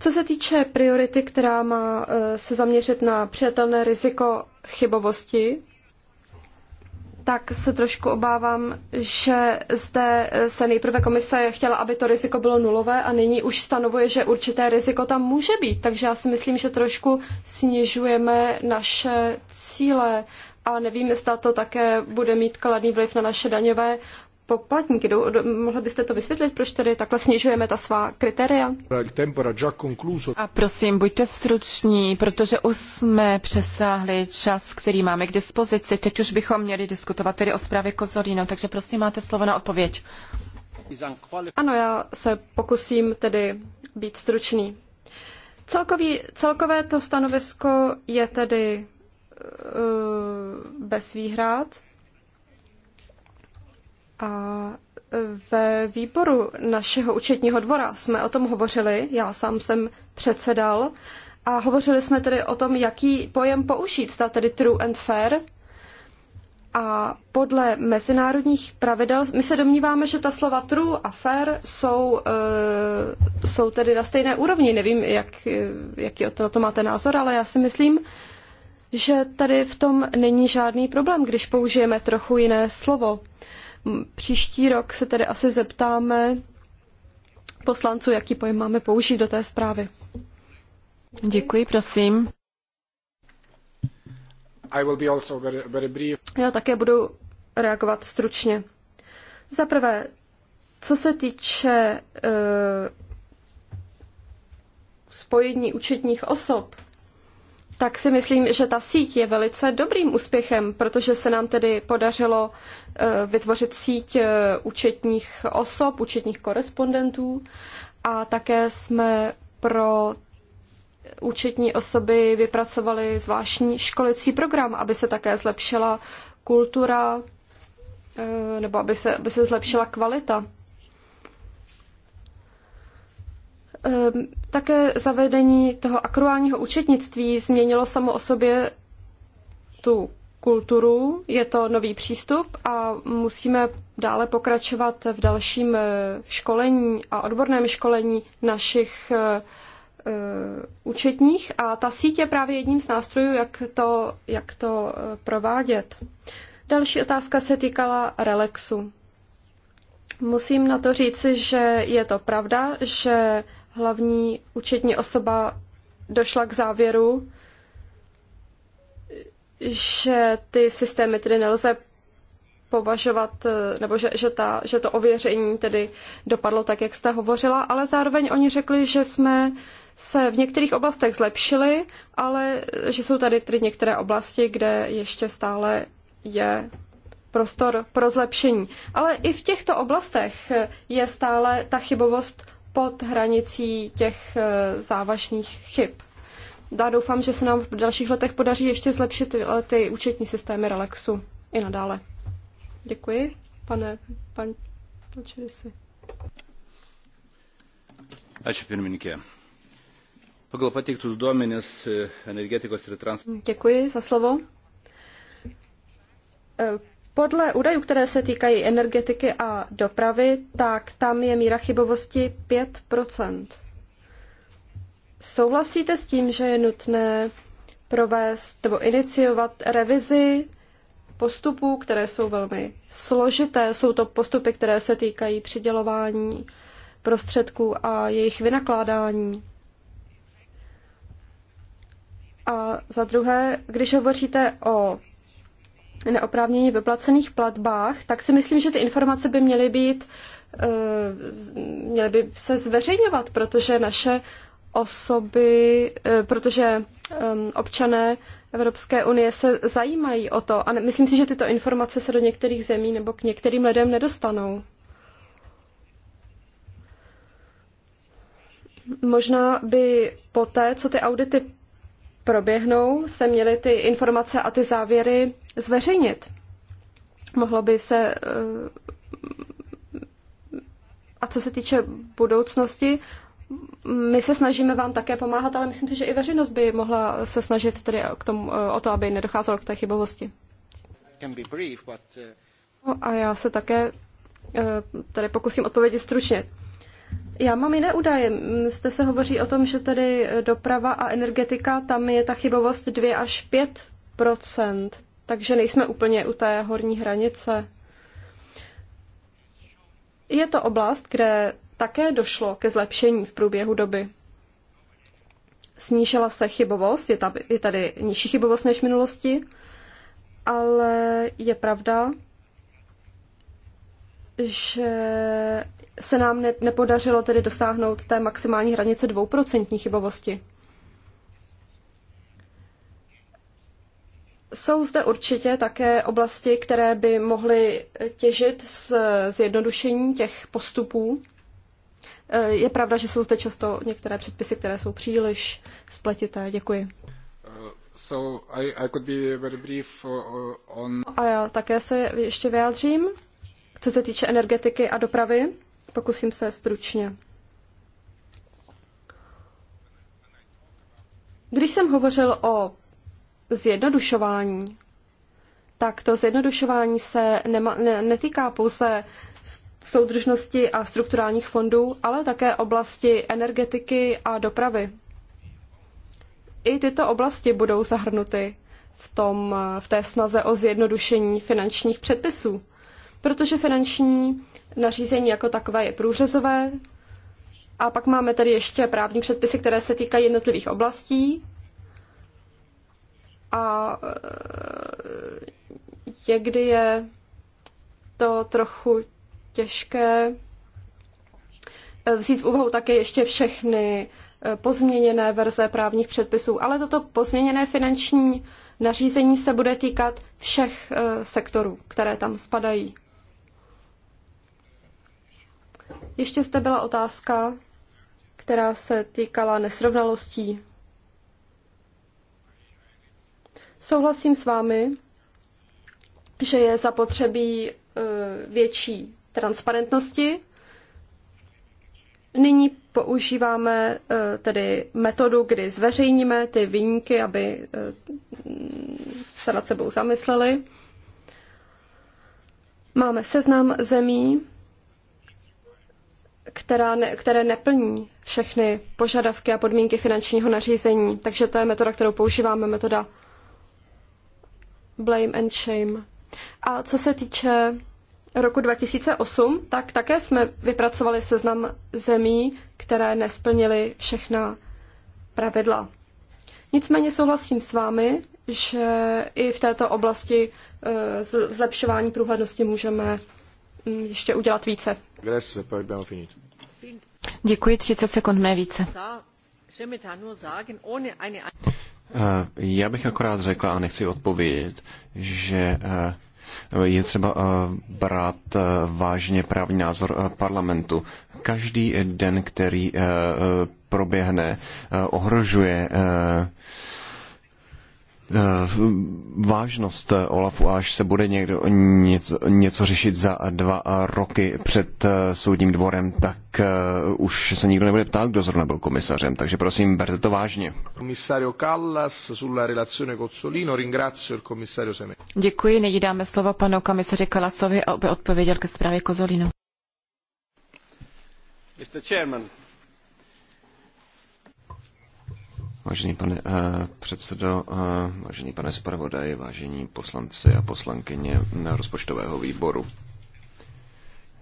Co se týče priority, která má eh, se zaměřit na přijatelné riziko chybovosti, tak se trošku obávám, že zde se nejprve komise chtěla, aby to riziko bylo nulové a nyní už stanovuje, že určité riziko tam může být. Takže já si myslím, že trošku snižujeme naše cíle a nevím, zda to také bude mít kladný vliv na naše daňové poplatníky. Do, do, mohli byste to vysvětlit, proč tedy takhle snižujeme ta svá kritéria? A prosím, buďte struční, protože už jsme přesáhli čas, který máme k dispozici. Teď už bychom měli diskutovat tedy o zprávě Kozorino, takže prosím, máte slovo na odpověď. Ano, já se pokusím tedy být stručný. Celkový, celkové to stanovisko je tedy uh, bez výhrad. A e, ve výboru našeho účetního dvora jsme o tom hovořili, já sám jsem předsedal, a hovořili jsme tedy o tom, jaký pojem použít, zda tedy true and fair. A podle mezinárodních pravidel, my se domníváme, že ta slova true a fair jsou, uh, jsou tedy na stejné úrovni. Nevím, jak, jaký na to máte názor, ale já si myslím, že tady v tom není žádný problém, když použijeme trochu jiné slovo. Uh, Příští rok se tedy asi zeptáme poslanců, jaký pojem máme použít do té zprávy. Děkuji, prosím. I will be also very, very brief. Já také budu reagovat stručně. Za prvé, co se týče uh, spojení účetních osob, tak si myslím, že ta síť je velice dobrým úspěchem, protože se nám tedy podařilo eh, vytvořit síť eh, účetních osob, účetních korespondentů a také jsme pro účetní osoby vypracovali zvláštní školicí program, aby se také zlepšila kultura eh, nebo aby se, aby se zlepšila kvalita Ehm, také zavedení toho akruálního účetnictví změnilo samo o sobě tu kulturu, je to nový přístup a musíme dále pokračovat v dalším eh, školení a odborném školení našich eh, eh, účetních a ta síť je právě jedním z nástrojů, jak to, jak to provádět. Další otázka se týkala relaxu. Musím na to říci, že je to pravda, že hlavní účetní osoba došla k závěru, že ty systémy tedy nelze považovat, eh, nebo že, že, ta, že to ověření tedy dopadlo tak, jak jste hovořila, ale zároveň oni řekli, že jsme se v některých oblastech zlepšili, ale eh, že jsou tady tedy některé oblasti, kde ještě stále je prostor pro zlepšení. Ale i v těchto oblastech eh, je stále ta chybovost pod hranicí těch eh, závažných chyb. Já doufám, že se nám v dalších letech podaří ještě zlepšit ty, účetní systémy relaxu i nadále. Děkuji, pane, pan Čerisi. Ačiū pirmininkė. Pagal pateiktus duomenis e, energetikos ir transporto. Děkuji za slovo. E, podle údajů, které se týkají energetiky a dopravy, tak tam je míra chybovosti 5 Souhlasíte s tím, že je nutné provést nebo iniciovat revizi postupů, které jsou velmi složité? Jsou to postupy, které se týkají přidělování prostředků a jejich vynakládání? A za druhé, když hovoříte o neoprávněně vyplacených platbách, tak si myslím, že ty informace by měly být, eh, měly by se zveřejňovat, protože naše osoby, eh, protože ehm, občané Evropské unie se zajímají o to a myslím si, že tyto informace se do některých zemí nebo k některým lidem nedostanou. Možná by poté, co ty audity proběhnou, se měly ty informace a ty závěry zveřejnit. Mohlo by se. Eh, a co se týče budoucnosti, my se snažíme vám také pomáhat, ale myslím si, že i veřejnost by mohla se snažit tedy k tomu, eh, o to, aby nedocházelo k té chybovosti. Eh, no a já se také tady pokusím odpovědět stručně. Já mám jiné údaje. Jste se hovoří o tom, že tady doprava a energetika, tam je ta chybovost 2 až 5 takže nejsme úplně u té horní hranice. Je to oblast, kde také došlo ke zlepšení v průběhu doby. Snížila se chybovost, je tady, je tady nižší chybovost než v minulosti, ale je pravda, že se nám ne, nepodařilo tedy dosáhnout té maximální hranice 2% chybovosti. Jsou zde určitě také oblasti, které by mohly těžit z zjednodušení těch postupů. Eh, je pravda, že jsou zde často některé předpisy, které jsou příliš spletité. Děkuji. Eh, so I, I could be very brief eh, on... A já také se ještě vyjádřím, co se týče energetiky a dopravy pokusím se stručně. Když jsem hovořil o zjednodušování, tak to zjednodušování se nema, ne, netýká pouze soudržnosti a strukturálních fondů, ale také oblasti energetiky a dopravy. I tyto oblasti budou zahrnuty v, tom, v té snaze o zjednodušení finančních předpisů protože finanční nařízení jako takové je průřezové. A pak máme tady ještě právní předpisy, které se týkají jednotlivých oblastí. A e, někdy je to trochu těžké e, vzít v úvahu také ještě všechny e, pozměněné verze právních předpisů, ale toto pozměněné finanční nařízení se bude týkat všech sektorů, které tam spadají. Ještě zde byla otázka, která se týkala nesrovnalostí. Souhlasím s vámi, že je zapotřebí e, větší transparentnosti. Nyní používáme e, tedy metodu, kdy zveřejníme ty výjimky, aby e, se nad sebou zamysleli. Máme seznam zemí, která ne, které neplní všechny požadavky a podmínky finančního nařízení. Takže to je metoda, kterou používáme, metoda blame and shame. A co se týče roku 2008, tak také jsme vypracovali seznam zemí, které nesplnily všechna pravidla. Nicméně souhlasím s vámi, že i v této oblasti eh, zlepšování průhlednosti můžeme Mm, ještě udělat více. Děkuji, 30 sekund, ne více. Eh, já bych akorát řekla, a nechci odpovědět, že eh, je třeba eh, brát vážně právní názor parlamentu. Každý den, který proběhne, ohrožuje Eh, vážnost eh, Olafu, až se bude někdo něco, něco řešit za dva roky před eh, soudním dvorem, tak už se nikdo nebude ptát, kdo zrovna byl komisařem. Takže prosím, berte to vážně. Komisario Callas sulla relazione Cozzolino, ringrazio il commissario Děkuji, nyní dáme slovo panu komisaři Kallasovi, aby odpověděl ke zprávě Kozolino. Mr. Chairman, Vážený pane eh, předsedo, eh, vážený pane zpravodaj, vážení poslanci a poslankyně rozpočtového výboru.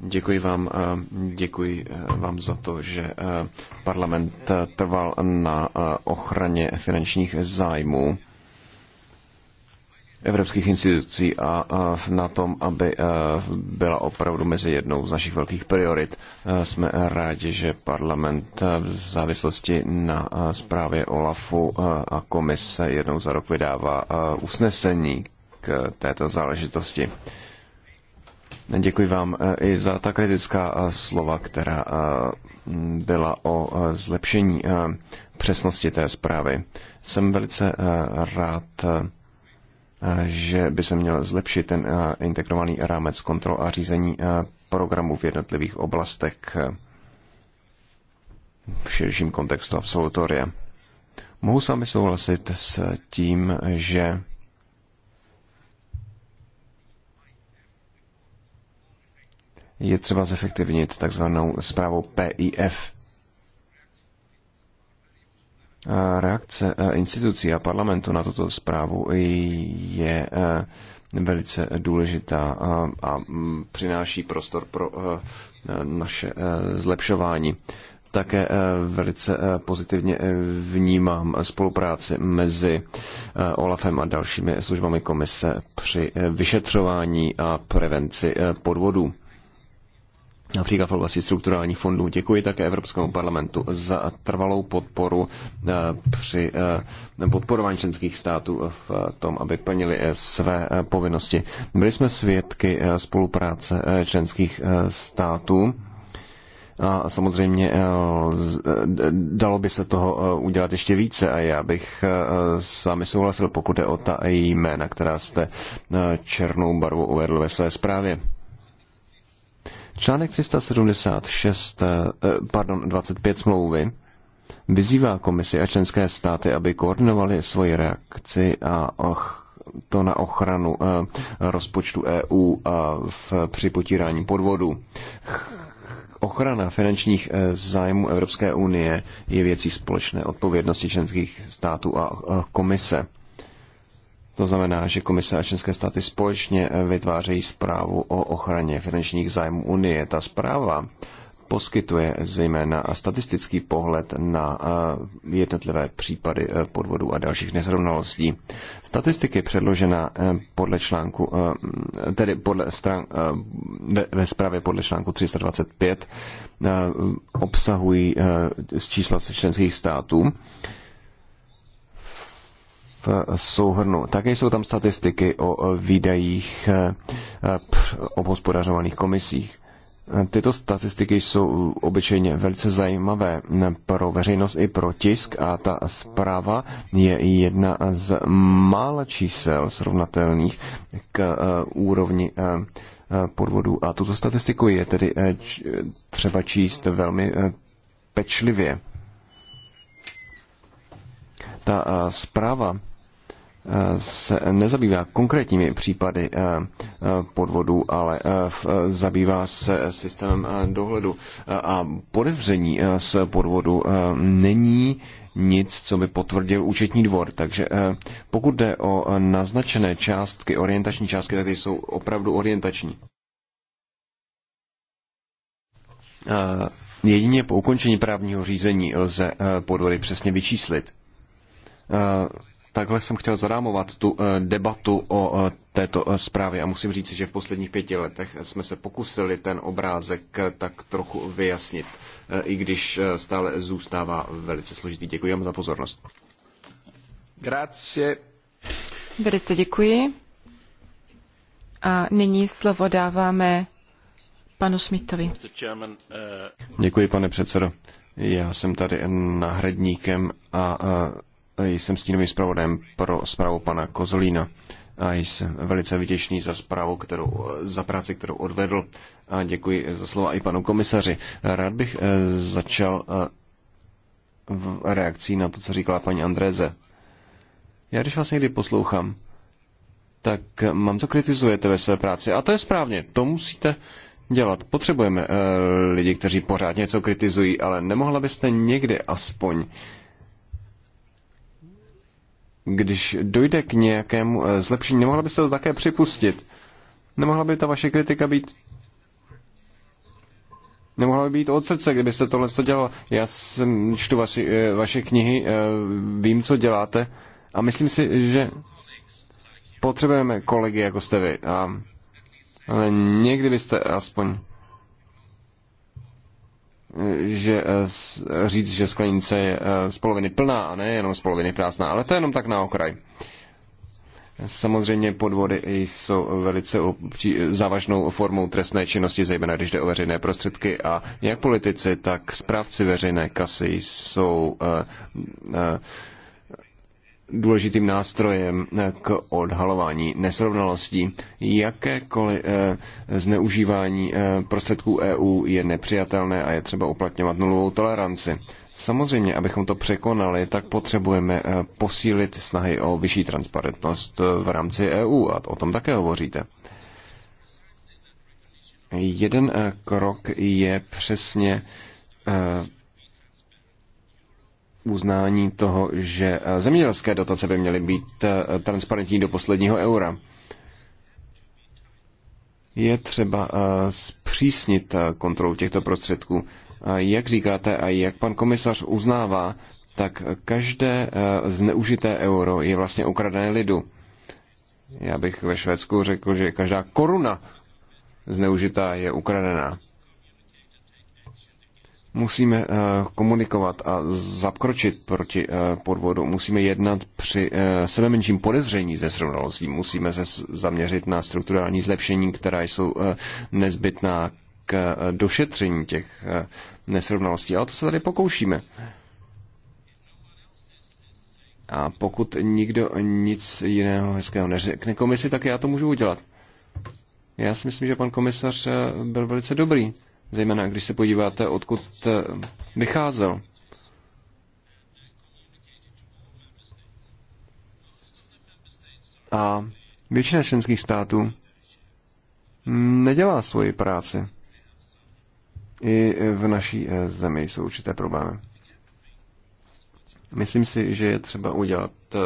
Děkuji vám, eh, děkuji vám za to, že parlament trval na ochraně finančních zájmů evropských institucí a, na tom, aby e, byla opravdu mezi jednou z našich velkých priorit. E, jsme rádi, že parlament e, v závislosti na zprávě OLAFu a komise jednou za rok vydává usnesení k této záležitosti. Děkuji vám i za ta kritická slova, která byla o zlepšení přesnosti té zprávy. Jsem velice rád, že by se měl zlepšit ten integrovaný rámec kontrol a řízení programů v jednotlivých oblastech v širším kontextu absolutoria. Mohu s vámi souhlasit s tím, že je třeba zefektivnit takzvanou zprávou PIF, reakce institucí a parlamentu na tuto zprávu je e, velice důležitá a mm, přináší prostor pro e, naše e, zlepšování. Také velice pozitivně vnímám spolupráci mezi OLAFem a dalšími službami komise při vyšetřování a prevenci podvodů například v oblasti strukturálních fondů. Děkuji také Evropskému parlamentu za trvalou podporu eh, při eh, podporování členských států v tom, aby plnili eh, své povinnosti. Byli jsme svědky spolupráce členských států. A samozřejmě dalo by se toho udělat ještě více a já bych s vámi souhlasil, pokud je o ta jména, která jste černou barvu uvedl ve své zprávě. Článek 376, eh, pardon, 25 smlouvy vyzývá komisi a členské státy, aby koordinovali svoji reakci a och, to na ochranu eh, rozpočtu EU a eh, v, při potírání podvodu. Ochrana finančních zájmů Evropské unie je věcí společné odpovědnosti členských států a komise. To znamená, že komise a členské státy společně eh, vytvářejí zprávu o ochraně finančních zájmů Unie. Ta zpráva poskytuje zejména statistický pohled na eh, jednotlivé případy eh, podvodů a dalších nesrovnalostí. Statistiky předložená podle článku, tedy podle stran, ve zprávě podle článku 325 obsahují z čísla členských států souhrnu. Také jsou tam statistiky o výdajích eh, eh, obhospodařovaných komisích. Tyto statistiky jsou obyčejně velice zajímavé pro veřejnost i pro tisk a ta zpráva je jedna z mála čísel srovnatelných k eh, úrovni podvodů. A tuto statistiku je tedy třeba číst velmi pečlivě. Ta zpráva se nezabývá konkrétními případy eh, eh, podvodů, ale eh, zabývá se systémem dohledu. A podezření z podvodu není nic, co by potvrdil účetní dvor. Takže pokud jde o naznačené částky, orientační částky, tak ty jsou opravdu orientační. Jedině po ukončení právního řízení lze podvody přesně vyčíslit Takhle jsem chtěl zarámovat tu eh, debatu o eh, této eh, zprávě a musím říct, že v posledních pěti letech jsme se pokusili ten obrázek tak trochu vyjasnit, i když stále zůstává velice složitý. Děkuji vám za pozornost. Grazie. Velice děkuji. A nyní slovo dáváme panu Smithovi. Děkuji, pane předsedo. Já jsem tady náhradníkem a, a jsem stínovým zpravodajem pro zprávu pana Kozolína a jsem velice vděčný za zprávu, kterou, za práci, kterou odvedl a děkuji za slova i panu komisaři. Rád bych eh, začal eh, v reakcí na to, co říkala paní Andréze. Já když vás někdy poslouchám, tak eh, mám, co kritizujete ve své práci. A to je správně, to musíte dělat. Potřebujeme lidi, kteří pořád něco kritizují, ale nemohla byste někdy aspoň když dojde k nějakému eh, zlepšení, nemohla byste to také připustit? Nemohla by ta vaše kritika být Nemohla by být od srdce, kdybyste tohle to dělal. Já jsem, čtu vaši, eh, vaše knihy, eh, vím, co děláte a myslím si, že potřebujeme kolegy, jako jste vy. A, ale někdy byste aspoň že eh, říct, že sklenice je eh, z poloviny plná a ne jenom z poloviny prázdná, ale to je jenom tak na okraj. Samozřejmě podvody jsou velice závažnou formou trestné činnosti, zejména když jde o veřejné prostředky a jak politici, tak správci veřejné kasy jsou uh, uh, důležitým nástrojem eh, k odhalování nesrovnalostí. Jakékoliv eh, zneužívání eh, prostředků EU je nepřijatelné a je třeba uplatňovat nulovou toleranci. Samozřejmě, abychom to překonali, tak potřebujeme posílit snahy o vyšší transparentnost v rámci EU a o tom také hovoříte. Jeden krok je přesně uznání toho, že eh, zemědělské dotace by měly být eh, transparentní do posledního eura. Je třeba eh, zpřísnit kontrolu těchto prostředků. Jak říkáte a jak pan komisař uznává, tak každé zneužité euro je vlastně ukradené lidu. Já bych ve Švédsku řekl, že každá koruna zneužitá je ukradená. Musíme eh, komunikovat a zapkročit proti eh, podvodu. Musíme jednat při eh, sebemenším podezření ze srovnalostí. Musíme se zaměřit na strukturální zlepšení, která jsou nezbytná k došetření těch nesrovnalostí. Ale to se tady pokoušíme. A pokud nikdo nic jiného hezkého neřekne komisi, tak já to můžu udělat. Já si myslím, že pan komisař byl velice dobrý zejména když se podíváte, odkud eh, vycházel. A většina členských států nedělá svoji práci. I v naší eh, zemi jsou určité problémy. Myslím si, že je třeba udělat eh,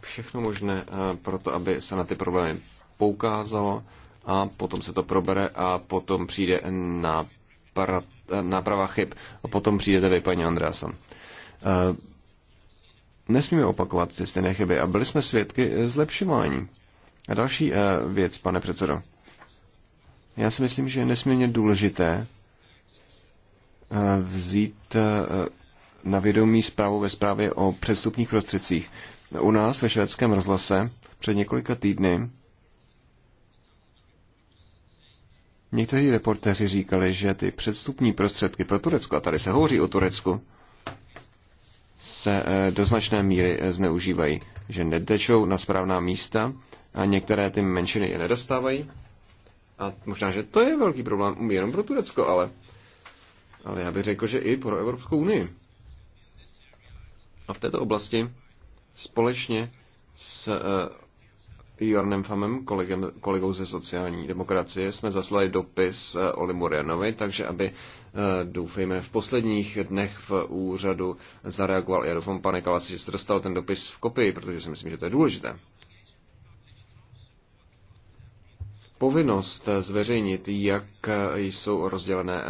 všechno možné pro to, aby se na ty problémy poukázalo a potom se to probere a potom přijde náprava, chyb. A potom přijdete vy, paní Andrása. E, nesmíme opakovat ty stejné chyby a byli jsme svědky zlepšování. A další e, věc, pane předsedo. Já si myslím, že je nesmírně důležité e, vzít na vědomí zprávu ve zprávě o přestupních prostředcích. U nás ve švédském rozhlase před několika týdny Někteří reportéři říkali, že ty předstupní prostředky pro Turecko, a tady se hovoří o Turecku, se eh, do značné míry eh, zneužívají, že netečou na správná místa a některé ty menšiny je nedostávají. A možná, že to je velký problém jenom pro Turecko, ale, ale já bych řekl, že i pro Evropskou unii. A v této oblasti společně s eh, Jornem Famem, kolegem, kolegou ze sociální demokracie, jsme zaslali dopis eh, Oli Murianovi, takže aby eh, doufejme v posledních dnech v úřadu zareagoval. Já doufám, pane Kalasi, že jste dostal ten dopis v kopii, protože si myslím, že to je důležité. Povinnost eh, zveřejnit, jak jsou rozdělené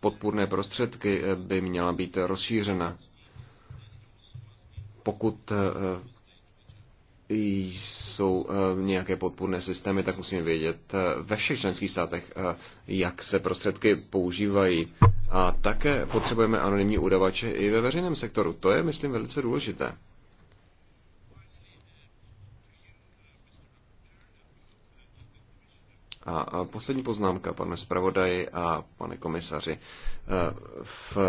podpůrné prostředky, by měla být rozšířena pokud jsou eh, nějaké podpůrné systémy, tak musíme vědět eh, ve všech členských státech, eh, jak se prostředky používají. A také potřebujeme anonymní udavače i ve veřejném sektoru. To je, myslím, velice důležité. A, a poslední poznámka, pane zpravodaji a pane komisaři. E, v e,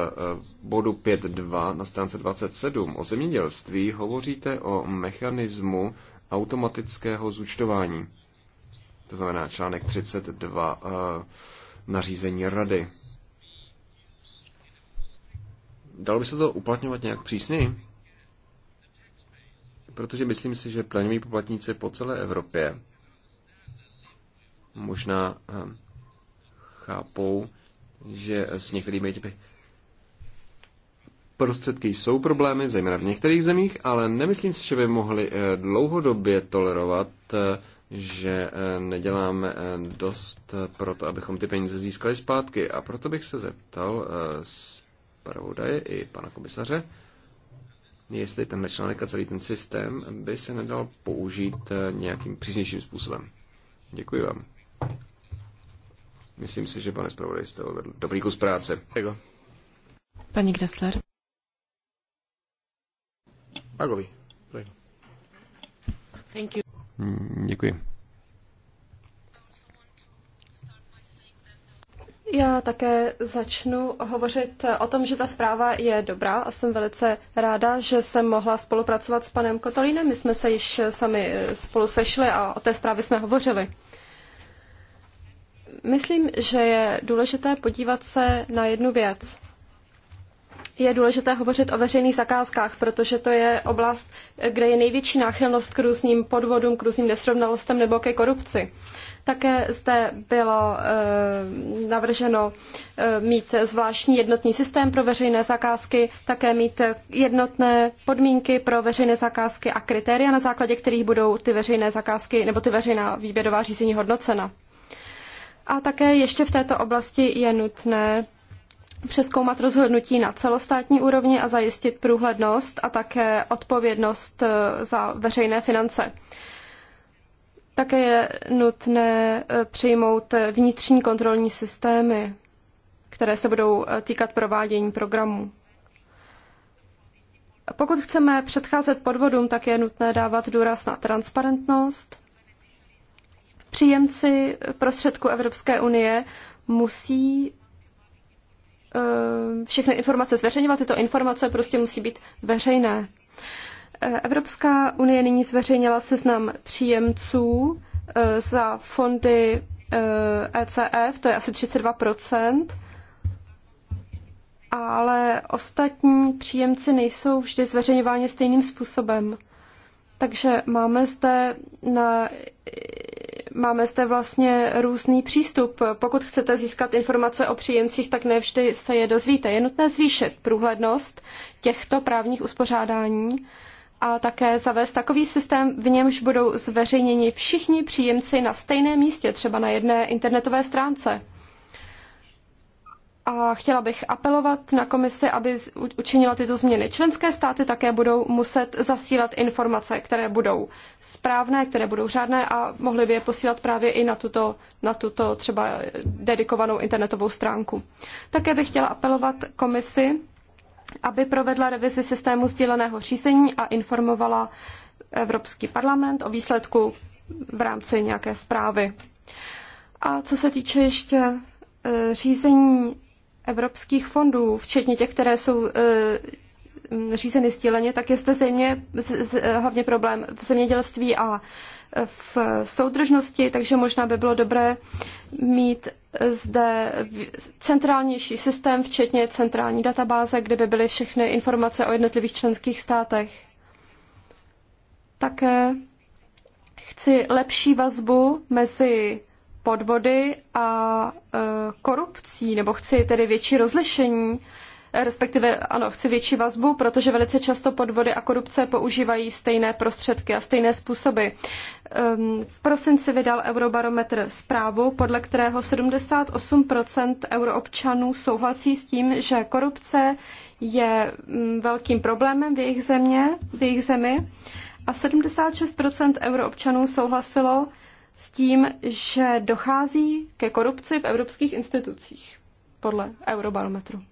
bodu 5.2 na stránce 27 o zemědělství hovoříte o mechanismu automatického zúčtování. To znamená článek 32 e, nařízení rady. Dalo by se to uplatňovat nějak přísněji? Protože myslím si, že plenoví poplatníci po celé Evropě možná eh, chápou, že s některými těmi prostředky jsou problémy, zejména v některých zemích, ale nemyslím si, že by mohli eh, dlouhodobě tolerovat, eh, že neděláme dost pro to, abychom ty peníze získali zpátky. A proto bych se zeptal pravodaje i pana komisaře, jestli tenhle článek a celý ten systém by se nedal použít nějakým příznějším způsobem. Děkuji vám. Myslím si, že pane zpravodaj jste odvedl dobrý kus práce. Paní Gressler. Agovi. Thank you. Mm, děkuji. Já také začnu hovořit o tom, že ta zpráva je dobrá a jsem velice ráda, že jsem mohla spolupracovat s panem Kotolínem. My jsme se již sami spolu sešli a o té zprávě jsme hovořili. Myslím, že je důležité podívat se na jednu věc. Je důležité hovořit o veřejných zakázkách, protože to je oblast, kde je největší náchylnost k různým podvodům, k různým nesrovnalostem nebo ke korupci. Také zde bylo e, navrženo e, mít zvláštní jednotný systém pro veřejné zakázky, také mít jednotné podmínky pro veřejné zakázky a kritéria, na základě kterých budou ty veřejné zakázky nebo ty veřejná výběrová řízení hodnocena. A také ještě v této oblasti je nutné přeskoumat rozhodnutí na celostátní úrovni a zajistit průhlednost a také odpovědnost eh, za veřejné finance. Také je nutné eh, přijmout vnitřní kontrolní systémy, které se budou eh, týkat provádění programů. Pokud chceme předcházet podvodům, tak je nutné dávat důraz na transparentnost, Příjemci prostředků Evropské unie musí eh, všechny informace zveřejňovat. Tyto informace prostě musí být veřejné. Eh, Evropská unie nyní zveřejnila seznam příjemců eh, za fondy ECF, e to je asi 32%, ale ostatní příjemci nejsou vždy zveřejňováni stejným způsobem. Takže máme zde na Máme zde vlastně různý přístup. Pokud chcete získat informace o příjemcích, tak nevždy se je dozvíte. Je nutné zvýšit průhlednost těchto právních uspořádání a také zavést takový systém, v němž budou zveřejněni všichni příjemci na stejném místě, třeba na jedné internetové stránce a chtěla bych apelovat na komisi, aby učinila tyto změny. Členské státy také budou muset zasílat informace, které budou správné, které budou řádné a mohly by je posílat právě i na tuto, na tuto třeba dedikovanou internetovou stránku. Také bych chtěla apelovat komisi, aby provedla revizi systému sdíleného řízení a informovala Evropský parlament o výsledku v rámci nějaké zprávy. A co se týče ještě e, řízení evropských fondů, včetně těch, které jsou eh, řízeny stíleně, tak je zde z, hlavně problém v zemědělství a v soudržnosti, takže možná by bylo dobré mít zde centrálnější systém, včetně centrální databáze, kde by byly všechny informace o jednotlivých členských státech. Také chci lepší vazbu mezi podvody a e, korupcí, nebo chci tedy větší rozlišení, respektive ano, chci větší vazbu, protože velice často podvody a korupce používají stejné prostředky a stejné způsoby. Ehm, v prosinci vydal Eurobarometr zprávu, podle kterého 78% euroobčanů souhlasí s tím, že korupce je mm, velkým problémem v jejich, země, v jejich zemi a 76% euroobčanů souhlasilo, s tím, že dochází ke korupci v evropských institucích, podle Eurobarometru.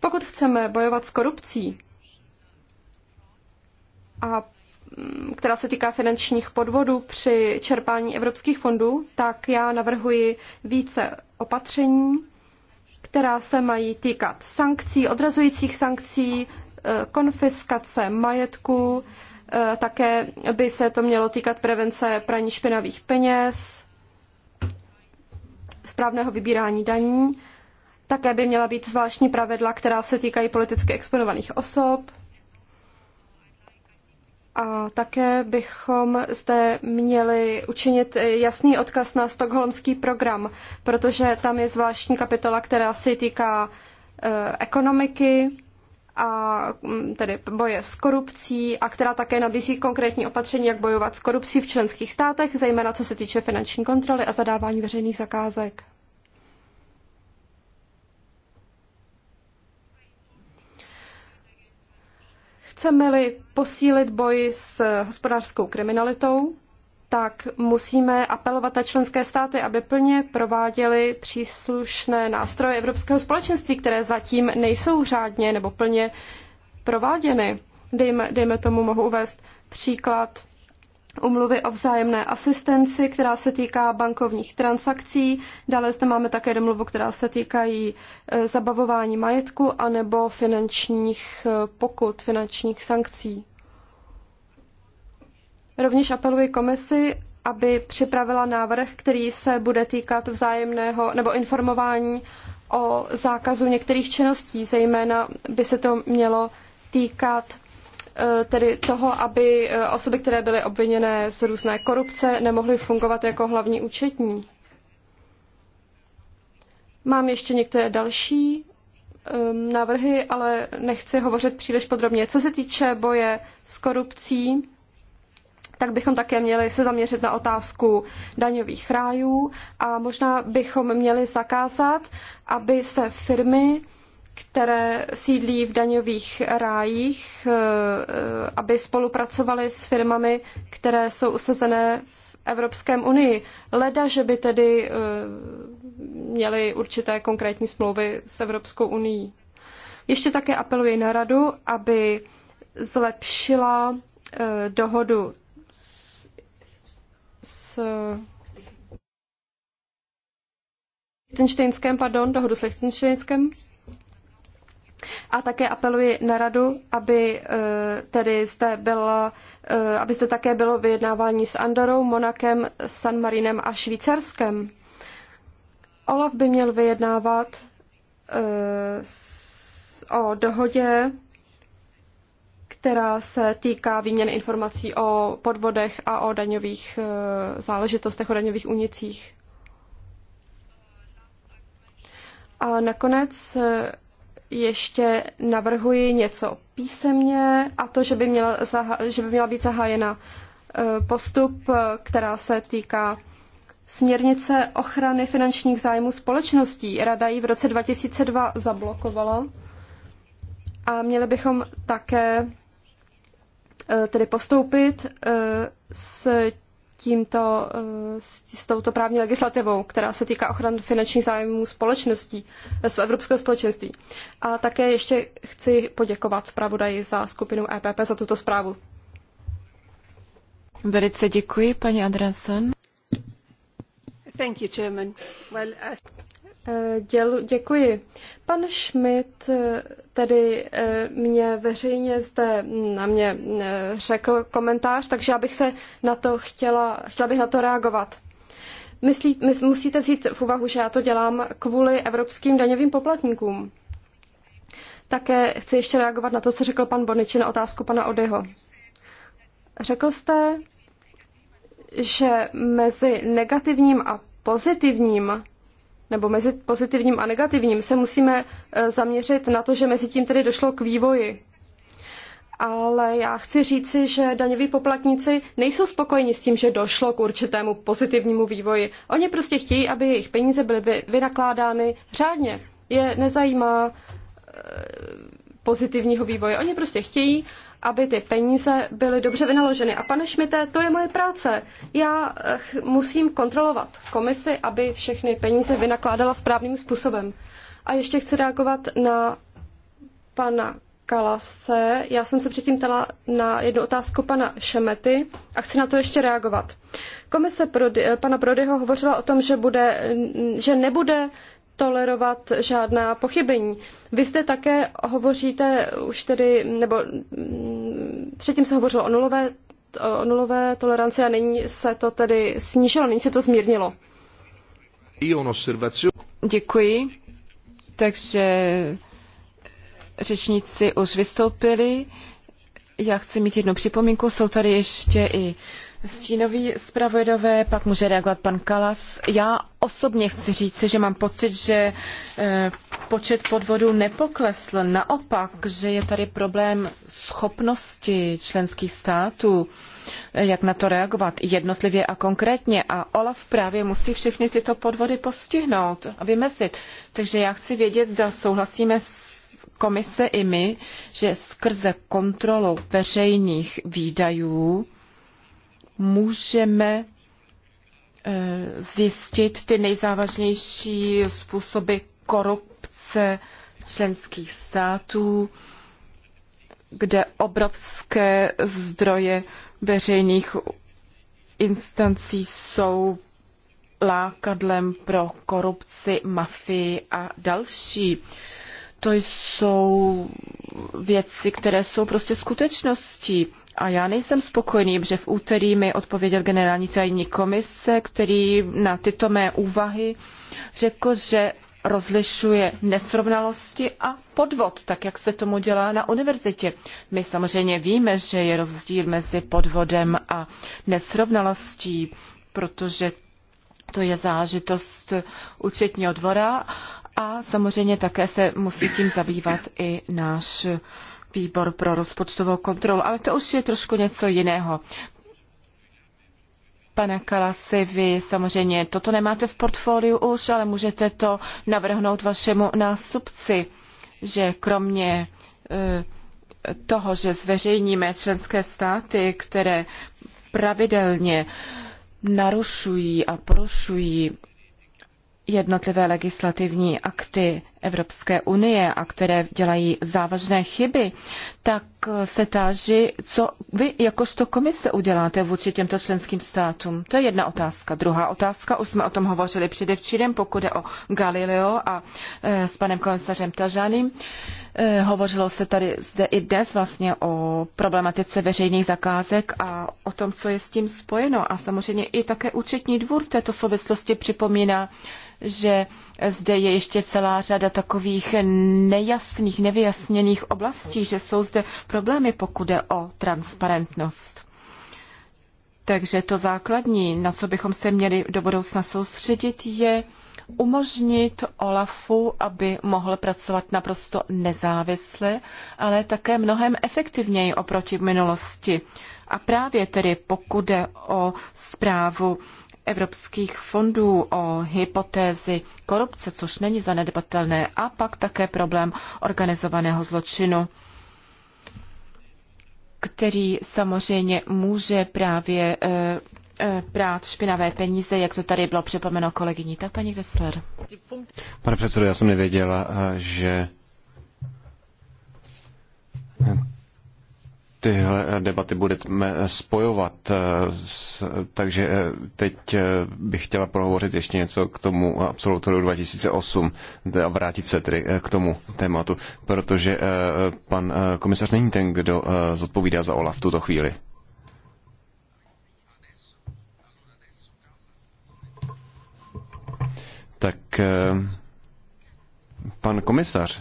Pokud chceme bojovat s korupcí, a mm, která se týká finančních podvodů při čerpání evropských fondů, tak já navrhuji více opatření, která se mají týkat sankcí, odrazujících sankcí, konfiskace majetku, eh, také by se to mělo týkat prevence praní špinavých peněz, správného vybírání daní. Také by měla být zvláštní pravidla, která se týkají politicky exponovaných osob. A také bychom zde měli učinit jasný odkaz na stokholmský program, protože tam je zvláštní kapitola, která se týká eh, ekonomiky a mm, tedy boje s korupcí a která také nabízí konkrétní opatření, jak bojovat s korupcí v členských státech, zejména co se týče finanční kontroly a zadávání veřejných zakázek. Chceme-li posílit boj s hospodářskou kriminalitou, tak musíme apelovat na členské státy, aby plně prováděly příslušné nástroje Evropského společenství, které zatím nejsou řádně nebo plně prováděny. Dejme, dejme tomu mohu uvést příklad umluvy o vzájemné asistenci, která se týká bankovních transakcí. Dále zde máme také domluvu, která se týkají e, zabavování majetku anebo finančních e, pokut, finančních sankcí. Rovněž apeluji komisi, aby připravila návrh, který se bude týkat vzájemného nebo informování o zákazu některých činností. Zejména by se to mělo týkat eh, tedy toho, aby eh, osoby, které byly obviněné z různé korupce, nemohly fungovat jako hlavní účetní. Mám ještě některé další ehm, návrhy, ale nechci hovořit příliš podrobně. Co se týče boje s korupcí, tak bychom také měli se zaměřit na otázku daňových rájů a možná bychom měli zakázat, aby se firmy, které sídlí v daňových rájích, eh, eh, aby spolupracovaly s firmami, které jsou usazené v Evropském unii. Leda, že by tedy eh, měly určité konkrétní smlouvy s Evropskou unii. Ještě také apeluji na radu, aby zlepšila dohodu Lichtensteinském, pardon, dohodu s Lichtensteinském. A také apeluji na radu, aby eh, tedy zde bylo, eh, aby zde také bylo vyjednávání s Andorou, Monakem, San Marinem a Švýcarskem. Olaf by měl vyjednávat eh, o dohodě která se týká výměny informací o podvodech a o daňových e, záležitostech, o daňových únicích. A nakonec e, ještě navrhuji něco písemně a to, že by měla, že by měla být zahájena e, postup, která se týká směrnice ochrany finančních zájmů společností. Rada ji v roce 2002 zablokovala a měli bychom také Eh, tedy postoupit eh, s tímto, eh, s touto právní legislativou, která se týká ochrany finančních zájmů společností, z Evropského společenství. A také ještě chci poděkovat zpravodaji za skupinu EPP za tuto zprávu. Velice děkuji, paní Andreasen. Thank you, Chairman. Well, as... Dělu, děkuji. Pan Schmidt eh, tedy eh, mě veřejně zde na mě eh, řekl komentář, takže já bych se na to chtěla, chtěla bych na to reagovat. Myslí, my musíte vzít v úvahu, že já to dělám kvůli evropským daňovým poplatníkům. Také chci ještě reagovat na to, co řekl pan Boniči na otázku pana Odeho. Řekl jste, že mezi negativním a pozitivním nebo mezi pozitivním a negativním se musíme e, zaměřit na to, že mezi tím tedy došlo k vývoji. Ale já chci říci, že daňoví poplatníci nejsou spokojeni s tím, že došlo k určitému pozitivnímu vývoji. Oni prostě chtějí, aby jejich peníze byly vynakládány řádně. Je nezajímá e, pozitivního vývoje. Oni prostě chtějí, aby ty peníze byly dobře vynaloženy. A pane Šmité, to je moje práce. Já eh, musím kontrolovat komisi, aby všechny peníze vynakládala správným způsobem. A ještě chci reagovat na pana Kalase. Já jsem se předtím ptala na jednu otázku pana Šemety a chci na to ještě reagovat. Komise Prody, eh, pana Prodyho hovořila o tom, že, bude, že nebude tolerovat žádná pochybení. Vy jste také hovoříte už tedy, nebo mm, předtím se hovořilo o nulové, o nulové toleranci a nyní se to tedy snížilo, nyní se to zmírnilo. Děkuji. Takže řečníci už vystoupili. Já chci mít jednu připomínku. Jsou tady ještě i Stínoví zpravodové, pak může reagovat pan Kalas. Já osobně chci říct, že mám pocit, že eh, počet podvodů nepoklesl. Naopak, že je tady problém schopnosti členských států, eh, jak na to reagovat jednotlivě a konkrétně. A Olaf právě musí všechny tyto podvody postihnout a vymezit. Takže já chci vědět, zda souhlasíme s komise i my, že skrze kontrolu veřejných výdajů můžeme eh, zjistit ty nejzávažnější způsoby korupce členských států, kde obrovské zdroje veřejných instancí jsou lákadlem pro korupci, mafii a další. To jsou věci, které jsou prostě skutečností. A já nejsem spokojený, že v úterý mi odpověděl generální tajemník komise, který na tyto mé úvahy řekl, že rozlišuje nesrovnalosti a podvod, tak jak se tomu dělá na univerzitě. My samozřejmě víme, že je rozdíl mezi podvodem a nesrovnalostí, protože to je zážitost účetního dvora a samozřejmě také se musí tím zabývat i náš výbor pro rozpočtovou kontrolu, ale to už je trošku něco jiného. Pane Kalasi, vy samozřejmě toto nemáte v portfoliu už, ale můžete to navrhnout vašemu nástupci, že kromě e, toho, že zveřejníme členské státy, které pravidelně narušují a porušují jednotlivé legislativní akty Evropské unie a které dělají závažné chyby, tak se táži, co vy jakožto komise uděláte vůči těmto členským státům. To je jedna otázka. Druhá otázka, už jsme o tom hovořili předevčírem, pokud je o Galileo a e, s panem komisařem Tažanem. Eh, hovořilo se tady zde i dnes vlastně o problematice veřejných zakázek a o tom, co je s tím spojeno. A samozřejmě i také účetní dvůr v této souvislosti připomíná, že zde je ještě celá řada takových nejasných, nevyjasněných oblastí, že jsou zde problémy, pokud jde o transparentnost. Takže to základní, na co bychom se měli do budoucna soustředit, je umožnit Olafu, aby mohl pracovat naprosto nezávisle, ale také mnohem efektivněji oproti minulosti. A právě tedy pokud jde o zprávu evropských fondů, o hypotézy korupce, což není zanedbatelné, a pak také problém organizovaného zločinu který samozřejmě může právě eh, Eh, prát špinavé peníze, jak to tady bylo připomeno kolegyní. Tak paní Gressler. Pane předsedo, já jsem nevěděla, eh, že tyhle eh, debaty budeme spojovat, takže teď bych chtěla prohovořit ještě něco k tomu absolutoru 2008 a vrátit se tedy k tomu tématu, protože pan komisař není ten, kdo zodpovídá za OLAF v tuto chvíli. tak eh, pan komisař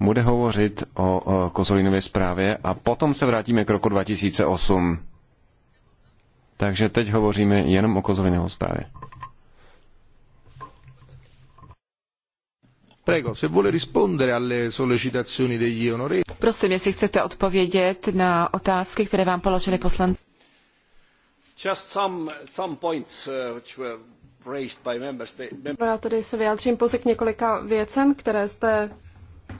bude hovořit o Kozolinově zprávě a potom se vrátíme k roku 2008. Takže teď hovoříme jenom o Kozolinově zprávě. Prego, se vuole rispondere alle sollecitazioni degli onorevoli. Prosím, jestli chcete odpovědět na otázky, které vám položili poslanci. Just some, some points, uh, which were No, já tedy se vyjádřím pouze k několika věcem, které jste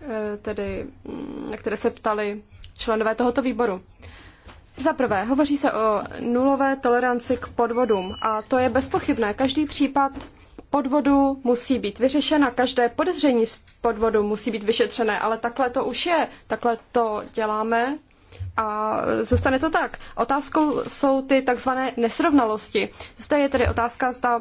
eh, tedy, mm, na které se ptali členové tohoto výboru. Za prvé, hovoří se o nulové toleranci k podvodům a to je bezpochybné. Každý případ podvodu musí být vyřešen a každé podezření z podvodu musí být vyšetřené, ale takhle to už je, takhle to děláme a zůstane to tak. Otázkou jsou ty takzvané nesrovnalosti. Zde je tedy otázka, zda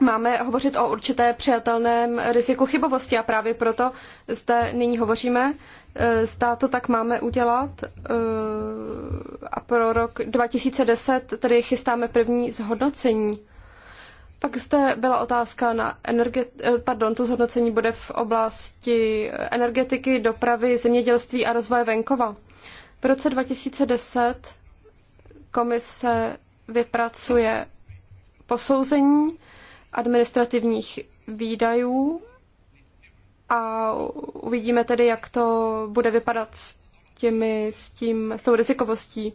máme hovořit o určité přijatelném riziku chybovosti a právě proto zde nyní hovoříme. Eh, zda to tak máme udělat eh, a pro rok 2010 tedy chystáme první zhodnocení. Pak zde byla otázka na energeti- eh, pardon, to zhodnocení bude v oblasti energetiky, dopravy, zemědělství a rozvoje venkova. V roce 2010 komise vypracuje posouzení administrativních výdajů a uvidíme tedy, jak to bude vypadat s, těmi, s, tím, s tou rizikovostí.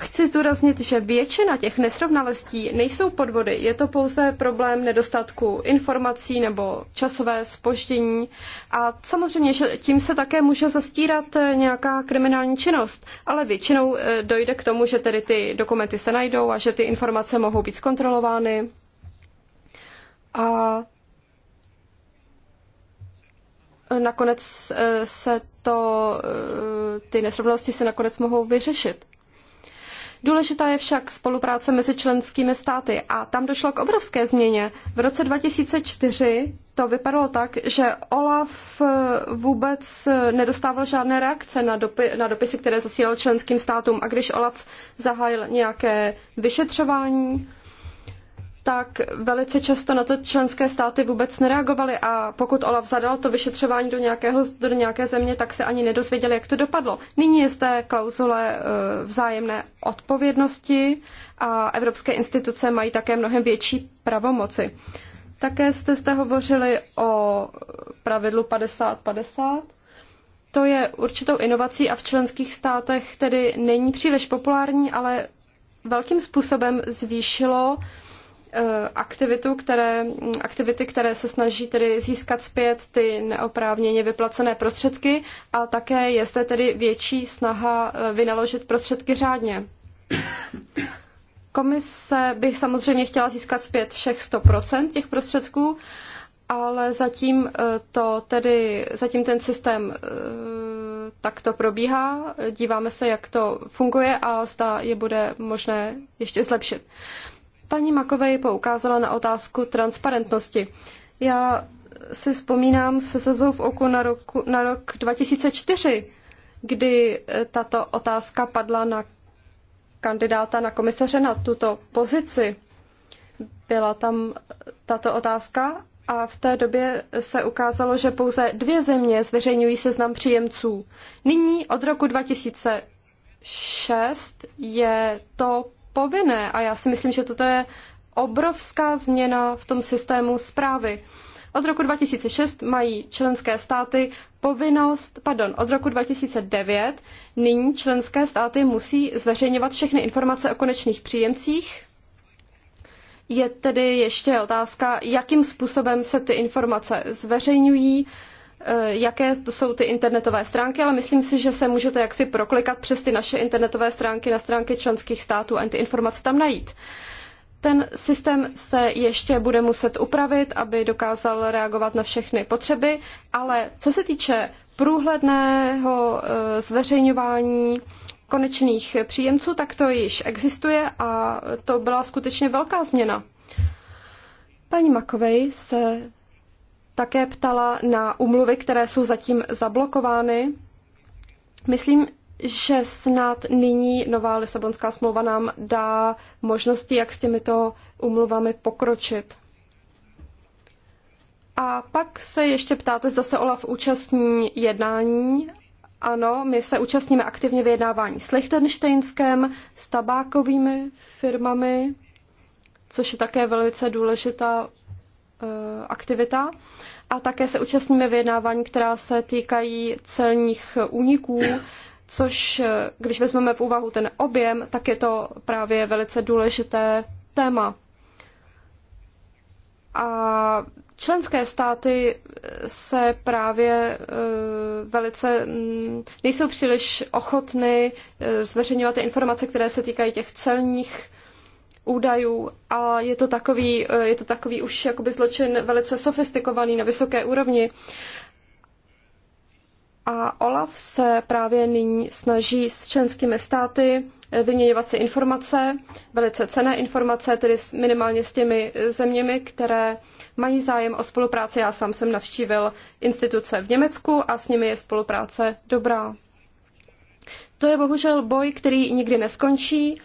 Chci zdůraznit, že většina těch nesrovnalostí nejsou podvody, je to pouze problém nedostatku informací nebo časové spoždění a samozřejmě, že tím se také může zastírat nějaká kriminální činnost, ale většinou eh, dojde k tomu, že tedy ty dokumenty se najdou a že ty informace mohou být zkontrolovány. A nakonec eh, se to, eh, ty nesrovnalosti se nakonec mohou vyřešit. Důležitá je však spolupráce mezi členskými státy a tam došlo k obrovské změně. V roce 2004 to vypadalo tak, že Olaf eh, vůbec nedostával žádné reakce na, dopi- na dopisy, které zasílal členským státům. A když Olaf zahájil nějaké vyšetřování, tak velice často na to členské státy vůbec nereagovaly a pokud Olaf zadal to vyšetřování do, nějakého, do nějaké země, tak se ani nedozvěděli, jak to dopadlo. Nyní je té klauzule eh, vzájemné odpovědnosti a evropské instituce mají také mnohem větší pravomoci. Také jste zde hovořili o pravidlu 50-50. To je určitou inovací a v členských státech tedy není příliš populární, ale velkým způsobem zvýšilo uh, Eh, aktivitu, které, aktivity, které se snaží tedy získat zpět ty neoprávněně vyplacené prostředky a také je zde tedy větší snaha eh, vynaložit prostředky řádně. Komise by samozřejmě chtěla získat zpět všech 100% těch prostředků, ale zatím eh, to tedy, zatím ten systém tak to probíhá. Díváme se, jak to funguje a zda je bude možné ještě zlepšit. Paní Makovej poukázala na otázku transparentnosti. Já si vzpomínám se slzou v oku na, roku, na rok 2004, kdy eh, tato otázka padla na kandidáta na komisaře na tuto pozici. Byla tam eh, tato otázka a v té době se ukázalo, že pouze dvě země zveřejňují seznam příjemců. Nyní od roku 2006 je to povinné a já si myslím, že toto je obrovská změna v tom systému zprávy. Od roku 2006 mají členské státy povinnost, pardon, od roku 2009 nyní členské státy musí zveřejňovat všechny informace o konečných příjemcích. Je tedy ještě otázka, jakým způsobem se ty informace zveřejňují, Eh, jaké to jsou ty internetové stránky, ale myslím si, že se můžete jaksi proklikat přes ty naše internetové stránky na stránky členských států a ty informace tam najít. Ten systém se ještě bude muset upravit, aby dokázal reagovat na všechny potřeby, ale co se týče průhledného eh, zveřejňování konečných příjemců, tak to již existuje a to byla skutečně velká změna. Paní Makovej se také ptala na umluvy, které jsou zatím zablokovány. Myslím, že snad nyní nová Lisabonská smlouva nám dá možnosti, jak s těmito umluvami pokročit. A pak se ještě ptáte, zda se Olaf účastní jednání. Ano, my se účastníme aktivně vyjednávání s Lichtensteinskem, s tabákovými firmami, což je také velice důležitá Eh, aktivita. A také se účastníme vyjednávání, která se týkají celních úniků, což eh, když vezmeme v úvahu ten objem, tak je to právě velice důležité téma. A členské státy eh, se právě velice mm, nejsou příliš ochotny zveřejňovat ty informace, které se týkají těch celních údajů a je to takový, eh, je to takový už jakoby zločin velice sofistikovaný na vysoké úrovni. A Olaf se právě nyní snaží s členskými státy eh, vyměňovat si informace, velice cené informace, tedy minimálně s těmi eh, zeměmi, které mají zájem o spolupráci. Já sám jsem navštívil instituce v Německu a s nimi je spolupráce dobrá. To je bohužel boj, který nikdy neskončí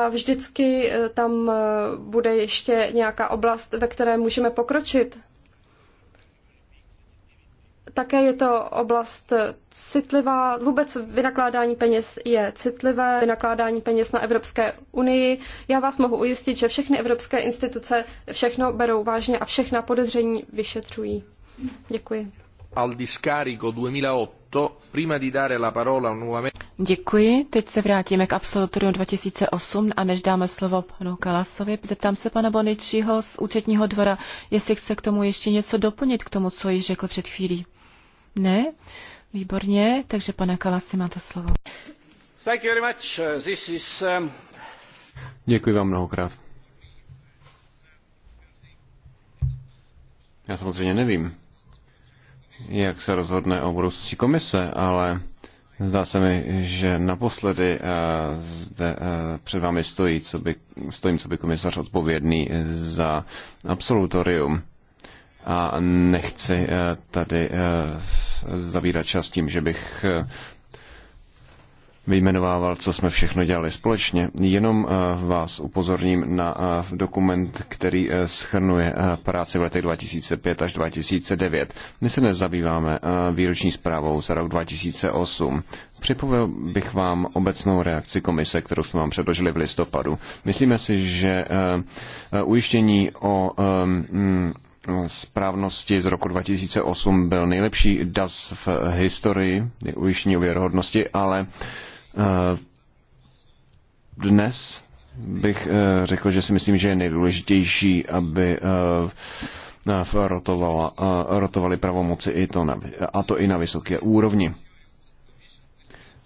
a vždycky eh, tam eh, bude ještě nějaká oblast, ve které můžeme pokročit. Také je to oblast eh, citlivá. Vůbec vynakládání peněz je citlivé. Vynakládání peněz na Evropské unii. Já vás mohu ujistit, že všechny evropské instituce všechno berou vážně a všechna podezření vyšetřují. Děkuji. Al discarico 2008 Děkuji. Teď se vrátíme k absolutoriu 2008 a než dáme slovo panu Kalasovi, zeptám se pana Boničího z účetního dvora, jestli chce k tomu ještě něco doplnit k tomu, co již řekl před chvílí. Ne? Výborně, takže pane Kalasi, máte slovo. Thank you very much. Uh, this is, um... Děkuji vám mnohokrát. Já samozřejmě nevím jak se rozhodne o budoucí komise, ale zdá se mi, že naposledy eh, zde eh, před vámi stojí, co by, stojím, co by komisař odpovědný eh, za absolutorium. A nechci tady zavírat čas tím, že bych vyjmenovával, co jsme všechno dělali společně. Jenom eh, vás upozorním na eh, dokument, který eh, schrnuje práci v letech 2005 až 2009. My se nezabýváme výroční zprávou za rok 2008. Připomněl bych vám obecnou reakci komise, kterou jsme vám předložili v listopadu. Myslíme si, že ujištění mm, o správnosti z roku 2008 byl nejlepší DAS v historii, ujištění o věrohodnosti, ale Eh, dnes bych eh, řekl, že si myslím, že je nejdůležitější, aby eh, rotovaly rotovali pravomoci i to na, a to i na vysoké úrovni.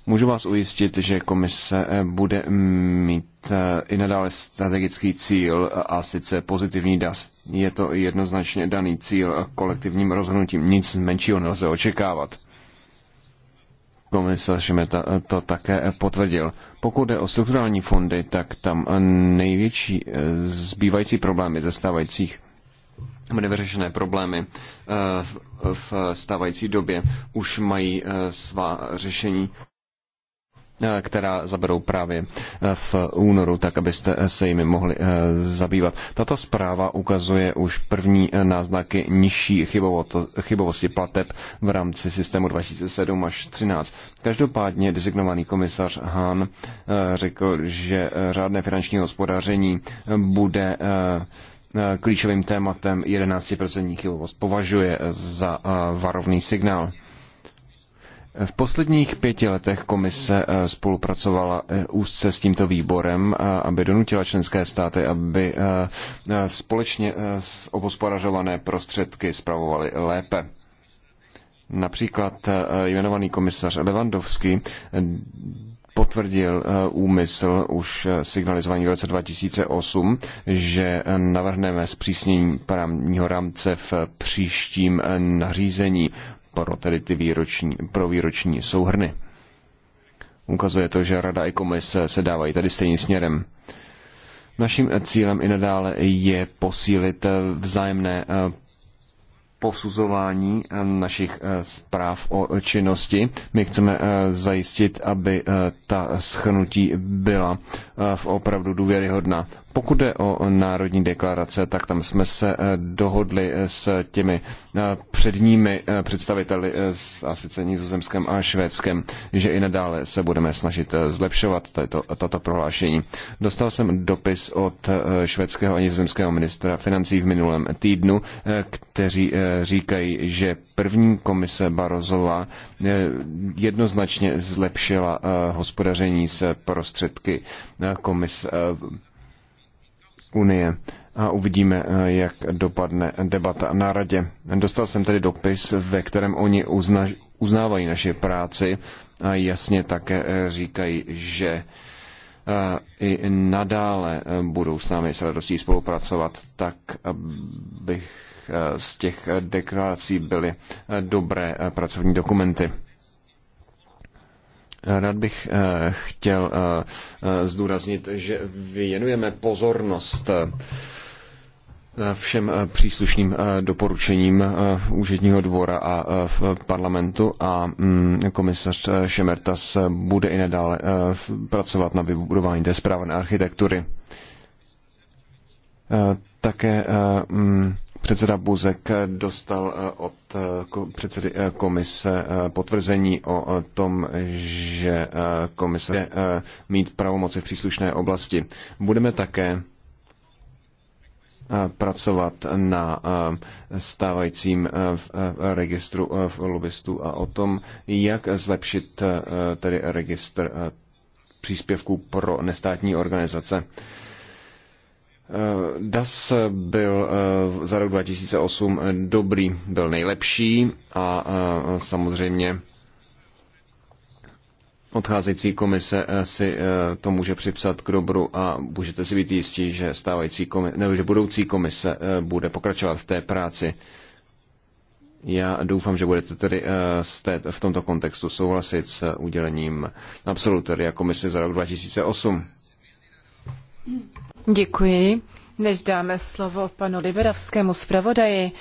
Můžu vás ujistit, že komise bude mít i nadále strategický cíl a sice pozitivní DAS. Je to jednoznačně daný cíl kolektivním rozhodnutím. Nic menšího nelze očekávat komisař Šemeta to také potvrdil. Pokud jde o strukturální fondy, tak tam největší eh, zbývající problémy ze stávajících nevyřešené problémy eh, v stávající době už mají eh, svá řešení Eh, která zaberou právě eh, v únoru, tak abyste eh, se jimi mohli zabývat. Tato zpráva ukazuje už první náznaky nižší chybovosti plateb v rámci systému 2007 až 13. Každopádně designovaný komisař Hahn řekl, že řádné finanční hospodaření bude klíčovým tématem 11% chybovost považuje za varovný signál. V posledních pěti letech komise eh, spolupracovala eh, úzce s tímto výborem, eh, aby donutila členské státy, aby společně obospodařované prostředky spravovaly lépe. Například jmenovaný komisař Levandovský potvrdil úmysl už signalizovaný v roce 2008, že navrhneme zpřísnění právního rámce v příštím nařízení pro, tedy ty výroční, pro výroční souhrny. Ukazuje to, že Rada i Komise se dávají tady stejným směrem. Naším cílem i nadále je posílit vzájemné eh, posuzování eh, našich eh, zpráv o činnosti. My chceme zajistit, aby ta schnutí byla v opravdu důvěryhodná. Pokud jde o národní deklarace, tak tam jsme se eh, dohodli eh, s těmi eh, předními představiteli, a sice Nizozemskem a Švédskem, že i nadále se budeme snažit zlepšovat tato, tato prohlášení. Dostal jsem dopis od švédského a nizozemského ministra financí v minulém týdnu, kteří říkají, že první komise Barozova jednoznačně zlepšila hospodaření s prostředky komise unie a uvidíme, eh, jak dopadne debata na radě. Dostal jsem tedy dopis, ve kterém oni uzna, uznávají naše práci a jasně také eh, říkají, že eh, i nadále budou s námi s radostí spolupracovat, tak abych z těch deklarací byly dobré pracovní dokumenty. Rád bych eh, chtěl eh, eh, zdůraznit, že věnujeme pozornost všem příslušným doporučením úředního dvora a v parlamentu a mm, komisař Šemertas bude i nadále pracovat na vybudování té správné architektury. Také mm, Předseda Buzek dostal eh, od eh, předsedy eh, komise potvrzení o tom, že komise bude mít pravomoci v příslušné oblasti. Budeme také pracovat na stávajícím registru lobbystů a o tom, jak zlepšit tedy registr příspěvků pro nestátní organizace. Eh, DAS byl eh, za rok 2008 dobrý, byl nejlepší a eh, samozřejmě odcházející komise si to může připsat k dobru a můžete si být jistí, že, stávající komise, nebo že budoucí komise bude pokračovat v té práci. Já doufám, že budete tedy v tomto kontextu souhlasit s udělením absolutoria komise za rok 2008. Než dáme slovo panu Liberavskému zpravodaji,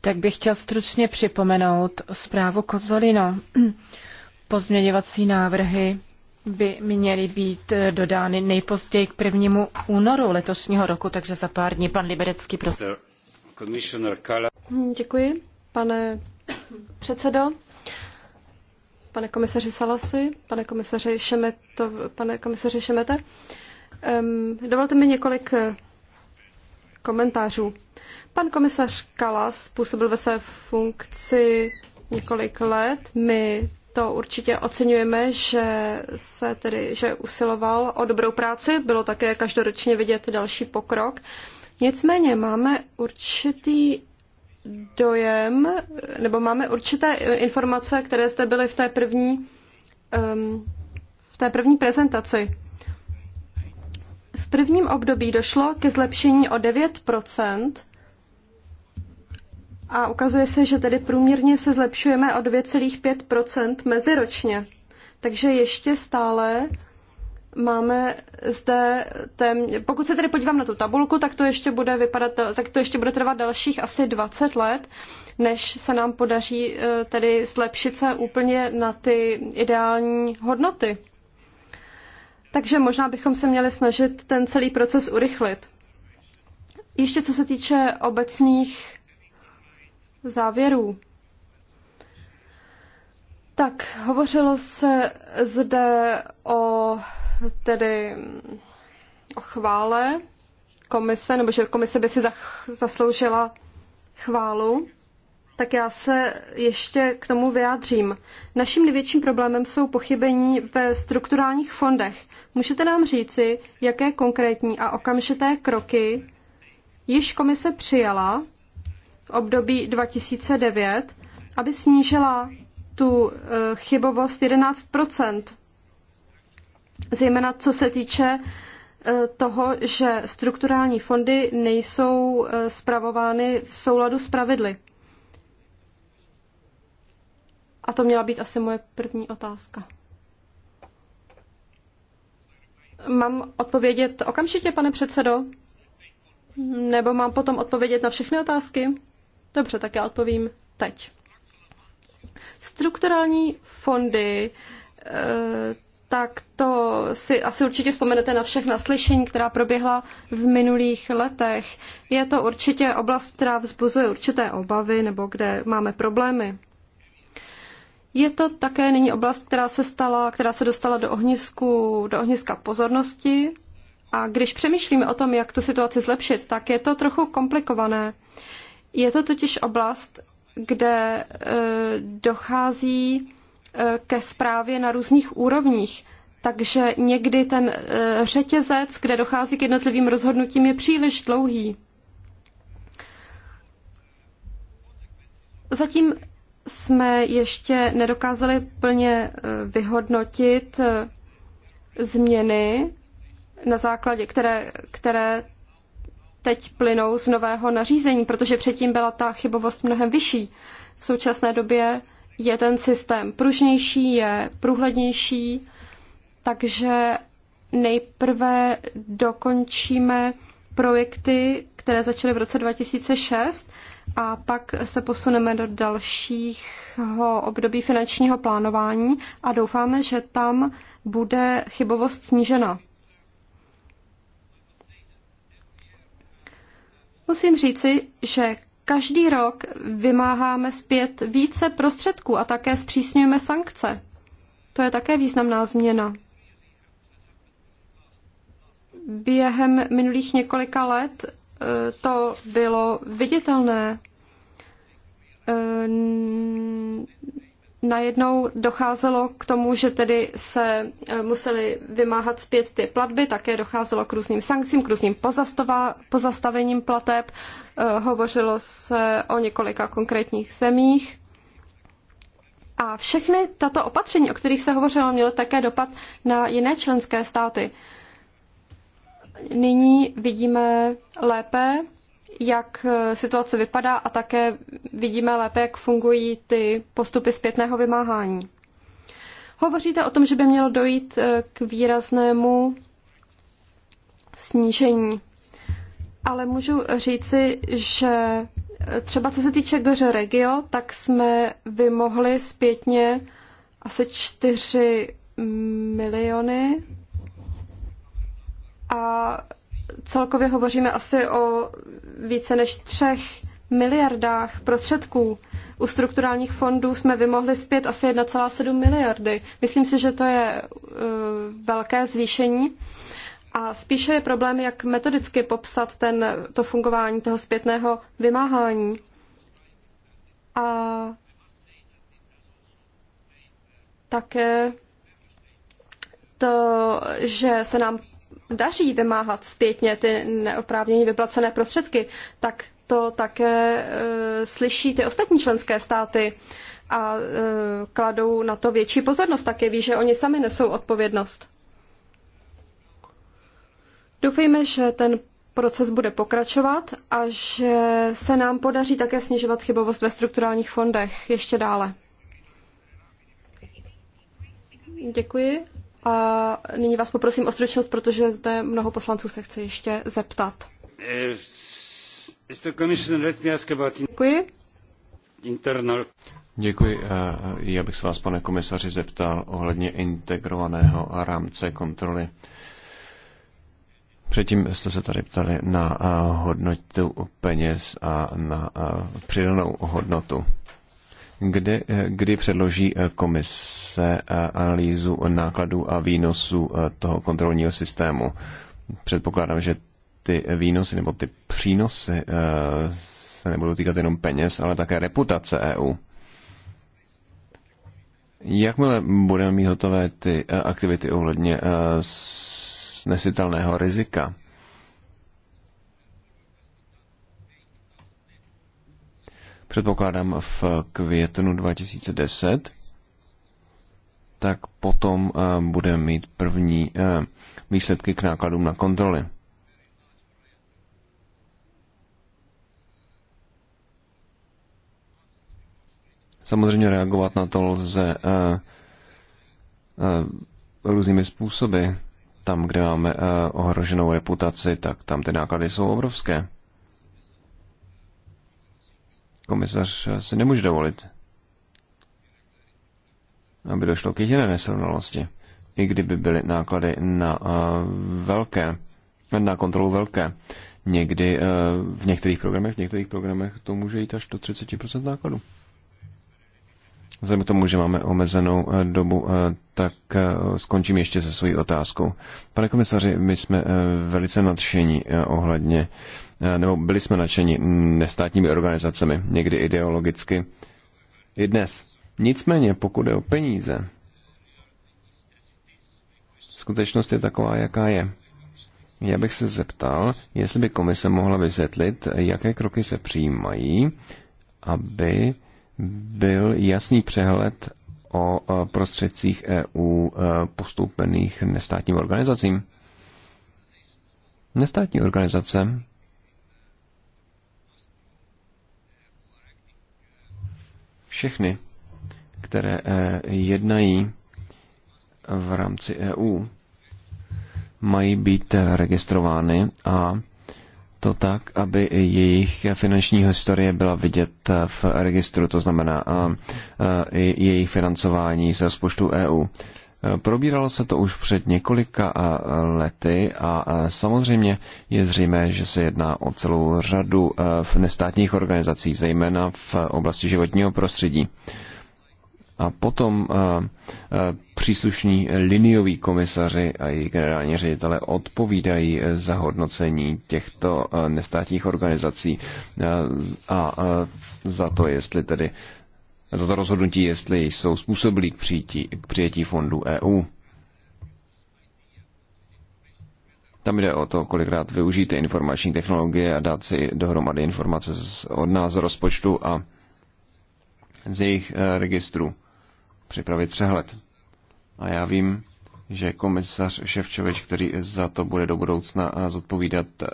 tak bych chtěl stručně připomenout zprávu Kozolino. Pozměňovací návrhy by měly být eh, dodány nejpozději k prvnímu únoru letošního roku, takže za pár dní pan Liberecký prosím. Děkuji, pane předsedo, pane komisaři Salasi, pane komisaři, Šemeto, pane komisaři Šemete. Dovolte mi několik eh, komentářů. Pan komisař Kalas působil ve své funkci několik let. My to určitě oceňujeme, že se tedy, že usiloval o dobrou práci, bylo také každoročně vidět další pokrok. Nicméně máme určitý dojem, nebo máme určité informace, které jste byly v té první, um, v té první prezentaci prvním období došlo ke zlepšení o 9 a ukazuje se, že tedy průměrně se zlepšujeme o 2,5 meziročně. Takže ještě stále máme zde tém, pokud se tedy podívám na tu tabulku, tak to ještě bude vypadat, tak to ještě bude trvat dalších asi 20 let, než se nám podaří eh, tedy zlepšit se úplně na ty ideální hodnoty. Takže možná bychom se měli snažit ten celý proces urychlit. Ještě co se týče obecných závěrů. Tak, hovořilo se zde o tedy o chvále komise, nebo že komise by si zasloužila chválu tak já se ještě k tomu vyjádřím. Naším největším problémem jsou pochybení ve strukturálních fondech. Můžete nám říci, jaké konkrétní a okamžité kroky již komise přijala v období 2009, aby snížila tu eh, chybovost 11 zejména co se týče eh, toho, že strukturální fondy nejsou eh, spravovány v souladu s pravidly. A to měla být asi moje první otázka. Mám odpovědět okamžitě, pane předsedo? Nebo mám potom odpovědět na všechny otázky? Dobře, tak já odpovím teď. Strukturální fondy, eh, tak to si asi určitě vzpomenete na všechna slyšení, která proběhla v minulých letech. Je to určitě oblast, která vzbuzuje určité obavy nebo kde máme problémy. Je to také nyní oblast, která se stala, která se dostala do, ohnisku, do ohniska pozornosti. A když přemýšlíme o tom, jak tu situaci zlepšit, tak je to trochu komplikované. Je to totiž oblast, kde e, dochází e, ke zprávě na různých úrovních. Takže někdy ten e, řetězec, kde dochází k jednotlivým rozhodnutím, je příliš dlouhý. Zatím jsme ještě nedokázali plně e, vyhodnotit e, změny, na základě které, které teď plynou z nového nařízení, protože předtím byla ta chybovost mnohem vyšší. V současné době je ten systém pružnější, je průhlednější, takže nejprve dokončíme projekty, které začaly v roce 2006 a pak se posuneme do dalšího období finančního plánování a doufáme, že tam bude chybovost snížena. Musím říci, že každý rok vymáháme zpět více prostředků a také zpřísňujeme sankce. To je také významná změna. Během minulých několika let Eh, to bylo viditelné. Eh, najednou docházelo k tomu, že tedy se eh, museli vymáhat zpět ty platby, také docházelo k různým sankcím, k různým pozastavením plateb. Hovořilo se o několika konkrétních zemích. A všechny tato opatření, o kterých se hovořilo, měly také dopad na jiné členské státy nyní vidíme lépe, jak eh, situace vypadá a také vidíme lépe, jak fungují ty postupy zpětného vymáhání. Hovoříte o tom, že by mělo dojít eh, k výraznému snížení. Ale můžu říci, že eh, třeba co se týče GŘ Regio, tak jsme vymohli zpětně asi 4 miliony a celkově hovoříme asi o více než třech miliardách prostředků. U strukturálních fondů jsme vymohli zpět asi 1,7 miliardy. Myslím si, že to je uh, velké zvýšení. A spíše je problém, jak metodicky popsat ten, to fungování toho zpětného vymáhání. A také to, že se nám daří vymáhat zpětně ty neoprávněně vyplacené prostředky, tak to také e, slyší ty ostatní členské státy a e, kladou na to větší pozornost. Také ví, že oni sami nesou odpovědnost. Doufejme, že ten proces bude pokračovat a že se nám podaří také snižovat chybovost ve strukturálních fondech ještě dále. Děkuji. A nyní vás poprosím o stručnost, protože zde mnoho poslanců se chce ještě zeptat. Děkuji. Internal. Děkuji. Eh, eh, já bych se vás, pane komisaři, zeptal ohledně integrovaného rámce kontroly. Předtím jste se tady ptali na eh, hodnotu peněz a na přidanou hodnotu kdy, eh, kdy předloží eh, komise eh, analýzu nákladů a výnosů toho kontrolního systému. Předpokládám, že ty výnosy nebo ty přínosy se nebudou týkat jenom peněz, ale také reputace EU. Jakmile budeme mít hotové ty aktivity ohledně snesitelného rizika, předpokládám v květnu 2010, tak potom eh, budeme mít první eh, výsledky k nákladům na kontroly. Samozřejmě reagovat na to lze eh, různými způsoby. Tam, kde máme ohroženou reputaci, tak tam ty náklady jsou obrovské komisař si nemůže dovolit, aby došlo k jediné nesrovnalosti, i kdyby byly náklady na eh, velké, na kontrolu velké. Někdy eh, v některých programech, v některých programech to může jít až do 30% nákladů. Vzhledem k tomu, že máme omezenou eh, dobu, tak skončím ještě se svojí otázkou. Pane komisaři, my jsme velice nadšení ohledně Eh, nebo byli jsme nadšeni nestátními organizacemi, někdy ideologicky, i dnes. Nicméně, pokud je o peníze, skutečnost je taková, jaká je. Já bych se zeptal, jestli by komise mohla vysvětlit, jaké kroky se přijímají, aby byl jasný přehled o eh, prostředcích EU eh, postoupených nestátním organizacím. Nestátní organizace všechny, které eh, jednají v rámci EU, mají být eh, registrovány a to tak, aby jejich finanční historie byla vidět eh, v registru, to znamená a, a, i jejich financování z rozpočtu EU. Probíralo se to už před několika lety a samozřejmě je zřejmé, že se jedná o celou řadu e, v nestátních organizací, zejména v oblasti životního prostředí. A potom e, e, příslušní linioví komisaři a její generální ředitele odpovídají za hodnocení těchto nestátních organizací a za to, jestli tedy za to rozhodnutí, jestli jsou způsobili k přijetí, k přijetí fondů EU. Tam jde o to, kolikrát využijte informační technologie a dát si dohromady informace od nás z rozpočtu a z jejich eh, registru Připravit přehled. A já vím, že komisař Ševčovič, který za to bude do budoucna eh, zodpovídat, eh,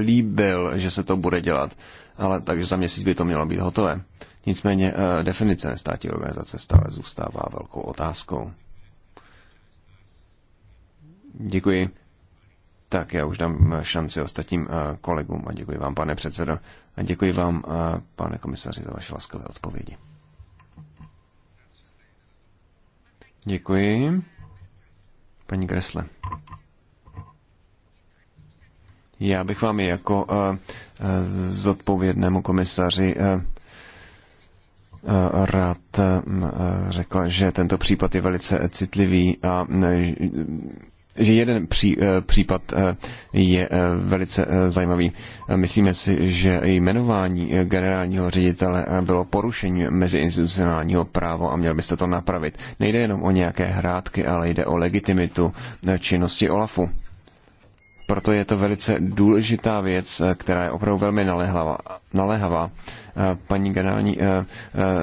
líbil, že se to bude dělat ale takže za měsíc by to mělo být hotové. Nicméně eh, definice nestátní organizace stále zůstává velkou otázkou. Děkuji. Tak já už dám eh, šanci ostatním eh, kolegům a děkuji vám, pane předsedo. A děkuji vám, pane komisaři, za vaše laskavé odpovědi. Děkuji. Paní Gresle. Já bych vám jako eh, eh, zodpovědnému komisaři eh, rád řekl, že tento případ je velice citlivý a že jeden pří, případ je velice zajímavý. Myslíme si, že jmenování generálního ředitele bylo porušení meziinstitucionálního práva a měl byste to napravit. Nejde jenom o nějaké hrátky, ale jde o legitimitu činnosti OLAFu. Proto je to velice důležitá věc, eh, která je opravdu velmi naléhavá. Eh, paní generální eh,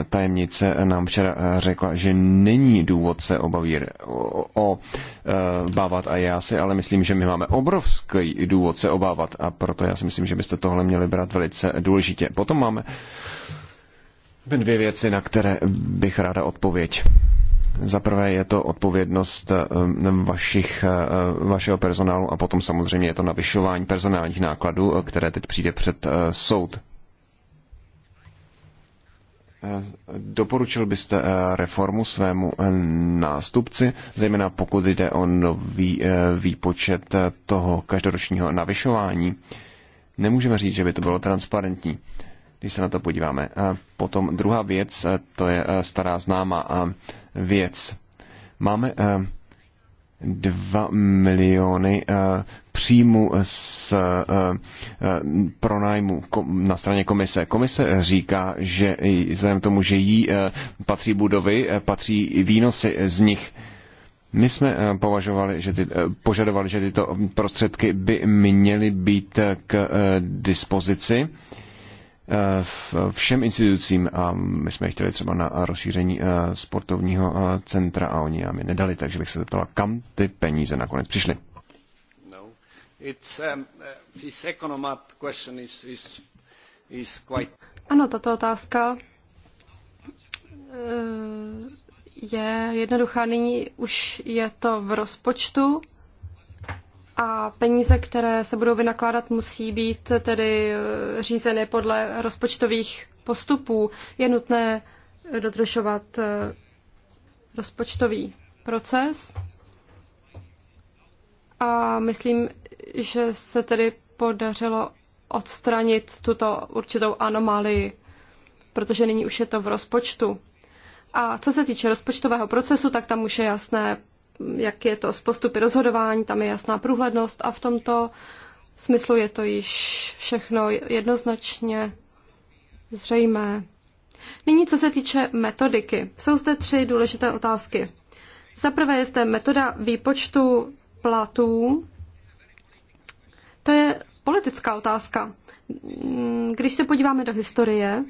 tajemnice nám včera řekla, že není důvod se obavír, o, bávat a já si ale myslím, že my máme obrovský důvod se obávat a proto já si myslím, že byste tohle měli brát velice důležitě. Potom máme dvě věci, na které bych ráda odpověď. Za prvé je to odpovědnost eh, vašich, eh, vašeho personálu a potom samozřejmě je to navyšování personálních nákladů, eh, které teď přijde před soud. Doporučil byste reformu svému nástupci, zejména pokud jde o nový výpočet toho každoročního navyšování. Nemůžeme říct, že by to bylo transparentní, když se na to podíváme. Potom druhá věc, to je stará známa věc. Máme eh, dva miliony eh, příjmu z eh, pronájmu na straně komise. Komise říká, že vzhledem tomu, že jí patří budovy, patří výnosy z nich. My jsme považovali, že ty, požadovali, že tyto prostředky by měly být k dispozici Eh, všem institucím a my jsme chtěli třeba na rozšíření eh, sportovního eh, centra a oni nám je nedali, takže bych se zeptala, kam ty peníze nakonec přišly. No. Um, uh, is, is, is quite... Ano, tato otázka je jednoduchá. Nyní už je to v rozpočtu a peníze, které se budou vynakládat, musí být tedy eh, řízeny podle rozpočtových postupů. Je nutné dodržovat eh, rozpočtový proces a myslím, že se tedy podařilo odstranit tuto určitou anomálii, protože nyní už je to v rozpočtu. A co se týče rozpočtového procesu, tak tam už je jasné jak je to s postupy rozhodování, tam je jasná průhlednost a v tomto smyslu je to již všechno jednoznačně zřejmé. Nyní, co se týče metodiky. Jsou zde tři důležité otázky. Za prvé je zde metoda výpočtu platů. To je politická otázka. Když se podíváme do historie,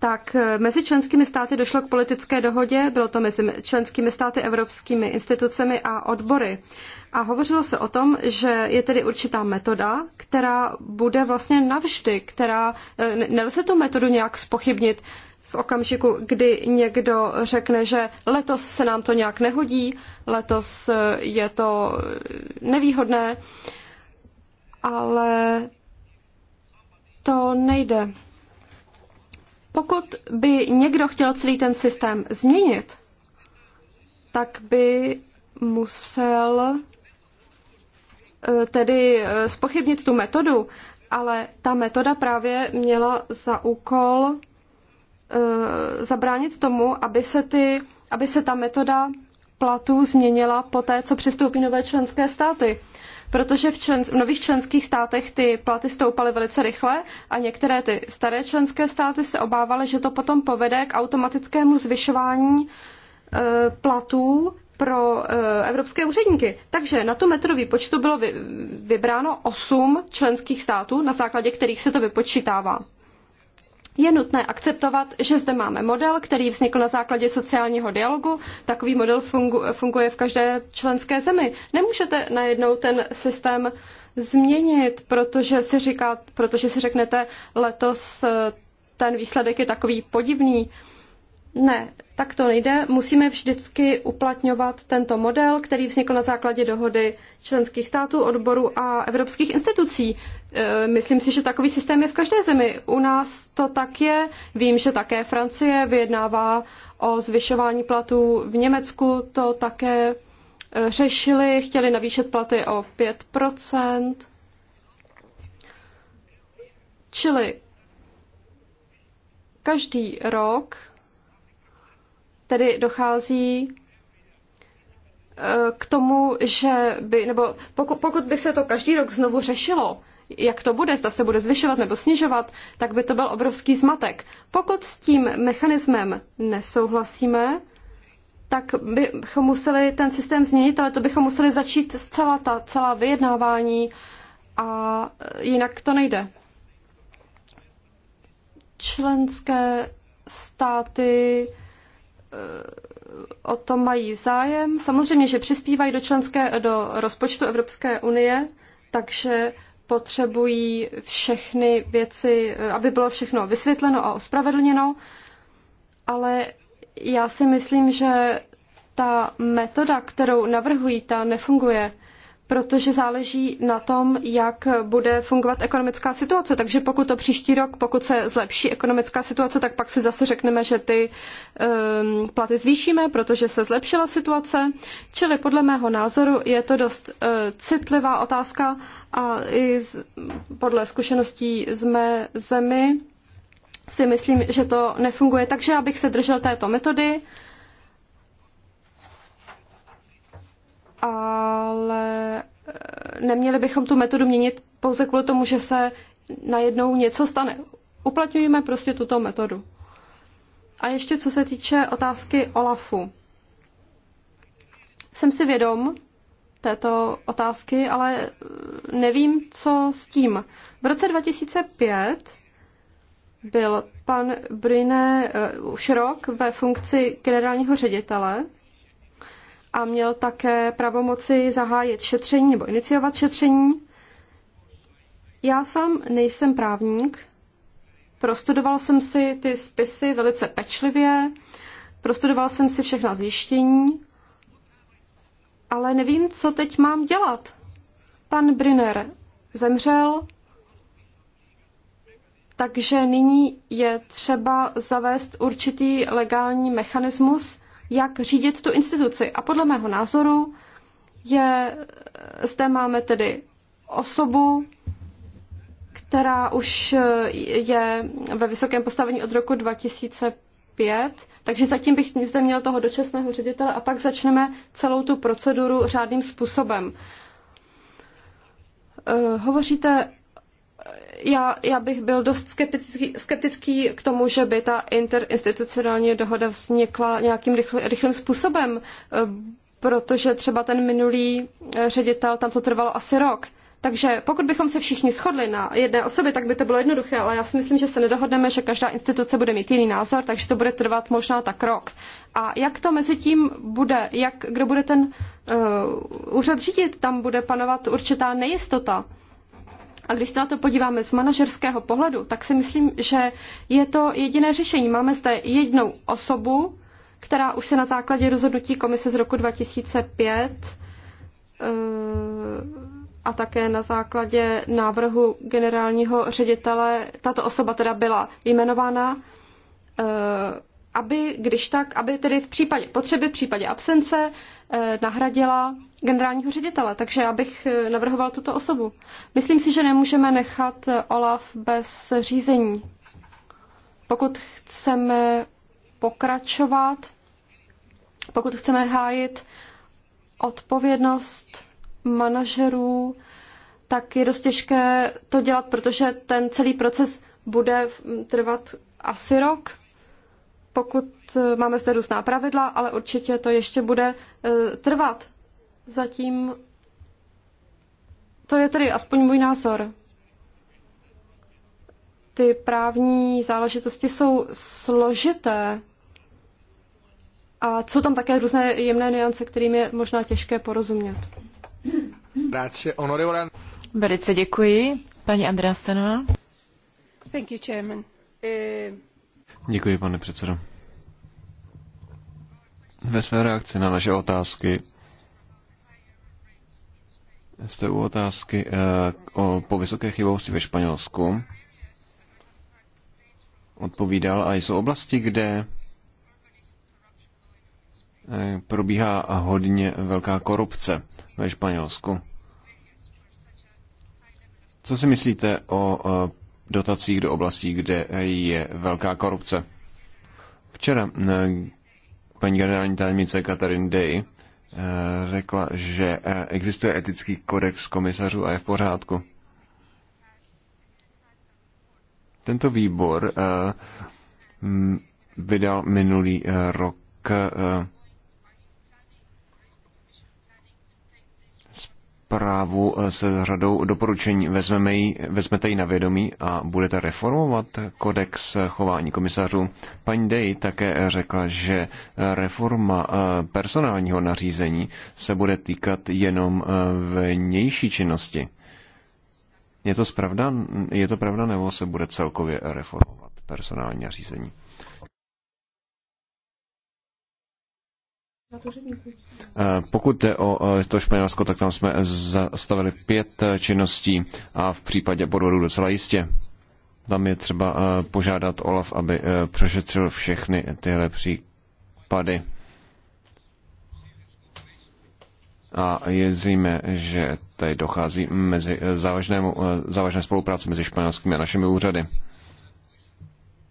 tak eh, mezi členskými státy došlo k politické dohodě, bylo to mezi členskými státy, evropskými institucemi a odbory. A hovořilo se o tom, že je tedy určitá metoda, která bude vlastně navždy, která eh, nelze tu metodu nějak spochybnit v okamžiku, kdy někdo řekne, že letos se nám to nějak nehodí, letos eh, je to nevýhodné, ale to nejde. Pokud by někdo chtěl celý ten systém změnit, tak by musel eh, tedy eh, spochybnit tu metodu, ale ta metoda právě měla za úkol eh, zabránit tomu, aby se, ty, aby se ta metoda platů změnila po té, co přistoupí nové členské státy protože v, člen, v nových členských státech ty platy stoupaly velice rychle a některé ty staré členské státy se obávaly, že to potom povede k automatickému zvyšování e, platů pro e, evropské úředníky. Takže na tu metodu výpočtu bylo vybráno osm členských států, na základě kterých se to vypočítává je nutné akceptovat, že zde máme model, který vznikl na základě sociálního dialogu. Takový model funguje v každé členské zemi. Nemůžete najednou ten systém změnit, protože si, říká, protože si řeknete, letos eh, ten výsledek je takový podivný. Ne, tak to nejde. Musíme vždycky uplatňovat tento model, který vznikl na základě dohody členských států, odborů a evropských institucí. E, myslím si, že takový systém je v každé zemi. U nás to tak je. Vím, že také Francie vyjednává o zvyšování platů. V Německu to také e, řešili, chtěli navýšit platy o 5%. Čili každý rok tedy dochází eh, k tomu, že by, nebo pokud, pokud by se to každý rok znovu řešilo, jak to bude, zda se bude zvyšovat nebo snižovat, tak by to byl obrovský zmatek. Pokud s tím mechanismem nesouhlasíme, tak bychom museli ten systém změnit, ale to bychom museli začít zcela ta celá vyjednávání a eh, jinak to nejde. Členské státy o to mají zájem. Samozřejmě, že přispívají do, členské, do rozpočtu Evropské unie, takže potřebují všechny věci, aby bylo všechno vysvětleno a ospravedlněno, ale já si myslím, že ta metoda, kterou navrhují, ta nefunguje protože záleží na tom, jak bude fungovat ekonomická situace. Takže pokud to příští rok, pokud se zlepší ekonomická situace, tak pak si zase řekneme, že ty um, platy zvýšíme, protože se zlepšila situace. Čili podle mého názoru je to dost uh, citlivá otázka a i z, podle zkušeností z mé zemi si myslím, že to nefunguje. Takže abych se držel této metody. Uh, ale eh, neměli bychom tu metodu měnit pouze kvůli tomu, že se najednou něco stane. Uplatňujeme prostě tuto metodu. A ještě co se týče otázky Olafu. Jsem si vědom této otázky, ale eh, nevím, co s tím. V roce 2005 byl pan Brune eh, už rok ve funkci generálního ředitele a měl také pravomoci zahájit šetření nebo iniciovat šetření. Já sám nejsem právník, prostudoval jsem si ty spisy velice pečlivě, prostudoval jsem si všechna zjištění, ale nevím, co teď mám dělat. Pan Briner zemřel, takže nyní je třeba zavést určitý legální mechanismus, jak řídit tu instituci. A podle mého názoru je, zde máme tedy osobu, která už eh, je ve vysokém postavení od roku 2005, takže zatím bych zde měl toho dočasného ředitele a pak začneme celou tu proceduru řádným způsobem. Eh, hovoříte já, já bych byl dost skeptický, skeptický k tomu, že by ta interinstitucionální dohoda vznikla nějakým rychl, rychlým způsobem, eh, protože třeba ten minulý eh, ředitel, tam to trvalo asi rok. Takže pokud bychom se všichni shodli na jedné osobě, tak by to bylo jednoduché, ale já si myslím, že se nedohodneme, že každá instituce bude mít jiný názor, takže to bude trvat možná tak rok. A jak to mezi tím bude, jak, kdo bude ten uh, úřad řídit, tam bude panovat určitá nejistota. A když se na to podíváme z manažerského pohledu, tak si myslím, že je to jediné řešení. Máme zde jednou osobu, která už se na základě rozhodnutí komise z roku 2005 eh, a také na základě návrhu generálního ředitele, tato osoba teda byla jmenována, eh, aby když tak, aby tedy v případě potřeby, v případě absence Eh, nahradila generálního ředitele, takže já bych eh, navrhoval tuto osobu. Myslím si, že nemůžeme nechat eh, Olaf bez řízení. Pokud chceme pokračovat, pokud chceme hájit odpovědnost manažerů, tak je dost těžké to dělat, protože ten celý proces bude trvat asi rok pokud e, máme zde různá pravidla, ale určitě to ještě bude e, trvat. Zatím to je tedy aspoň můj názor. Ty právní záležitosti jsou složité a jsou tam také různé jemné niance, kterým je možná těžké porozumět. Velice děkuji. Paní Andreasenová. Thank you, Chairman. Uh... Děkuji, pane předsedo. Ve své reakci na naše otázky jste u otázky eh, o, po vysoké chybovosti ve Španělsku odpovídal a jsou oblasti, kde eh, probíhá hodně velká korupce ve Španělsku. Co si myslíte o eh, dotacích do oblastí, kde je velká korupce. Včera eh, paní generální tajemnice Katarin Day eh, řekla, že eh, existuje etický kodex komisařů a je v pořádku. Tento výbor vydal minulý rok zprávu eh, s řadou doporučení. Vezmeme ji, vezmete ji na vědomí a budete reformovat kodex chování komisařů. Paní Dej také řekla, že eh, reforma eh, personálního nařízení se bude týkat jenom vnější činnosti. Je to, spravda, je to pravda nebo se bude celkově reformovat personální nařízení? Eh, pokud jde o eh, to Španělsko, tak tam jsme zastavili pět eh, činností a v případě podvodu docela jistě. Tam je třeba požádat Olaf, aby přešetřil všechny tyhle případy. A je zřejmé, že tady dochází mezi závažnému, závažné spolupráci mezi španělskými a našimi úřady.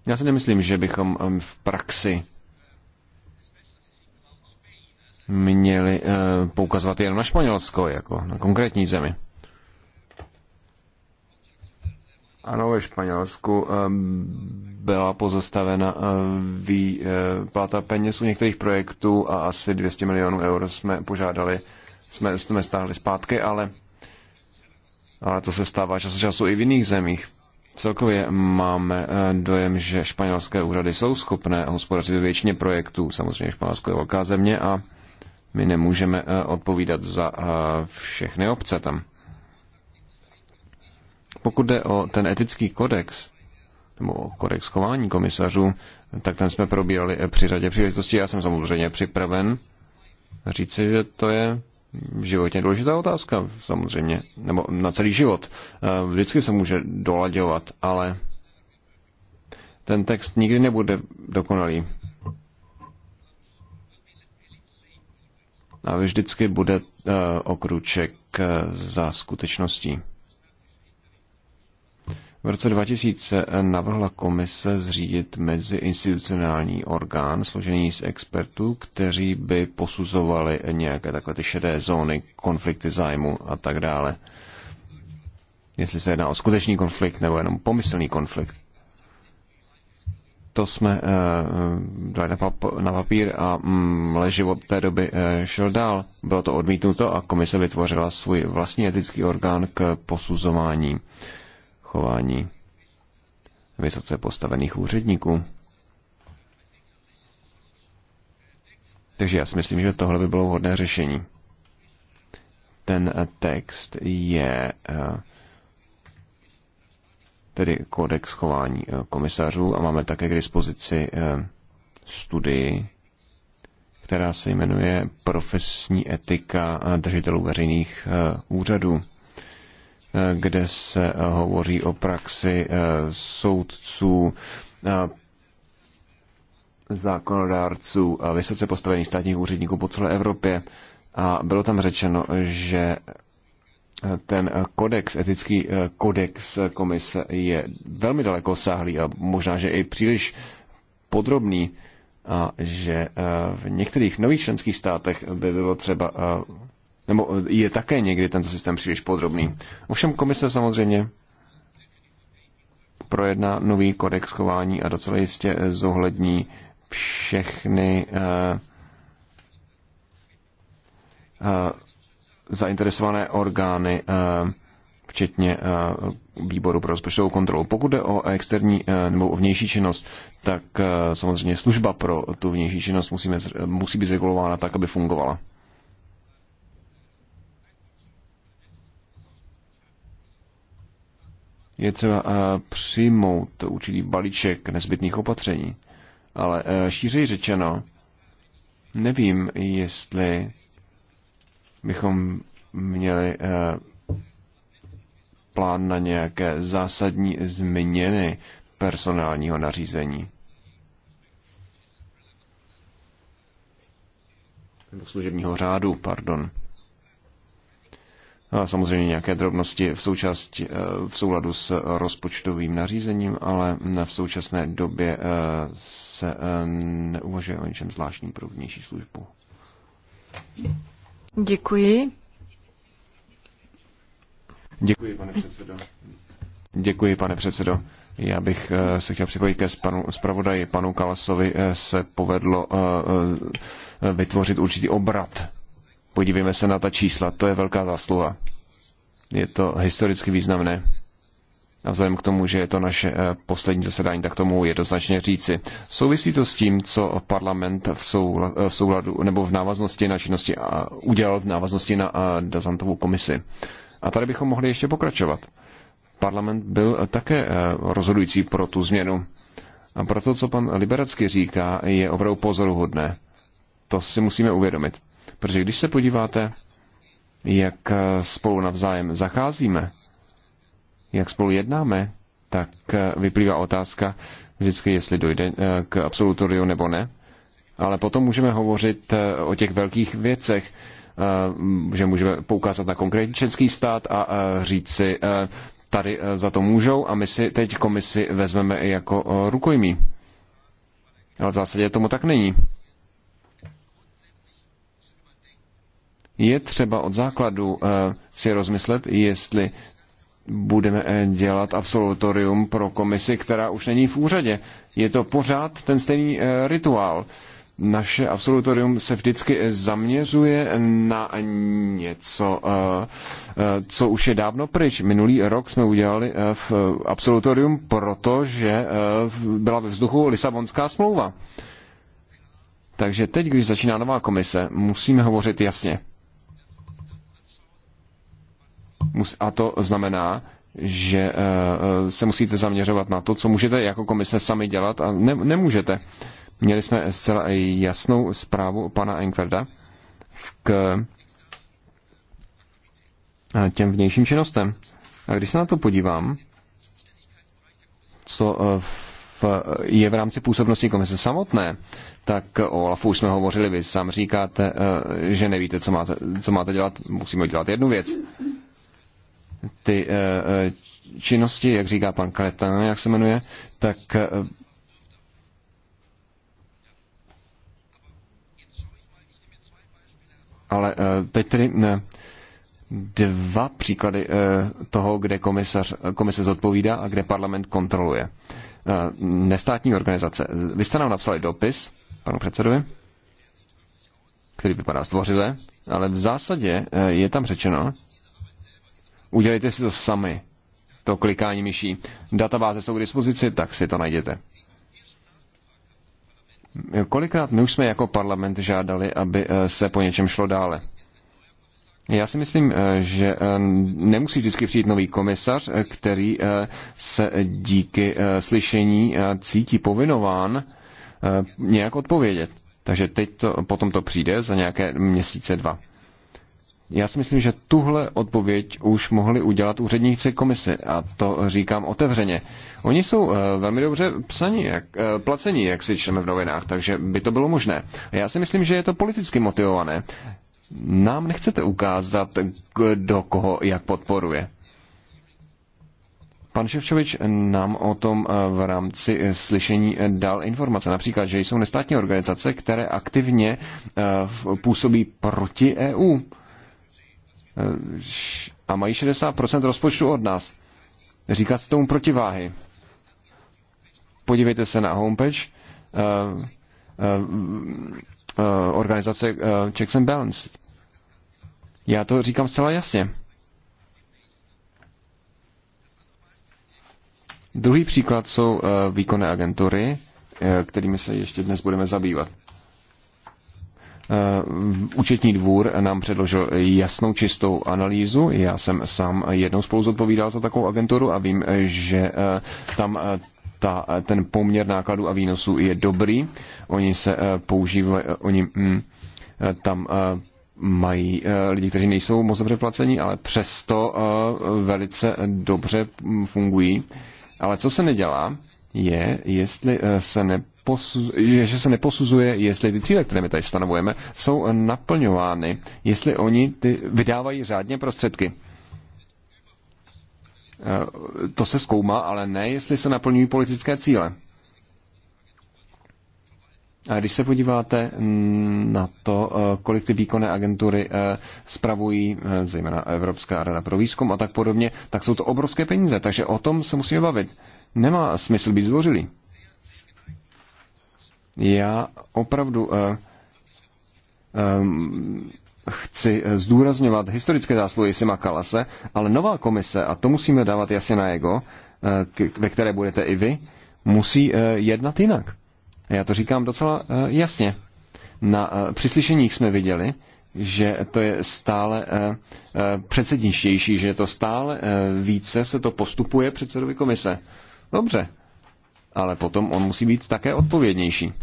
Já si nemyslím, že bychom v praxi měli eh, poukazovat jen na Španělsko, jako na konkrétní zemi. Ano, ve Španělsku eh, byla pozastavena eh, výplata peněz u některých projektů a asi 200 milionů eur jsme požádali, jsme, jsme stáhli zpátky, ale, ale to se stává čas času i v jiných zemích. Celkově máme dojem, že španělské úřady jsou schopné hospodařit ve většině projektů. Samozřejmě Španělsko je velká země a my nemůžeme eh, odpovídat za eh, všechny obce tam. Pokud jde o ten etický kodex, nebo o kodex chování komisařů, tak ten jsme probírali eh, při řadě příležitostí. Já jsem samozřejmě připraven říci, že to je životně důležitá otázka, samozřejmě, nebo na celý život. Vždycky se může dolaďovat, ale ten text nikdy nebude dokonalý. a vždycky bude eh, okruček eh, za skutečností. V roce 2000 eh, navrhla komise zřídit meziinstitucionální orgán složený z expertů, kteří by posuzovali nějaké takové ty šedé zóny, konflikty zájmu a tak dále. Jestli se jedná o skutečný konflikt nebo jenom pomyslný konflikt to jsme eh, dali na papír a mm, leží život té doby eh, šel dál. Bylo to odmítnuto a komise vytvořila svůj vlastní etický orgán k posuzování chování vysoce postavených úředníků. Takže já si myslím, že tohle by bylo vhodné řešení. Ten eh, text je tedy kodex chování eh, komisařů a máme také k dispozici eh, studii, která se jmenuje Profesní etika držitelů veřejných eh, úřadů, kde se hovoří o praxi soudců, zákonodárců a vysoce postavených státních úředníků po celé Evropě. A bylo tam řečeno, že ten eh, kodex, etický eh, kodex komise je velmi daleko sáhlý a možná, že i příliš podrobný a že eh, v některých nových členských státech by bylo třeba, nebo je také někdy tento systém příliš podrobný. Ovšem komise samozřejmě projedná nový kodex chování a docela jistě zohlední všechny zainteresované orgány, eh, včetně eh, výboru pro rozpočtovou kontrolu. Pokud jde o externí eh, nebo o vnější činnost, tak samozřejmě služba pro tu vnější činnost musíme, musí být regulována tak, aby fungovala. Je třeba přijmout určitý balíček nezbytných opatření, ale šířej řečeno, nevím, jestli bychom měli eh, plán na nějaké zásadní změny personálního nařízení. Nebo služebního řádu, pardon. A samozřejmě nějaké drobnosti v, součást, eh, v souladu s rozpočtovým nařízením, ale v současné době eh, se neuvažuje o ničem zvláštním pro vnější službu. Děkuji. Děkuji, pane předsedo. Děkuji, pane předsedo. Já bych eh, se chtěl připojit ke panu zpravodaji. Panu Kalasovi eh, se povedlo eh, vytvořit určitý obrat. Podívejme se na ta čísla, to je velká zásluha. Je to historicky významné a vzhledem k tomu, že je to naše eh, poslední zasedání, tak tomu jednoznačně říci. Souvisí to s tím, co parlament v, soula, eh, v souladu nebo v návaznosti na činnosti a udělal v návaznosti na eh, Dazantovou komisi. A tady bychom mohli ještě pokračovat. Parlament byl také rozhodující pro tu změnu. A proto, co pan Liberacky říká, je opravdu pozoruhodné. To si musíme uvědomit. Protože když se podíváte, jak spolu navzájem zacházíme, jak spolu jednáme, tak eh, vyplývá otázka vždycky, jestli dojde eh, k absolutoriu nebo ne. Ale potom můžeme hovořit eh, o těch velkých věcech, že můžeme poukázat na konkrétní český stát a říci, tady za to můžou a my si teď komisi vezmeme jako rukojmí. Ale v zásadě tomu tak není. Je třeba od základu si rozmyslet, jestli budeme eh, dělat absolutorium pro komisi, která už není v úřadě. Je to pořád ten stejný eh, rituál. Naše absolutorium se vždycky eh, zaměřuje na něco, co už je dávno pryč. Minulý rok jsme udělali v absolutorium, protože byla ve vzduchu Lisabonská smlouva. Takže teď, když začíná nová komise, musíme hovořit jasně. A to znamená, že eh, eh, se musíte zaměřovat na to, co můžete jako komise sami dělat a ne, nemůžete. Měli jsme zcela jasnou zprávu pana Engverda k eh, těm vnějším činnostem. A když se na to podívám, co v, je v rámci působnosti komise samotné, tak o Olafu už jsme hovořili, vy sám říkáte, že nevíte, co máte, co máte dělat, musíme dělat jednu věc ty eh, eh, činnosti, jak říká pan Kaleta, jak se jmenuje, tak eh, ale teď tedy ne, dva příklady toho, kde komisař, komise zodpovídá a kde parlament kontroluje. Nestátní organizace. Vy jste nám napsali dopis panu předsedovi, který vypadá zdvořile, ale v zásadě je tam řečeno, Udělejte si to sami, to klikání myší. Databáze jsou k dispozici, tak si to najděte. Kolikrát my už jsme jako parlament žádali, aby eh, se po něčem šlo dále? Já si myslím, eh, že eh, nemusí vždycky přijít nový komisař, který se díky slyšení cítí povinován nějak odpovědět. Takže teď to, potom to přijde za nějaké měsíce dva. Já si myslím, že tuhle odpověď už mohli udělat úředníci komise a to říkám otevřeně. Oni jsou eh, velmi dobře psaní, jak, eh, placení, jak si čteme v novinách, takže by to bylo možné. Já si myslím, že je to politicky motivované. Nám nechcete ukázat, kdo koho jak podporuje. Pan Ševčovič nám o tom eh, v rámci slyšení dal informace, například, že jsou nestátní organizace, které aktivně působí proti EU a mají 60% rozpočtu od nás. Říká se tomu protiváhy. Podívejte se na homepage uh, uh, uh, organizace Checks and Balance. Já to říkám zcela jasně. Druhý příklad jsou výkonné agentury, kterými se ještě dnes budeme zabývat. Eh, účetní dvůr nám předložil jasnou čistou analýzu. Já jsem sám jednou spolu zodpovídal za takovou agenturu a vím, že eh, tam eh, ta, ten poměr nákladů a výnosů je dobrý. Oni se používají, oni hm, tam mají lidi, kteří nejsou moc dobře placení, ale přesto velice dobře hm, fungují. Ale co se nedělá, je, jestli eh, se neposuzuje, že se neposuzuje, jestli ty cíle, které my tady stanovujeme, jsou naplňovány, jestli oni ty vydávají řádně prostředky. Eh, to se zkoumá, ale ne, jestli se naplňují politické cíle. A když se podíváte na to, eh, kolik ty výkonné agentury spravují, zejména Evropská rada pro výzkum a tak podobně, tak jsou to obrovské peníze, takže o tom se musíme bavit nemá smysl být zvořili. Já opravdu uh, um, chci zdůrazňovat historické zásluhy Sima Kalase, ale nová komise, a to musíme dávat jasně na ego, eh, ve které budete i vy, musí jednat jinak. Já to říkám docela jasně. Na přislyšeních jsme viděli, že to je stále předsedničtější, že to stále více se to postupuje předsedovi komise. Dobře, ale potom on musí být také odpovědnější.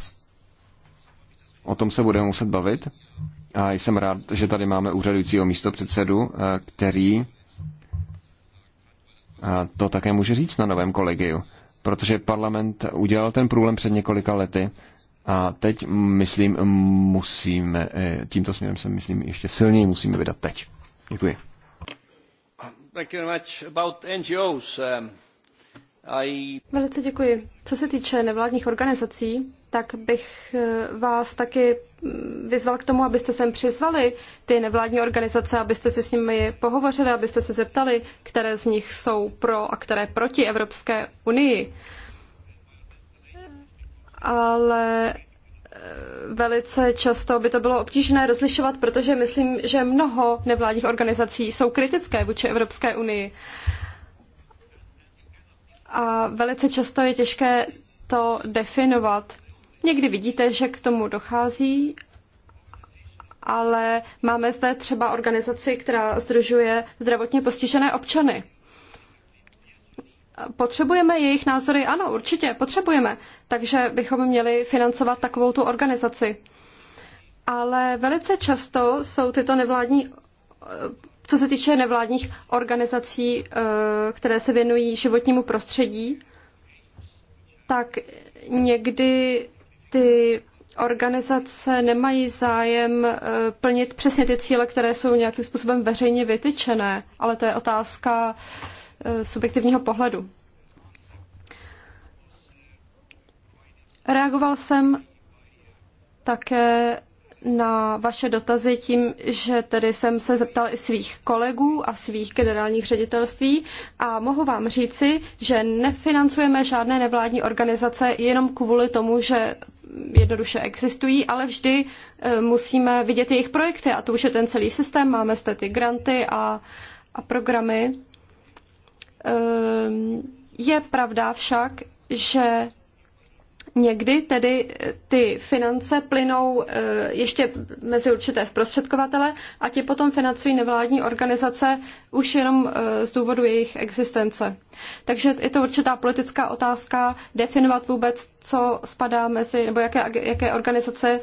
O tom se budeme muset bavit. A jsem rád, že tady máme úřadujícího předsedu, eh, který eh, to také může říct na novém kolegiu. Protože parlament udělal ten průlem před několika lety a teď, myslím, musíme, eh, tímto směrem se, myslím, ještě silněji musíme vydat teď. Děkuji. Thank you very much about NGOs. Um... Velice děkuji. Co se týče nevládních organizací, tak bych eh, vás taky mm, vyzval k tomu, abyste sem přizvali ty nevládní organizace, abyste si s nimi pohovořili, abyste se zeptali, které z nich jsou pro a které proti Evropské unii. Ale eh, velice často by to bylo obtížné rozlišovat, protože myslím, že mnoho nevládních organizací jsou kritické vůči Evropské unii a velice často je těžké to definovat. Někdy vidíte, že k tomu dochází, ale máme zde třeba organizaci, která združuje zdravotně postižené občany. Potřebujeme jejich názory? Ano, určitě, potřebujeme. Takže bychom měli financovat takovou tu organizaci. Ale velice často jsou tyto nevládní co se týče nevládních organizací, eh, které se věnují životnímu prostředí, tak někdy ty organizace nemají zájem eh, plnit přesně ty cíle, které jsou nějakým způsobem veřejně vytyčené, ale to je otázka eh, subjektivního pohledu. Reagoval jsem také na vaše dotazy tím, že tedy jsem se zeptal i svých kolegů a svých generálních ředitelství a mohu vám říci, že nefinancujeme žádné nevládní organizace jenom kvůli tomu, že jednoduše existují, ale vždy e, musíme vidět jejich projekty a to už je ten celý systém, máme zde ty granty a, a programy. Ehm, je pravda však, že Někdy tedy eh, ty finance plynou eh, ještě mezi určité zprostředkovatele a ti potom financují nevládní organizace už jenom eh, z důvodu jejich existence. Takže je to určitá politická otázka definovat vůbec, co spadá mezi, nebo jaké, jaké organizace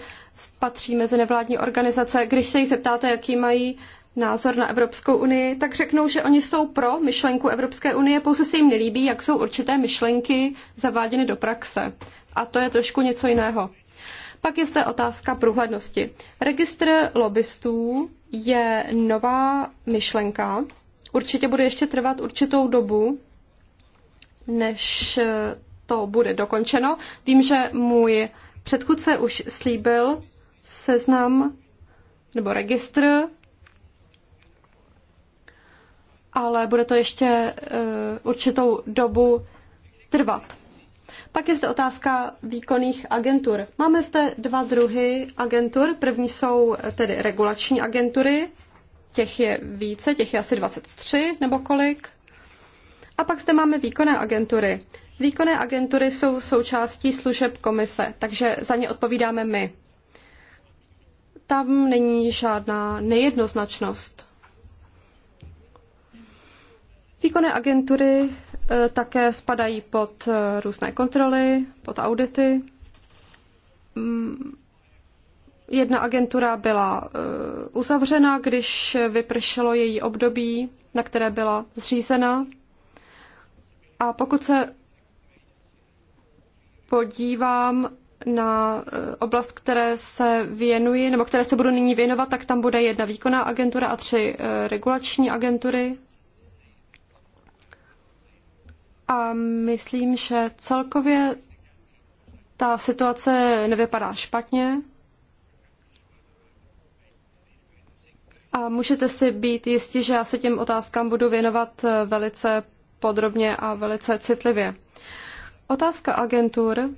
patří mezi nevládní organizace. Když se jich zeptáte, jaký mají názor na Evropskou unii, tak řeknou, že oni jsou pro myšlenku Evropské unie, pouze se jim nelíbí, jak jsou určité myšlenky zaváděny do praxe a to je trošku něco jiného. Pak je zde otázka průhlednosti. Registr lobbystů je nová myšlenka. Určitě bude ještě trvat určitou dobu, než eh, to bude dokončeno. Vím, že můj předchůdce už slíbil seznam nebo registr, ale bude to ještě eh, určitou dobu trvat. Pak je zde otázka výkonných agentur. Máme zde dva druhy agentur. První jsou eh, tedy regulační agentury, těch je více, těch je asi 23 nebo kolik. A pak zde máme výkonné agentury. Výkonné agentury jsou součástí služeb komise, takže za ně odpovídáme my. Tam není žádná nejednoznačnost. Výkonné agentury E, také spadají pod e, různé kontroly, pod audity. Mm, jedna agentura byla e, uzavřena, když vypršelo její období, na které byla zřízena. A pokud se podívám na oblast, které se věnuji, nebo které se budu nyní věnovat, tak tam bude jedna výkonná agentura a tři regulační agentury a myslím, že celkově ta situace nevypadá špatně. A můžete si být jistí, že já se těm otázkám budu věnovat eh, velice podrobně a velice citlivě. Otázka agentur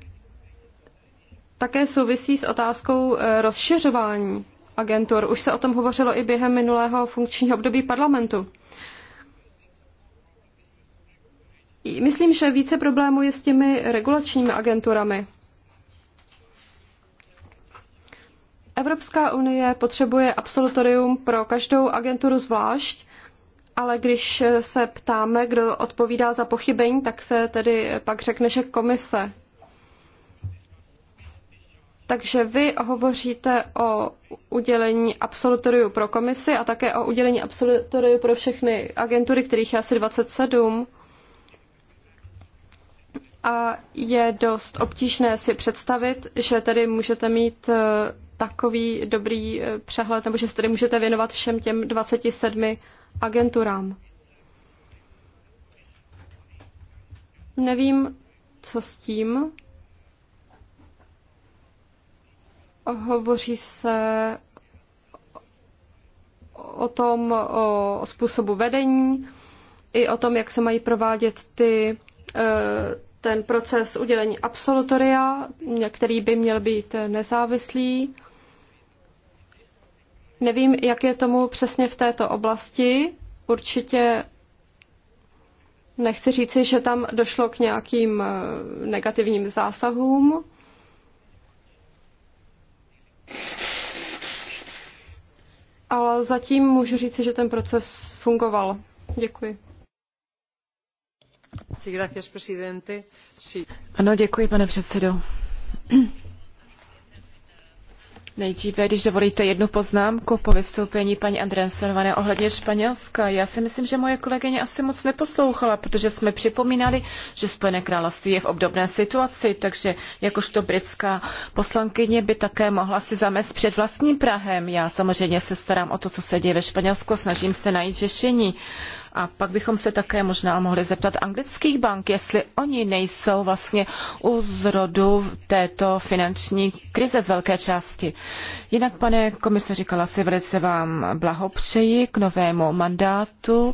také souvisí s otázkou eh, rozšiřování agentur. Už se o tom hovořilo i během minulého funkčního období parlamentu. Myslím, že více problémů je s těmi regulačními agenturami. Evropská unie potřebuje absolutorium pro každou agenturu zvlášť, ale když se ptáme, kdo odpovídá za pochybení, tak se tedy pak řekne, že komise. Takže vy hovoříte o udělení absolutoriu pro komisi a také o udělení absolutoriu pro všechny agentury, kterých je asi 27 a je dost obtížné si představit, že tedy můžete mít eh, takový dobrý eh, přehled, nebo že se tedy můžete věnovat všem těm 27 agenturám. Nevím, co s tím. Hovoří se o tom, o, o způsobu vedení, i o tom, jak se mají provádět ty, eh, ten proces udělení absolutoria, který by měl být nezávislý. Nevím, jak je tomu přesně v této oblasti. Určitě nechci říci, že tam došlo k nějakým eh, negativním zásahům. Ale zatím můžu říci, že ten proces fungoval. Děkuji. Ano, pane předsedo. Nejdříve, když dovolíte jednu poznámku po vystoupení paní Andrensenované ohledně Španělska. Já si myslím, že moje kolegyně asi moc neposlouchala, protože jsme připomínali, že Spojené království je v obdobné situaci, takže jakožto britská poslankyně by také mohla si zamést před vlastním Prahem. Já samozřejmě se starám o to, co se děje ve Španělsku, snažím se najít řešení. A pak bychom se také možná mohli zeptat anglických bank, jestli oni nejsou vlastně u zrodu této finanční krize z velké části. Jinak, pane komisaři Kalasi, velice vám blahopřeji k novému mandátu.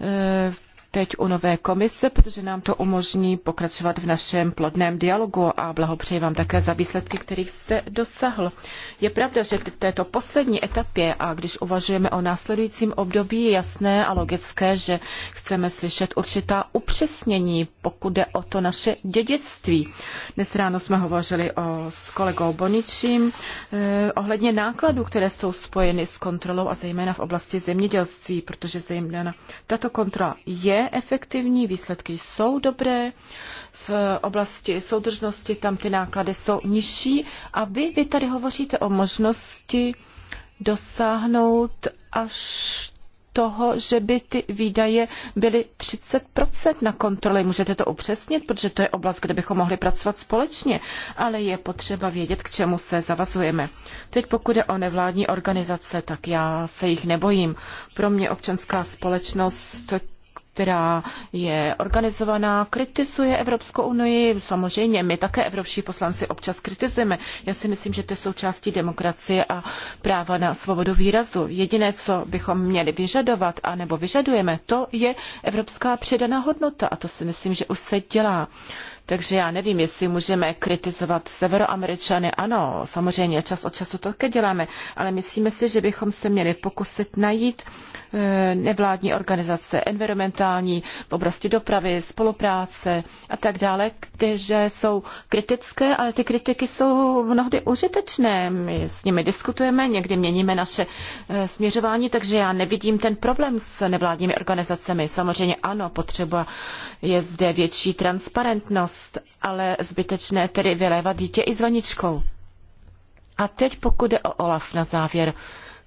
E, teď u nové komise, protože nám to umožní pokračovat v našem plodném dialogu a blahopřeji vám také za výsledky, kterých jste dosahl. Je pravda, že v této poslední etapě a když uvažujeme o následujícím období, je jasné a logické, že chceme slyšet určitá upřesnění, pokud jde o to naše dědictví. Dnes ráno jsme hovořili o, s kolegou Boničím eh, ohledně nákladů, které jsou spojeny s kontrolou a zejména v oblasti zemědělství, protože zejména tato kontrola je efektivní, výsledky jsou dobré, v oblasti soudržnosti tam ty náklady jsou nižší a vy, vy tady hovoříte o možnosti dosáhnout až toho, že by ty výdaje byly 30% na kontroly. Můžete to upřesnit, protože to je oblast, kde bychom mohli pracovat společně, ale je potřeba vědět, k čemu se zavazujeme. Teď pokud je o nevládní organizace, tak já se jich nebojím. Pro mě občanská společnost která je organizovaná, kritizuje Evropskou unii. Samozřejmě my také evropští poslanci občas kritizujeme. Já si myslím, že to je součástí demokracie a práva na svobodu výrazu. Jediné, co bychom měli vyžadovat a nebo vyžadujeme, to je evropská předaná hodnota a to si myslím, že už se dělá. Takže já nevím, jestli můžeme kritizovat severoameričany. Ano, samozřejmě čas od času to také děláme, ale myslíme si, že bychom se měli pokusit najít eh, nevládní organizace, environmentální v oblasti dopravy, spolupráce a tak dále, které jsou kritické, ale ty kritiky jsou mnohdy užitečné. My s nimi diskutujeme, někdy měníme naše eh, směřování, takže já nevidím ten problém s nevládními organizacemi. Samozřejmě ano, potřeba je zde větší transparentnost, povinnost, ale zbytečné tedy vylévat dítě i zvaničkou. A teď pokud jde o Olaf na závěr,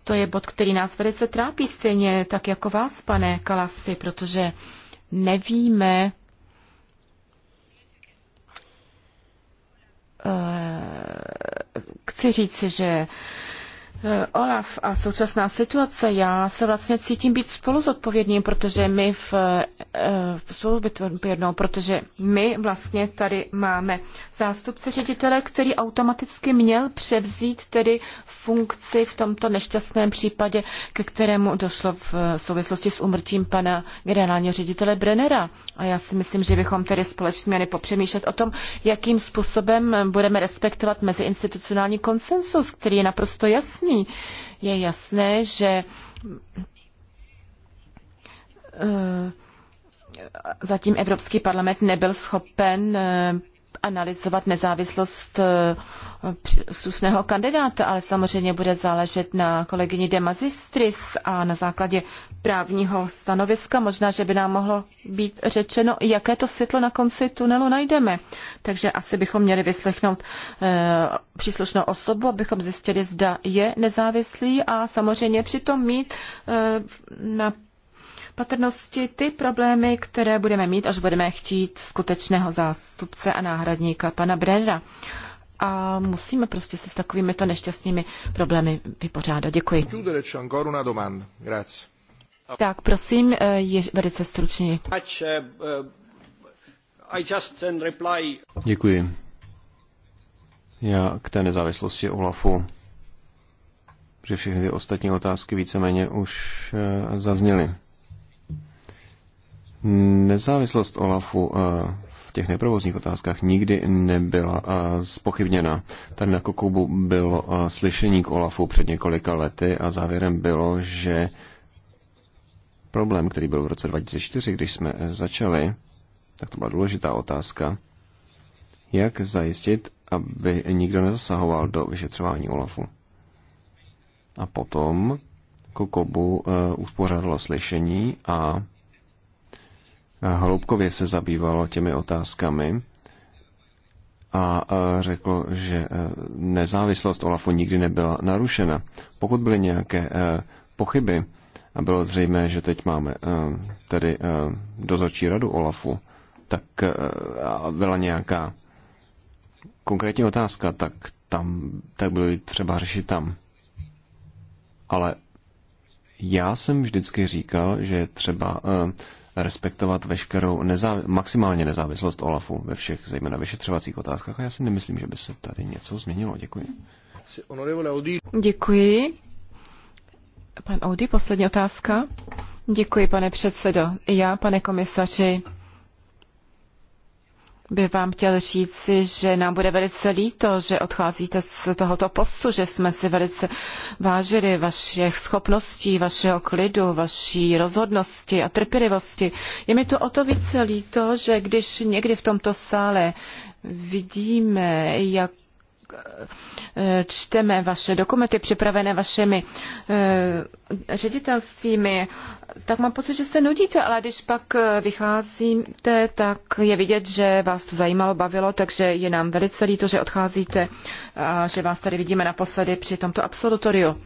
to je bod, který nás velice trápí stejně, tak jako vás, pane Kalasy, protože nevíme, eh, chci říci, že Eh, Olaf a současná situace, já se vlastně cítím být spoluzodpovědným, protože my v, eh, v spoluzodpovědnou, protože my vlastně tady máme zástupce ředitele, který automaticky měl převzít tedy funkci v tomto nešťastném případě, ke kterému došlo v souvislosti s umrtím pana generálního ředitele Brennera. A já si myslím, že bychom tedy společně měli popřemýšlet o tom, jakým způsobem budeme respektovat meziinstitucionální konsensus, který je naprosto jasný. Je jasné, že eh, zatím Evropský parlament nebyl schopen eh, analyzovat nezávislost eh, příslušného kandidáta, ale samozřejmě bude záležet na kolegyni de Magistris a na základě právního stanoviska možná, že by nám mohlo být řečeno, jaké to světlo na konci tunelu najdeme. Takže asi bychom měli vyslechnout eh, příslušnou osobu, abychom zjistili, zda je nezávislý a samozřejmě přitom mít eh, na patrnosti ty problémy, které budeme mít, až budeme chtít skutečného zástupce a náhradníka pana Brennera. A musíme prostě se s takovými to nešťastnými problémy vypořádat. Děkuji. Tak prosím, eh, je velice stručně. Děkuji. Já k té nezávislosti Olafu, že všechny ty ostatní otázky víceméně už eh, zazněly. Nezávislost OLAFu eh, v těch neprovozních otázkách nikdy nebyla eh, zpochybněna. Tady na Kokubu bylo eh, slyšení k OLAFu před několika lety a závěrem bylo, že problém, který byl v roce 2004, když jsme začali, tak to byla důležitá otázka, jak zajistit, aby nikdo nezasahoval do vyšetřování OLAFu. A potom Kokobu uspořádalo slyšení a hloubkově se zabývalo těmi otázkami a řeklo, že e, nezávislost Olafu nikdy nebyla narušena. Pokud byly nějaké e, pochyby a bylo zřejmé, že teď máme e, tedy dozorčí radu Olafu, tak byla nějaká konkrétní otázka, tak tam, tak bylo třeba řešit tam. Ale já jsem vždycky říkal, že třeba uh, respektovat veškerou nezáv- maximálně nezávislost OLAFu ve všech, zejména vyšetřovacích otázkách. A já si nemyslím, že by se tady něco změnilo. Děkuji. Děkuji. Pan Audi, poslední otázka. Děkuji, pane předsedo. I já, pane komisaři, by vám chtěl říci, že nám bude velice líto, že odcházíte z tohoto postu, že jsme si velice vážili vašich schopností, vašeho klidu, vaší rozhodnosti a trpělivosti. Je mi to o to více líto, že když někdy v tomto sále vidíme, jak Eh, čteme vaše dokumenty připravené vašimi eh, ředitelstvími, tak mám pocit, že se nudíte, ale když pak eh, vycházíte, tak je vidět, že vás to zajímalo, bavilo, takže je nám velice líto, že odcházíte a že vás tady vidíme naposledy při tomto absolutoriu.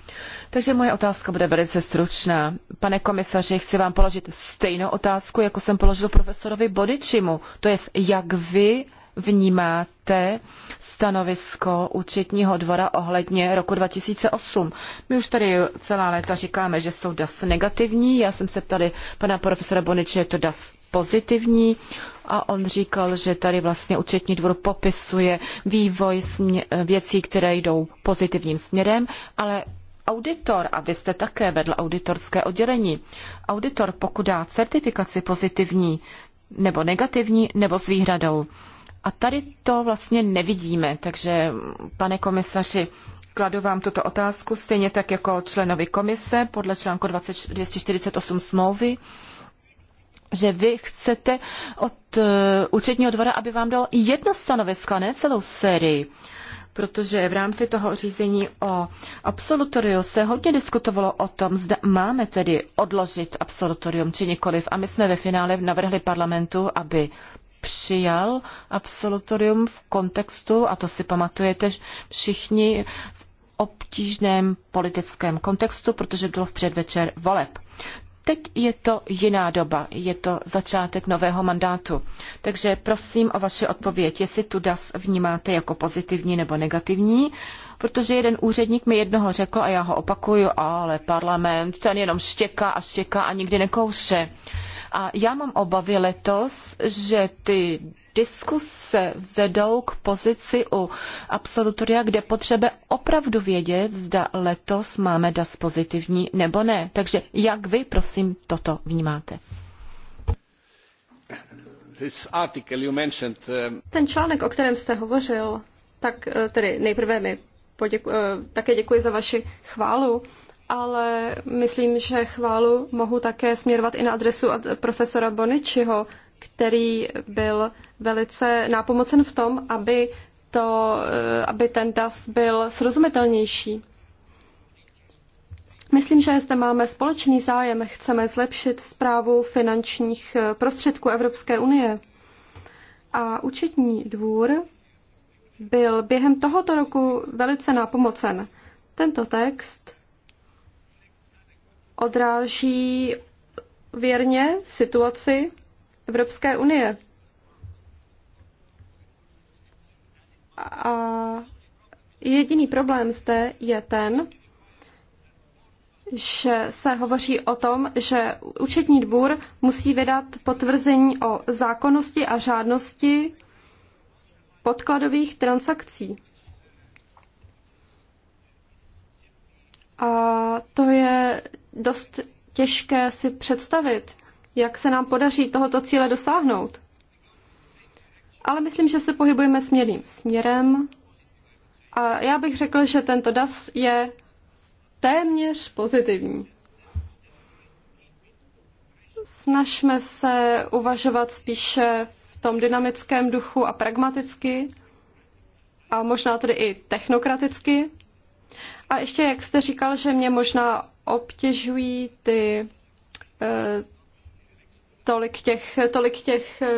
Takže moje otázka bude velice stručná. Pane komisaři, chci vám položit stejnou otázku, jako jsem položil profesorovi Bodičimu. To je, jak vy vnímáte stanovisko účetního dvora ohledně roku 2008. My už tady celá léta říkáme, že jsou DAS negativní. Já jsem se ptali pana profesora Boniče, je to DAS pozitivní a on říkal, že tady vlastně účetní dvor popisuje vývoj věcí, které jdou pozitivním směrem, ale auditor, a vy jste také vedl auditorské oddělení, auditor pokud dá certifikaci pozitivní nebo negativní nebo s výhradou, a tady to vlastně nevidíme, takže pane komisaři, kladu vám tuto otázku, stejně tak jako členovi komise podle článku 248 smlouvy, že vy chcete od uh, účetního dvora, aby vám dal jedno stanovisko, ne celou sérii. Protože v rámci toho řízení o absolutoriu se hodně diskutovalo o tom, zda máme tedy odložit absolutorium či nikoliv. A my jsme ve finále navrhli parlamentu, aby přijal absolutorium v kontextu, a to si pamatujete všichni, v obtížném politickém kontextu, protože bylo v předvečer voleb. Teď je to jiná doba, je to začátek nového mandátu. Takže prosím o vaši odpověď, jestli tu DAS vnímáte jako pozitivní nebo negativní protože jeden úředník mi jednoho řekl a já ho opakuju, ale parlament ten jenom stěká a stěká a nikdy nekouše. A já mám obavy letos, že ty diskuse vedou k pozici u absolutoria, kde potřebe opravdu vědět, zda letos máme DAS pozitivní nebo ne. Takže jak vy, prosím, toto vnímáte? Um, ten článek, o kterém jste hovořil, tak eh, tedy nejprve mi poděku, eh, také děkuji za vaši chválu, ale myslím, že chválu mohu také směrovat i na adresu profesora Boničiho, který byl velice nápomocen v tom, aby, to, eh, aby ten DAS byl srozumitelnější. Myslím, že zde máme společný zájem. Chceme zlepšit zprávu finančních eh, prostředků Evropské unie. A účetní dvůr byl během tohoto roku velice nápomocen. Tento text odráží věrně situaci Evropské unie. A jediný problém zde je ten, že se hovoří o tom, že účetní dvůr musí vydat potvrzení o zákonnosti a řádnosti podkladových transakcí. A to je dost těžké si představit, jak se nám podaří tohoto cíle dosáhnout. Ale myslím, že se pohybujeme směrným směrem. A já bych řekl, že tento DAS je téměř pozitivní. Snažme se uvažovat spíše tom dynamickém duchu a pragmaticky a možná tedy i technokraticky. A ještě, jak jste říkal, že mě možná obtěžují ty eh, tolik těch, tolik těch eh,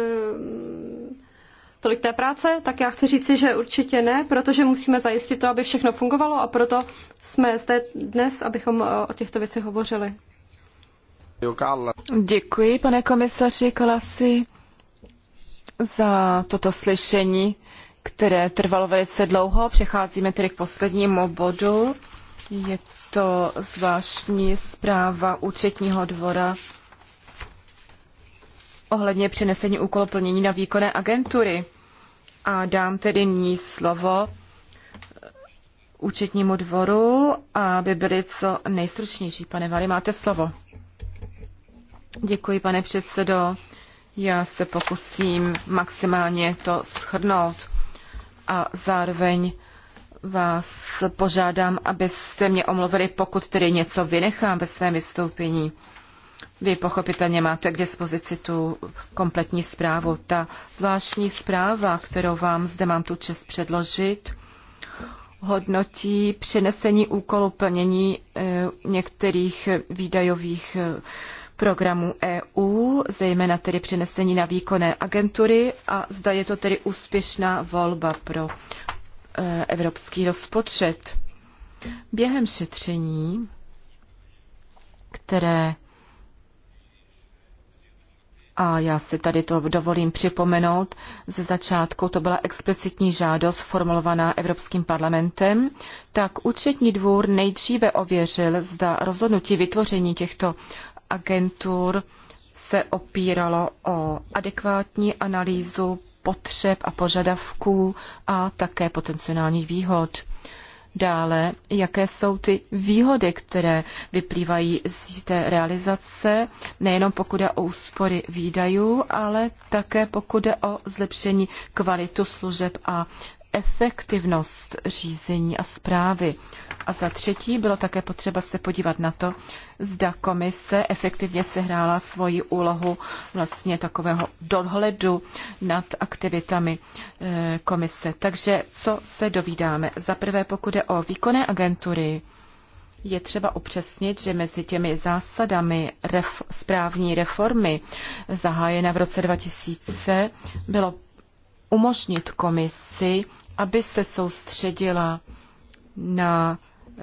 tolik té práce, tak já chci říci, že určitě ne, protože musíme zajistit to, aby všechno fungovalo a proto jsme zde dnes, abychom eh, o těchto věcech hovořili. Děkuji, pane komisaři Kolasi za toto slyšení, které trvalo velice dlouho. Přecházíme tedy k poslednímu bodu. Je to zvláštní zpráva účetního dvora ohledně přenesení úkolu plnění na výkonné agentury. A dám tedy ní slovo účetnímu dvoru, aby byli co nejstručnější. Pane Vary, máte slovo. Děkuji, pane předsedo. Já se pokusím maximálně to shrnout a zároveň vás požádám, abyste mě omluvili, pokud tedy něco vynechám ve svém vystoupení. Vy pochopitelně máte k dispozici tu kompletní zprávu. Ta zvláštní zpráva, kterou vám zde mám tu čest předložit, hodnotí přenesení úkolu plnění eh, některých výdajových eh, programů EU, zejména tedy přenesení na výkonné agentury a zda je to tedy úspěšná volba pro eh, evropský rozpočet. Během šetření, které a já si tady to dovolím připomenout. Ze začátku to byla explicitní žádost formulovaná Evropským parlamentem. Tak účetní dvůr nejdříve ověřil, zda rozhodnutí vytvoření těchto agentur se opíralo o adekvátní analýzu potřeb a požadavků a také potenciálních výhod. Dále, jaké jsou ty výhody, které vyplývají z té realizace, nejenom pokud je o úspory výdajů, ale také pokud je o zlepšení kvalitu služeb a efektivnost řízení a zprávy. A za třetí bylo také potřeba se podívat na to, zda komise efektivně sehrála svoji úlohu vlastně takového dohledu nad aktivitami eh, komise. Takže co se dovídáme? Za prvé, pokud je o výkonné agentury, je třeba upřesnit, že mezi těmi zásadami ref, správní reformy zahájené v roce 2000 bylo umožnit komisi aby se soustředila na eh,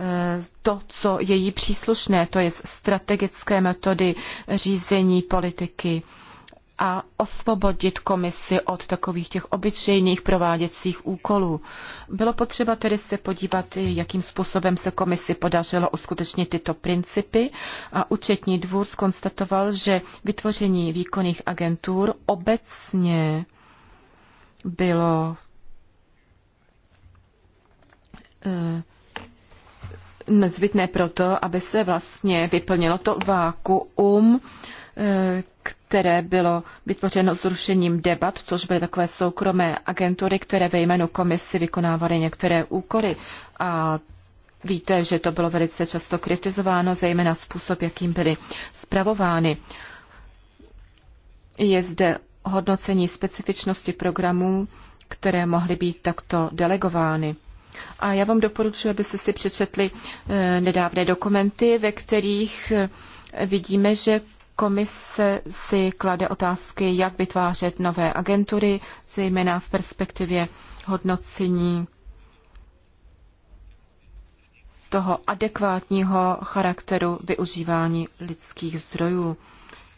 to, co je jí příslušné, to je strategické metody řízení politiky a osvobodit komisi od takových těch obyčejných prováděcích úkolů. Bylo potřeba tedy se podívat, jakým způsobem se komisi podařilo uskutečnit tyto principy a účetní dvůr skonstatoval, že vytvoření výkonných agentur obecně bylo Eh, nezbytné proto, aby se vlastně vyplnilo to vákuum, eh, které bylo vytvořeno zrušením debat, což byly takové soukromé agentury, které ve jménu komisy vykonávaly některé úkoly. A víte, že to bylo velice často kritizováno, zejména způsob, jakým byly zpravovány. Je zde hodnocení specifičnosti programů, které mohly být takto delegovány. A já vám doporučuji, abyste si přečetli eh, nedávné dokumenty, ve kterých eh, vidíme, že komise si klade otázky, jak vytvářet nové agentury, zejména v perspektivě hodnocení toho adekvátního charakteru využívání lidských zdrojů.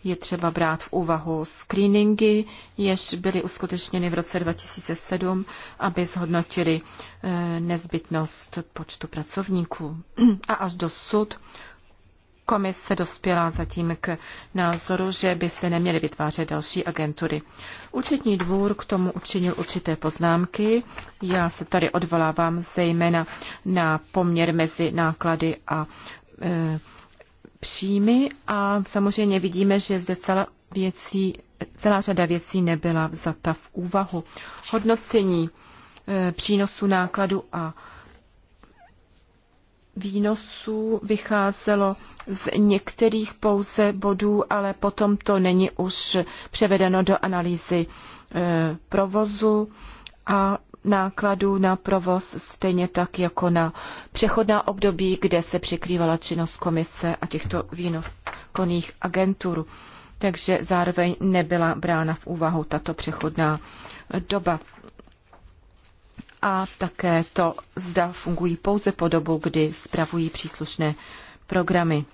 Je třeba brát v úvahu screeningy, jež byly uskutečněny v roce 2007, aby zhodnotili eh, nezbytnost počtu pracovníků. A až do sud komise dospěla zatím k názoru, že by se neměly vytvářet další agentury. Účetní dvůr k tomu učinil určité poznámky. Já se tady odvolávám zejména na poměr mezi náklady a e, příjmy a samozřejmě vidíme, že zde celá, věcí, celá řada věcí nebyla vzata v úvahu. Hodnocení e, přínosu nákladu a výnosu vycházelo z některých pouze bodů, ale potom to není už převedeno do analýzy e, provozu a nákladů na provoz, stejně tak jako na přechodná období, kde se překrývala činnost komise a těchto výkonných agentur. Takže zároveň nebyla brána v úvahu tato přechodná doba. A také to, zda fungují pouze po dobu, kdy spravují příslušné programy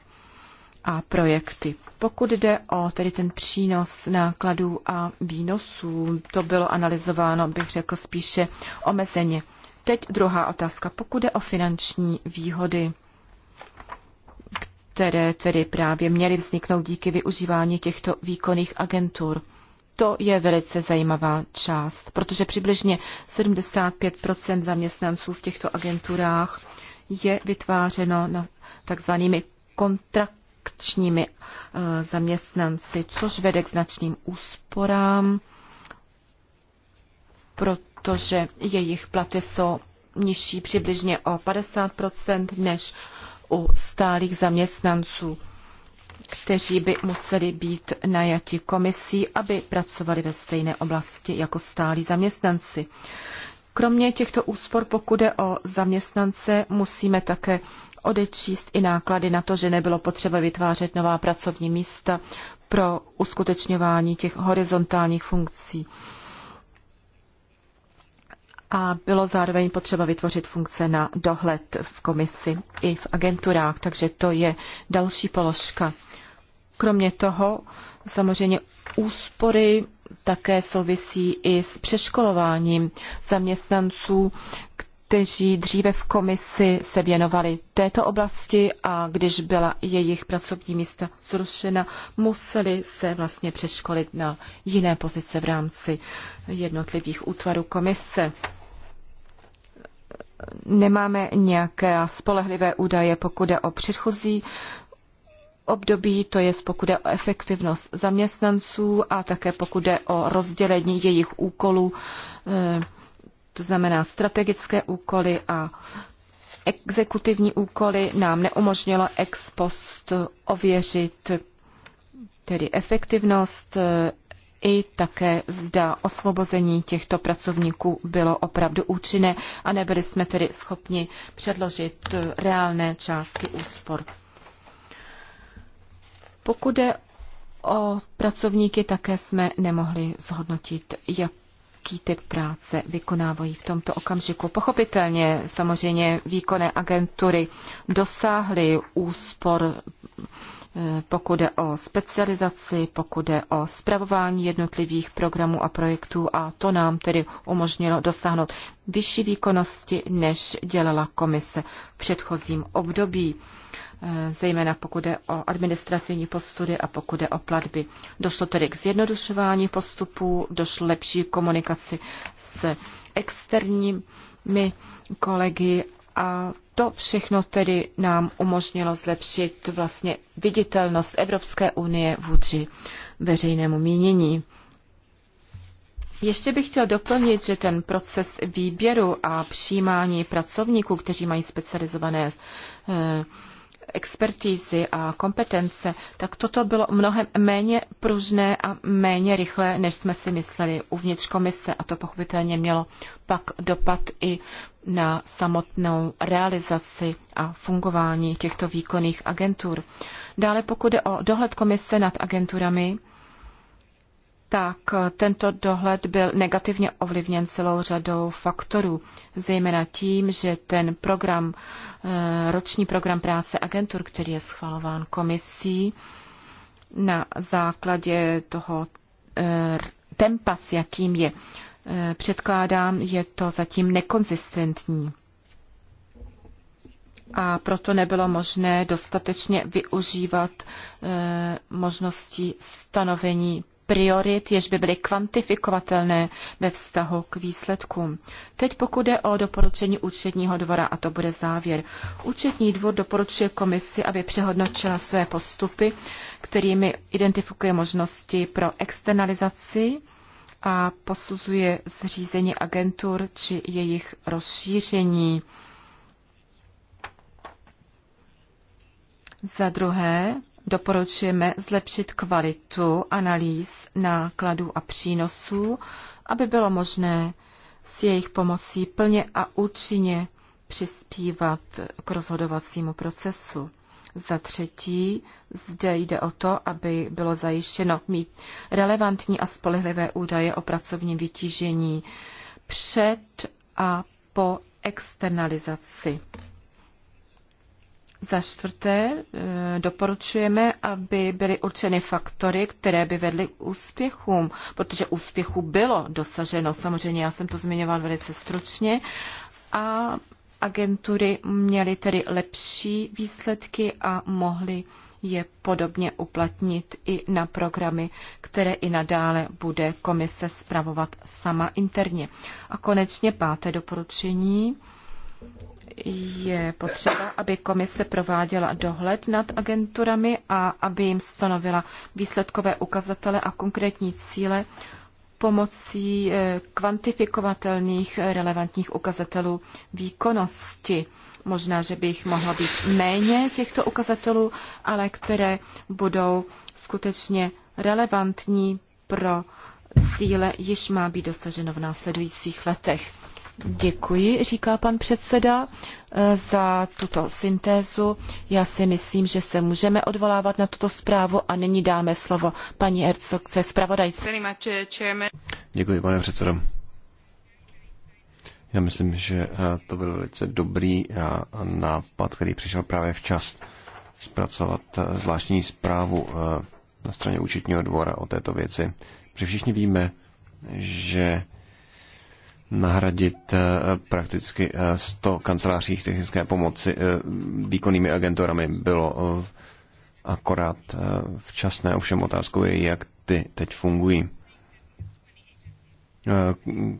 a projekty. Pokud jde o tedy ten přínos nákladů a výnosů, to bylo analyzováno, bych řekl, spíše omezeně. Teď druhá otázka. Pokud jde o finanční výhody, které tedy právě měly vzniknout díky využívání těchto výkonných agentur. To je velice zajímavá část, protože přibližně 75 zaměstnanců v těchto agenturách je vytvářeno na takzvanými kontrakt akčními eh, zaměstnanci, což vede k značným úsporám, protože jejich platy jsou nižší přibližně o 50 než u stálých zaměstnanců, kteří by museli být najati komisí, aby pracovali ve stejné oblasti jako stálí zaměstnanci. Kromě těchto úspor, pokud je o zaměstnance, musíme také odečíst i náklady na to, že nebylo potřeba vytvářet nová pracovní místa pro uskutečňování těch horizontálních funkcí. A bylo zároveň potřeba vytvořit funkce na dohled v komisi i v agenturách, takže to je další položka. Kromě toho samozřejmě úspory také souvisí i s přeškolováním zaměstnanců, kteří dříve v komisi se věnovali této oblasti a když byla jejich pracovní místa zrušena, museli se vlastně přeškolit na jiné pozice v rámci jednotlivých útvarů komise. Nemáme nějaké spolehlivé údaje, pokud je o předchozí období, to je pokud je o efektivnost zaměstnanců a také pokud je o rozdělení jejich úkolů eh, to znamená strategické úkoly a exekutivní úkoly, nám neumožnilo ex post ověřit tedy efektivnost eh, i také zda osvobození těchto pracovníků bylo opravdu účinné a nebyli jsme tedy schopni předložit eh, reálné částky úspor. Pokud jde o pracovníky, také jsme nemohli zhodnotit, jak jaký typ práce vykonávají v tomto okamžiku. Pochopitelně samozřejmě výkonné agentury dosáhly úspor, eh, pokud jde o specializaci, pokud jde o zpravování jednotlivých programů a projektů a to nám tedy umožnilo dosáhnout vyšší výkonnosti, než dělala komise v předchozím období. Eh, zejména pokud je o administrativní postudy a pokud je o platby. Došlo tedy k zjednodušování postupů, došlo lepší komunikaci s externími kolegy a to všechno tedy nám umožnilo zlepšit vlastně viditelnost Evropské unie vůči veřejnému mínění. Ještě bych chtěl doplnit, že ten proces výběru a přijímání pracovníků, kteří mají specializované eh, expertízy a kompetence, tak toto bylo mnohem méně pružné a méně rychlé, než jsme si mysleli uvnitř komise a to pochopitelně mělo pak dopad i na samotnou realizaci a fungování těchto výkonných agentur. Dále pokud jde o dohled komise nad agenturami, tak tento dohled byl negativně ovlivněn celou řadou faktorů, zejména tím, že ten program, eh, roční program práce agentur, který je schvalován komisí, na základě toho eh, tempa, s jakým je eh, předkládám, je to zatím nekonzistentní. A proto nebylo možné dostatečně využívat možnosti stanovení priorit, jež by byly kvantifikovatelné ve vztahu k výsledkům. Teď pokud jde o doporučení účetního dvora, a to bude závěr. Účetní dvor doporučuje komisi, aby přehodnotila své postupy, kterými identifikuje možnosti pro externalizaci a posuzuje zřízení agentur či jejich rozšíření. Za druhé, Doporučujeme zlepšit kvalitu analýz nákladů a přínosů, aby bylo možné s jejich pomocí plně a účinně přispívat k rozhodovacímu procesu. Za třetí, zde jde o to, aby bylo zajištěno mít relevantní a spolehlivé údaje o pracovním vytížení před a po externalizaci. Za čtvrté e, doporučujeme, aby byly určeny faktory, které by vedly k úspěchům, protože úspěchu bylo dosaženo. Samozřejmě já jsem to zmiňoval velice stručně. A agentury měly tedy lepší výsledky a mohly je podobně uplatnit i na programy, které i nadále bude komise spravovat sama interně. A konečně páté doporučení je potřeba, aby komise prováděla dohled nad agenturami a aby jim stanovila výsledkové ukazatele a konkrétní cíle pomocí eh, kvantifikovatelných relevantních ukazatelů výkonnosti. Možná, že bych mohla být méně těchto ukazatelů, ale které budou skutečně relevantní pro cíle, již má být dosaženo v následujících letech. Děkuji, říká pan předseda, eh, za tuto syntézu. Já si myslím, že se můžeme odvolávat na tuto zprávu a nyní dáme slovo paní Ercogce, zpravodajce. Eh, Děkuji, pane předsedo. Já myslím, že eh, to byl velice dobrý nápad, který přišel právě včas zpracovat zvláštní zprávu na straně účetního dvora o této věci. Protože všichni víme, že nahradit eh, prakticky 100 eh, kanceláří technické pomoci eh, výkonnými agenturami bylo akorát včasné. Ovšem otázkou je, jak ty teď fungují.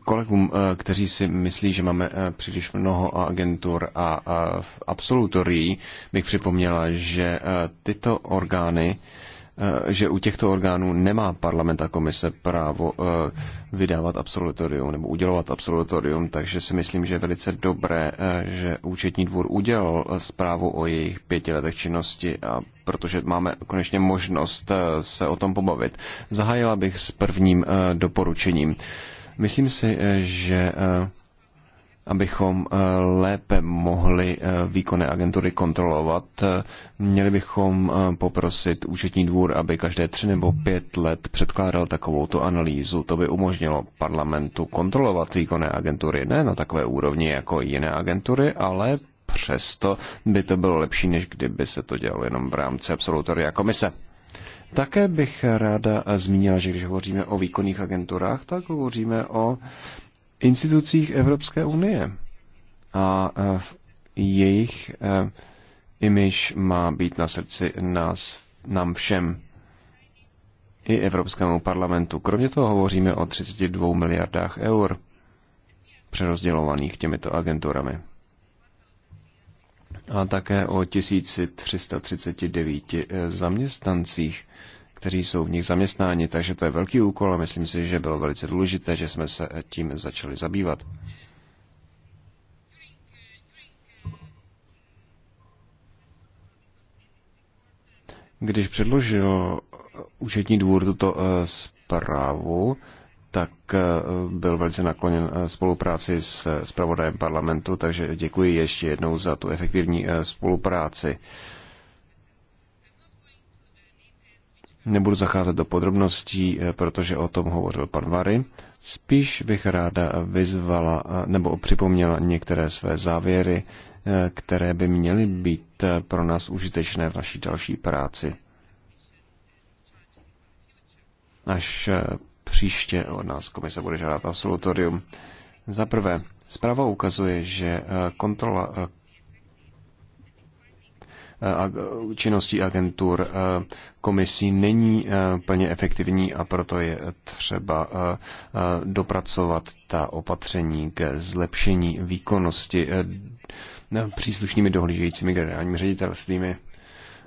Kolegům, kteří si myslí, že máme příliš mnoho agentur a v absolutorií, bych připomněla, že tyto orgány Eh, že u těchto orgánů nemá parlament a komise právo eh, vydávat absolutorium nebo udělovat absolutorium, takže si myslím, že je velice dobré, eh, že účetní dvůr udělal zprávu o jejich pěti letech činnosti a protože máme konečně možnost se o tom pobavit. Zahájila bych s prvním doporučením. Myslím si, že abychom eh, lépe mohli eh, výkonné agentury kontrolovat, měli bychom eh, poprosit účetní dvůr, aby každé tři nebo pět let předkládal takovouto analýzu. To by umožnilo parlamentu kontrolovat výkonné agentury ne na takové úrovni jako jiné agentury, ale přesto by to bylo lepší, než kdyby se to dělalo jenom v rámci absolutoria komise. Také bych ráda zmínila, že když hovoříme o výkonných agenturách, tak hovoříme o institucích Evropské unie. A e, jejich e, imiž má být na srdci nás, nám všem i Evropskému parlamentu. Kromě toho hovoříme o 32 miliardách eur přerozdělovaných těmito agenturami. A také o 1339 e, zaměstnancích kteří jsou v nich zaměstnáni. Takže to je velký úkol a myslím si, že bylo velice důležité, že jsme se tím začali zabývat. Když předložil účetní dvůr tuto eh, zprávu, tak eh, byl velice nakloněn eh, spolupráci s zpravodajem parlamentu, takže děkuji ještě jednou za tu efektivní spolupráci. Nebudu zacházet do podrobností, eh, protože o tom hovořil pan Vary. Spíš bych ráda vyzvala eh, nebo připomněla některé své závěry, eh, které by měly být pro nás užitečné v naší další práci. Až příště od nás komise bude žádat absolutorium. Za prvé, zpráva ukazuje, že kontrola Eh, činností agentur eh, komisí není eh, plně efektivní a proto je třeba dopracovat ta opatření k zlepšení výkonnosti příslušnými dohlížejícími generálními ředitelstvími.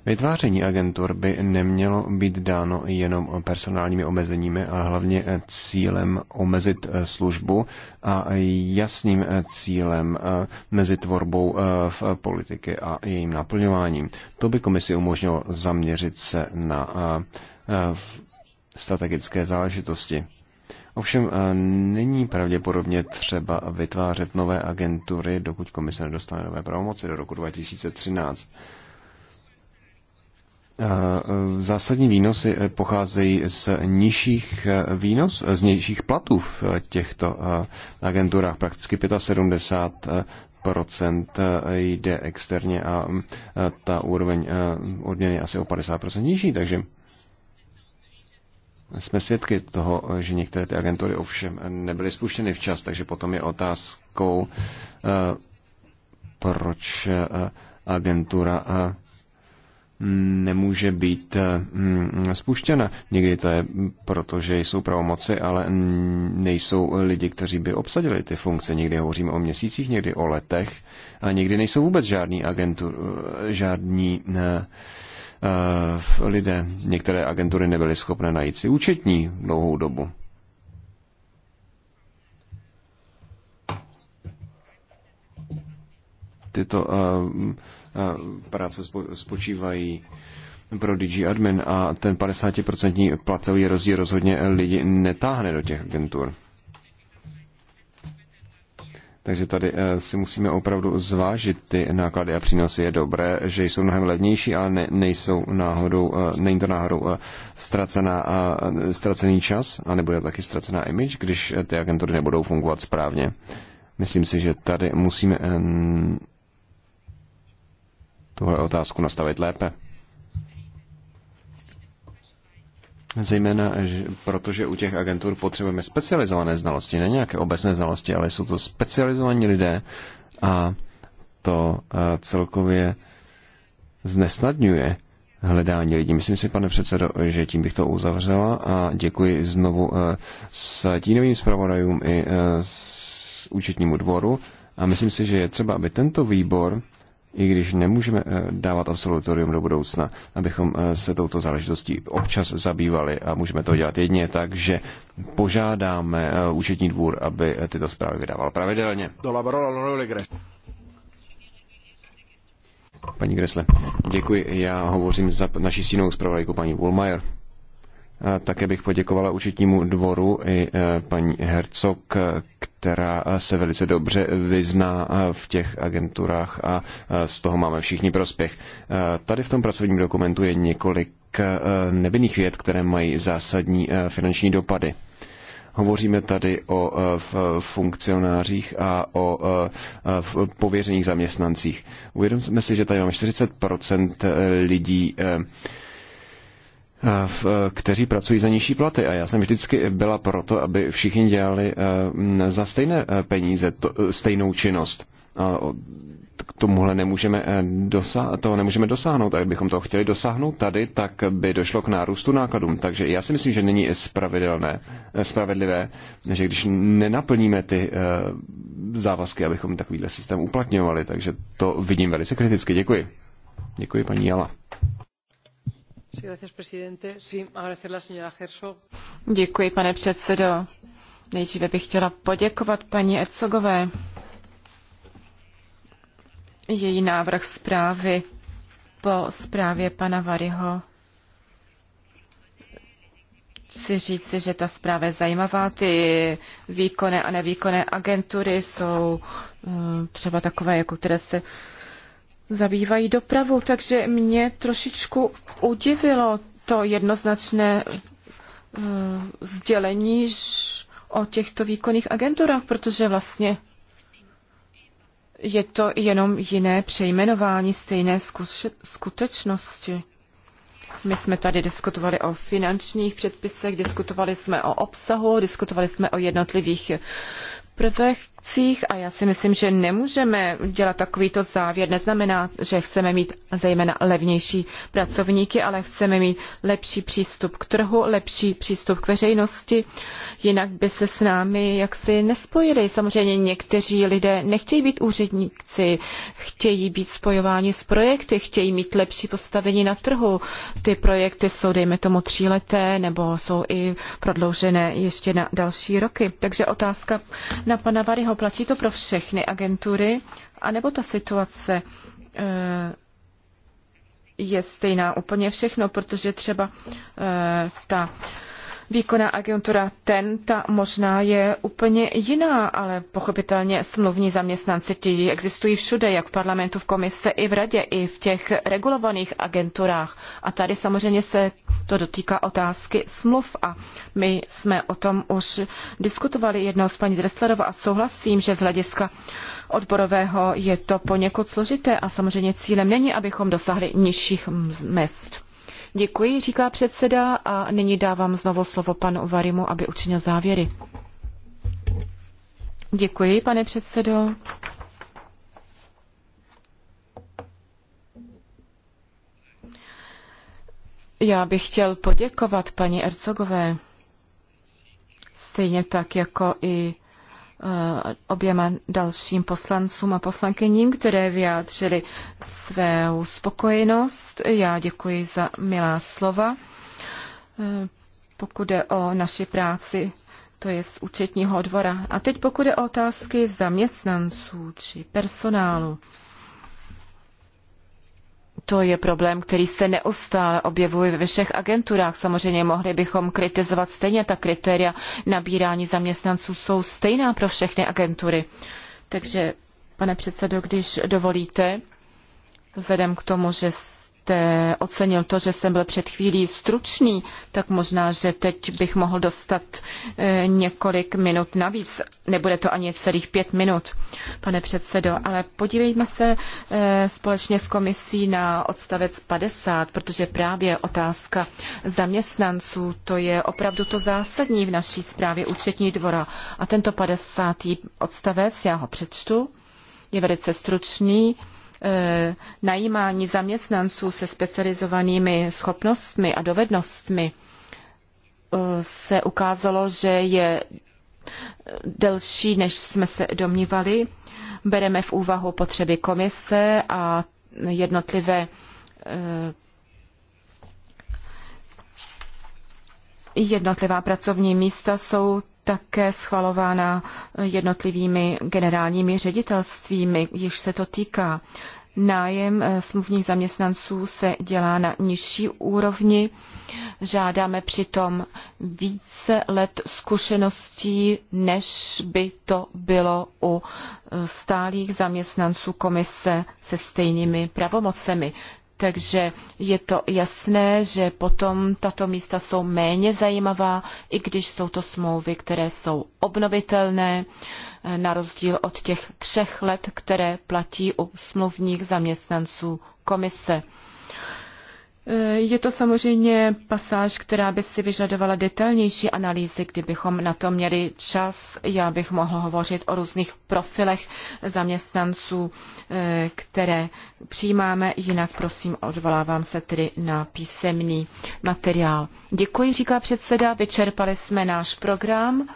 Vytváření agentur by nemělo být dáno jenom personálními omezeními, ale hlavně cílem omezit eh, službu a jasným eh, cílem eh, mezi tvorbou v politiky a jejím naplňováním. To by komisi umožnilo zaměřit se na strategické záležitosti. Ovšem není pravděpodobně třeba vytvářet nové agentury, dokud komise nedostane nové pravomoci do roku 2013. E, zásadní výnosy e, pocházejí z nižších e, výnos, z nižších platů v těchto agenturách. Prakticky 75 procent jde externě a ta úroveň odměny je asi o 50% nižší, takže jsme svědky toho, že některé ty agentury ovšem nebyly spuštěny včas, takže potom je otázkou, proč agentura nemůže být eh, mm, spuštěna. Někdy to je proto, že jsou pravomoci, ale nejsou lidi, kteří by obsadili ty funkce. Někdy hovoříme o měsících, někdy o letech a někdy nejsou vůbec žádný agentur, eh, žádní uh, lidé. Některé agentury nebyly schopné najít si účetní dlouhou dobu. Tyto uh, práce spočívají pro DG Admin a ten 50% platový rozdíl rozhodně lidi netáhne do těch agentur. Takže tady eh, si musíme opravdu zvážit ty náklady a přínosy. Je dobré, že jsou mnohem levnější, ale ne, nejsou náhodou, eh, není to náhodou eh, ztracená, ztracený čas a nebude taky ztracená image, když ty agentury nebudou fungovat správně. Myslím si, že tady musíme tuhle otázku nastavit lépe. Zejména protože u těch agentur potřebujeme specializované znalosti, ne nějaké obecné znalosti, ale jsou to specializovaní lidé a to eh, celkově znesnadňuje hledání lidí. Myslím si, pane předsedo, že tím bych to uzavřela a děkuji znovu eh, s tínovým zpravodajům i eh, s účetnímu dvoru a myslím si, že je třeba, aby tento výbor i když nemůžeme eh, dávat absolutorium do budoucna, abychom eh, se touto záležitostí občas zabývali a můžeme to dělat jedině tak, že požádáme eh, účetní dvůr, aby tyto zprávy vydával pravidelně. Paní Gresle, děkuji. Já hovořím za naší stínovou zpravodajku paní Woolmeyer. Také bych poděkovala účetnímu dvoru i e, paní Hercog, která e, se velice dobře vyzná e, v těch agenturách a z toho máme všichni prospěch. Tady v tom pracovním dokumentu je několik nevinných věd, které mají zásadní finanční dopady. Hovoříme tady o funkcionářích a o pověřených zaměstnancích. Uvědomíme si, že tady máme 40 lidí kteří pracují za nižší platy. A já jsem vždycky byla proto, aby všichni dělali eh, za stejné eh, peníze to, eh, stejnou činnost. A k tomuhle nemůžeme, dosa- toho nemůžeme dosáhnout. A kdybychom toho chtěli dosáhnout tady, tak by došlo k nárůstu nákladům. Takže já si myslím, že není spravedlné, spravedlivé, že když nenaplníme ty závazky, abychom takovýhle systém uplatňovali. Takže to vidím velice kriticky. Děkuji. Děkuji, paní Jala pane předsedající Nejdříve bych chtěla poděkovat paní Hercogové. Její návrh zprávy po zprávě pana variho chci říci že ta zpráva je zajímavá. Ty výkonné a nevýkonné agentury jsou eh, třeba takové, jako které se zabývají dopravou, takže mě trošičku udivilo to jednoznačné uh, sdělení o těchto výkonných agenturách, protože vlastně je to jenom jiné přejmenování stejné skutečnosti. My jsme tady diskutovali o finančních předpisech, diskutovali jsme o obsahu, diskutovali jsme o jednotlivých prvech, obcích a já si myslím, že nemůžeme dělat takovýto závěr. Neznamená, že chceme mít zejména levnější pracovníky, ale chceme mít lepší přístup k trhu, lepší přístup k veřejnosti, jinak by se s námi jaksi nespojili. Samozřejmě někteří lidé nechtějí být úředníci, chtějí být spojováni s projekty, chtějí mít lepší postavení na trhu. Ty projekty jsou, dejme tomu, tříleté nebo jsou i prodloužené ještě na další roky. Takže otázka na pana Varyho jiného. Platí to pro všechny agentury, anebo ta situace eh, je stejná úplně všechno, protože třeba eh, ta Výkonná agentura ta možná je úplně jiná, ale pochopitelně smluvní zaměstnanci ti existují všude, jak v parlamentu, v komise, i v radě, i v těch regulovaných agenturách. A tady samozřejmě se to dotýká otázky smluv a my jsme o tom už diskutovali jednou s paní Dresslerova a souhlasím, že z hlediska odborového je to poněkud složité a samozřejmě cílem není, abychom dosáhli nižších mest. Děkuji, říká předseda a nyní dávám znovu slovo panu Varimu, aby učinil závěry. Děkuji, pane předsedo. Já bych chtěl poděkovat paní Ercogové, stejně tak jako i Eh, oběma dalším poslancům a poslankyním, které vyjádřili svou spokojenost. Já děkuji za milá slova. Eh, pokud je o naši práci, to je z účetního dvora. A teď pokud je o otázky zaměstnanců či personálu. To je problém, který se neustále objevuje ve všech agenturách. Samozřejmě mohli bychom kritizovat stejně ta kritéria nabírání zaměstnanců jsou stejná pro všechny agentury. Takže, pane předsedo, když dovolíte, vzhledem k tomu, že jste ocenil to, že jsem byl před chvílí stručný, tak možná, že teď bych mohl dostat eh, několik minut navíc. Nebude to ani celých pět minut, pane předsedo, ale podívejme se eh, společně s komisí na odstavec 50, protože právě otázka zaměstnanců, to je opravdu to zásadní v naší zprávě účetní dvora. A tento 50. odstavec, já ho přečtu, je velice stručný Eh, najímání zaměstnanců se specializovanými schopnostmi a dovednostmi eh, se ukázalo, že je delší, než jsme se domnívali. Bereme v úvahu potřeby komise a jednotlivé eh, jednotlivá pracovní místa jsou také schvalována jednotlivými generálními ředitelstvími, již se to týká. Nájem eh, smluvních zaměstnanců se dělá na nižší úrovni. Žádáme přitom více let zkušeností, než by to bylo u eh, stálých zaměstnanců komise se stejnými pravomocemi. Takže je to jasné, že potom tato místa jsou méně zajímavá, i když jsou to smlouvy, které jsou obnovitelné, eh, na rozdíl od těch třech let, které platí u smluvních zaměstnanců komise. Eh, je to samozřejmě pasáž, která by si vyžadovala detailnější analýzy, kdybychom na to měli čas. Já bych mohl hovořit o různých profilech zaměstnanců, eh, které přijímáme, jinak prosím odvolávám se tedy na písemný materiál. Děkuji, říká předseda, vyčerpali jsme náš program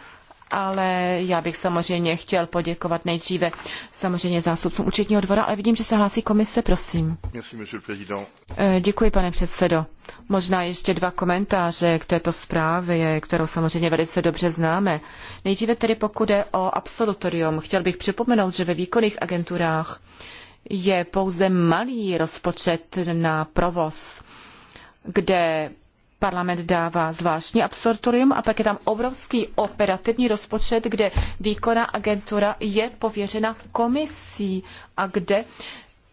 ale já bych samozřejmě chtěl poděkovat nejdříve samozřejmě zástupcům účetního dvora, ale vidím, že se hlásí komise, prosím. Eh, děkuji, pane předsedo. Možná ještě dva komentáře k této zprávě, kterou samozřejmě velice dobře známe. Nejdříve tedy pokud je o absolutorium, chtěl bych připomenout, že ve výkonných agenturách je pouze malý rozpočet na provoz, kde parlament dává zvláštní absolutorium a pak je tam obrovský operativní rozpočet, kde výkonná agentura je pověřena komisí a kde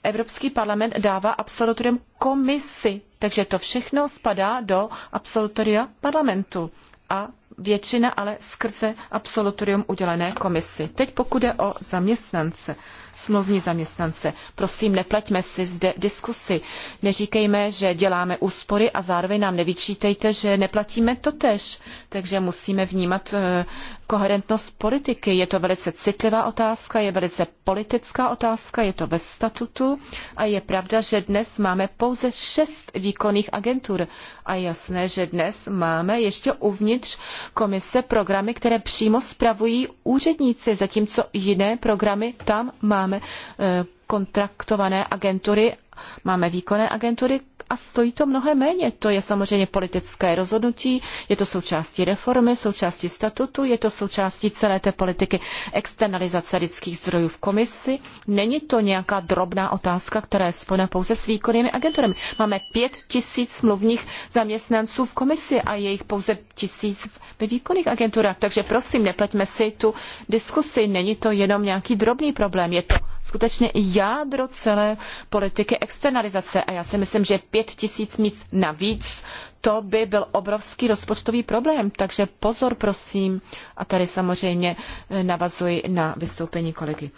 Evropský parlament dává absolutorium komisi. Takže to všechno spadá do absolutoria parlamentu. A většina, ale skrze absolutorium udělené komisi. Teď pokud jde o zaměstnance, smluvní zaměstnance, prosím, nepleťme si zde diskusy. Neříkejme, že děláme úspory a zároveň nám nevyčítejte, že neplatíme totež. Takže musíme vnímat eh, koherentnost politiky. Je to velice citlivá otázka, je velice politická otázka, je to ve statutu a je pravda, že dnes máme pouze šest výkonných agentur. A jasné, že dnes máme ještě uvnitř komise programy, které přímo spravují úředníci, zatímco jiné programy tam máme eh, kontraktované agentury, máme výkonné agentury, a stojí to mnohem méně. To je samozřejmě politické rozhodnutí, je to součástí reformy, součástí statutu, je to součástí celé té politiky externalizace lidských zdrojů v komisi. Není to nějaká drobná otázka, která je spojena pouze s výkonnými agenturami. Máme pět tisíc smluvních zaměstnanců v komisi a je jich pouze tisíc ve výkonných agenturách. Takže prosím, nepleťme si tu diskusi. Není to jenom nějaký drobný problém, je to skutečně jádro celé politiky externalizace. A já si myslím, že pět tisíc míst navíc, to by byl obrovský rozpočtový problém. Takže pozor, prosím. A tady samozřejmě eh, navazuji na vystoupení kolegy.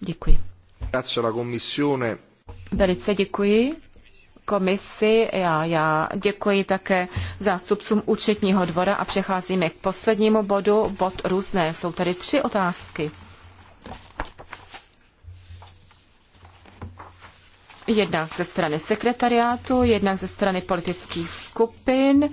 Děkuji. Velice děkuji komisi. Já, já děkuji také zástupcům účetního dvora a přecházíme k poslednímu bodu, bod různé. Jsou tady tři otázky. jednak ze strany sekretariátu, jednak ze strany politických skupin.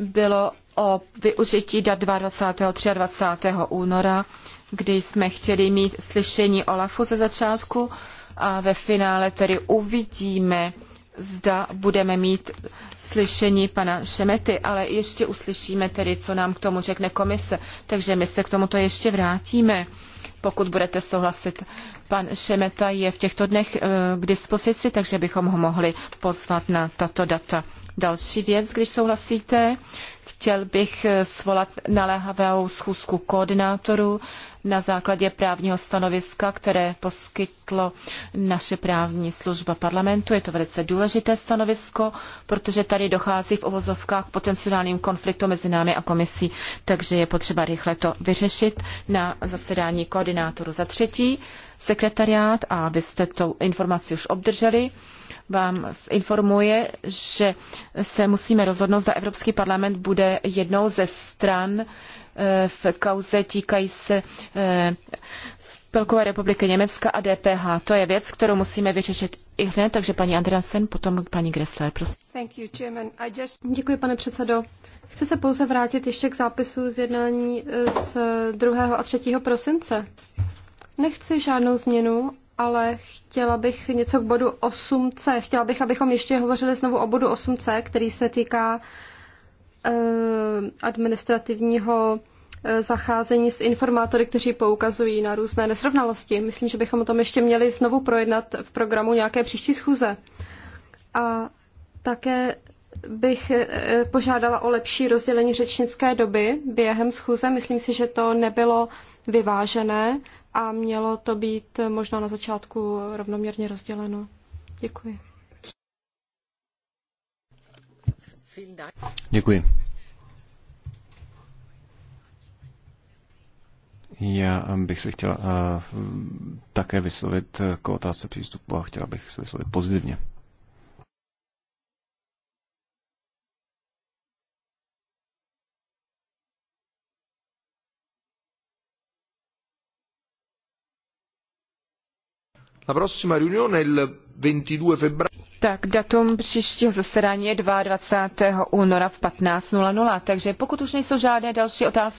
Bylo o využití dat 22. a 23. února, kdy jsme chtěli mít slyšení Olafu ze začátku a ve finále tedy uvidíme, zda budeme mít slyšení pana Šemety, ale ještě uslyšíme tedy, co nám k tomu řekne komise. Takže my se k tomuto ještě vrátíme, pokud budete souhlasit. Pan Šemeta je v těchto dnech eh, k dispozici, takže bychom ho mohli pozvat na tato data. Další věc, když souhlasíte, chtěl bych eh, svolat naléhavou schůzku koordinátorů na základě právního stanoviska, které poskytlo naše právní služba parlamentu. Je to velice důležité stanovisko, protože tady dochází v ovozovkách k potenciálním konfliktu mezi námi a komisí, takže je potřeba rychle to vyřešit na zasedání koordinátoru za třetí. Sekretariát, a abyste tu informaci už obdrželi, vám informuje, že se musíme rozhodnout, zda Evropský parlament bude jednou ze stran Eh, v kauze týkají se eh, Spolkové republiky Německa a DPH. To je věc, kterou musíme vyřešit i hned, takže paní Andreasen, potom paní Gressler, prosím. Děkuji, pane předsedo. Chci se pouze vrátit ještě k zápisu z jednání eh, z 2. a 3. prosince. Nechci žádnou změnu, ale chtěla bych něco k bodu 8c. Chtěla bych, abychom ještě hovořili znovu o bodu 8c, který se týká uh, Eh, administrativního eh, zacházení s informátory, kteří poukazují na různé nesrovnalosti. Myslím, že bychom o tom ještě měli znovu projednat v programu nějaké příští schůze. A také bych eh, požádala o lepší rozdělení řečnické doby během schůze. Myslím si, že to nebylo vyvážené a mělo to být možná na začátku rovnoměrně rozděleno. Děkuji. Děkuji. Já eh, bych se chtěla uh, také vyslovit eh, k otázce přístupu a chtěla bych se vyslovit pozitivně. La prossima riunione il 22 febbraio. Tak datum příštího zasedání je 22. února v 15.00, takže pokud už nejsou žádné další otázky,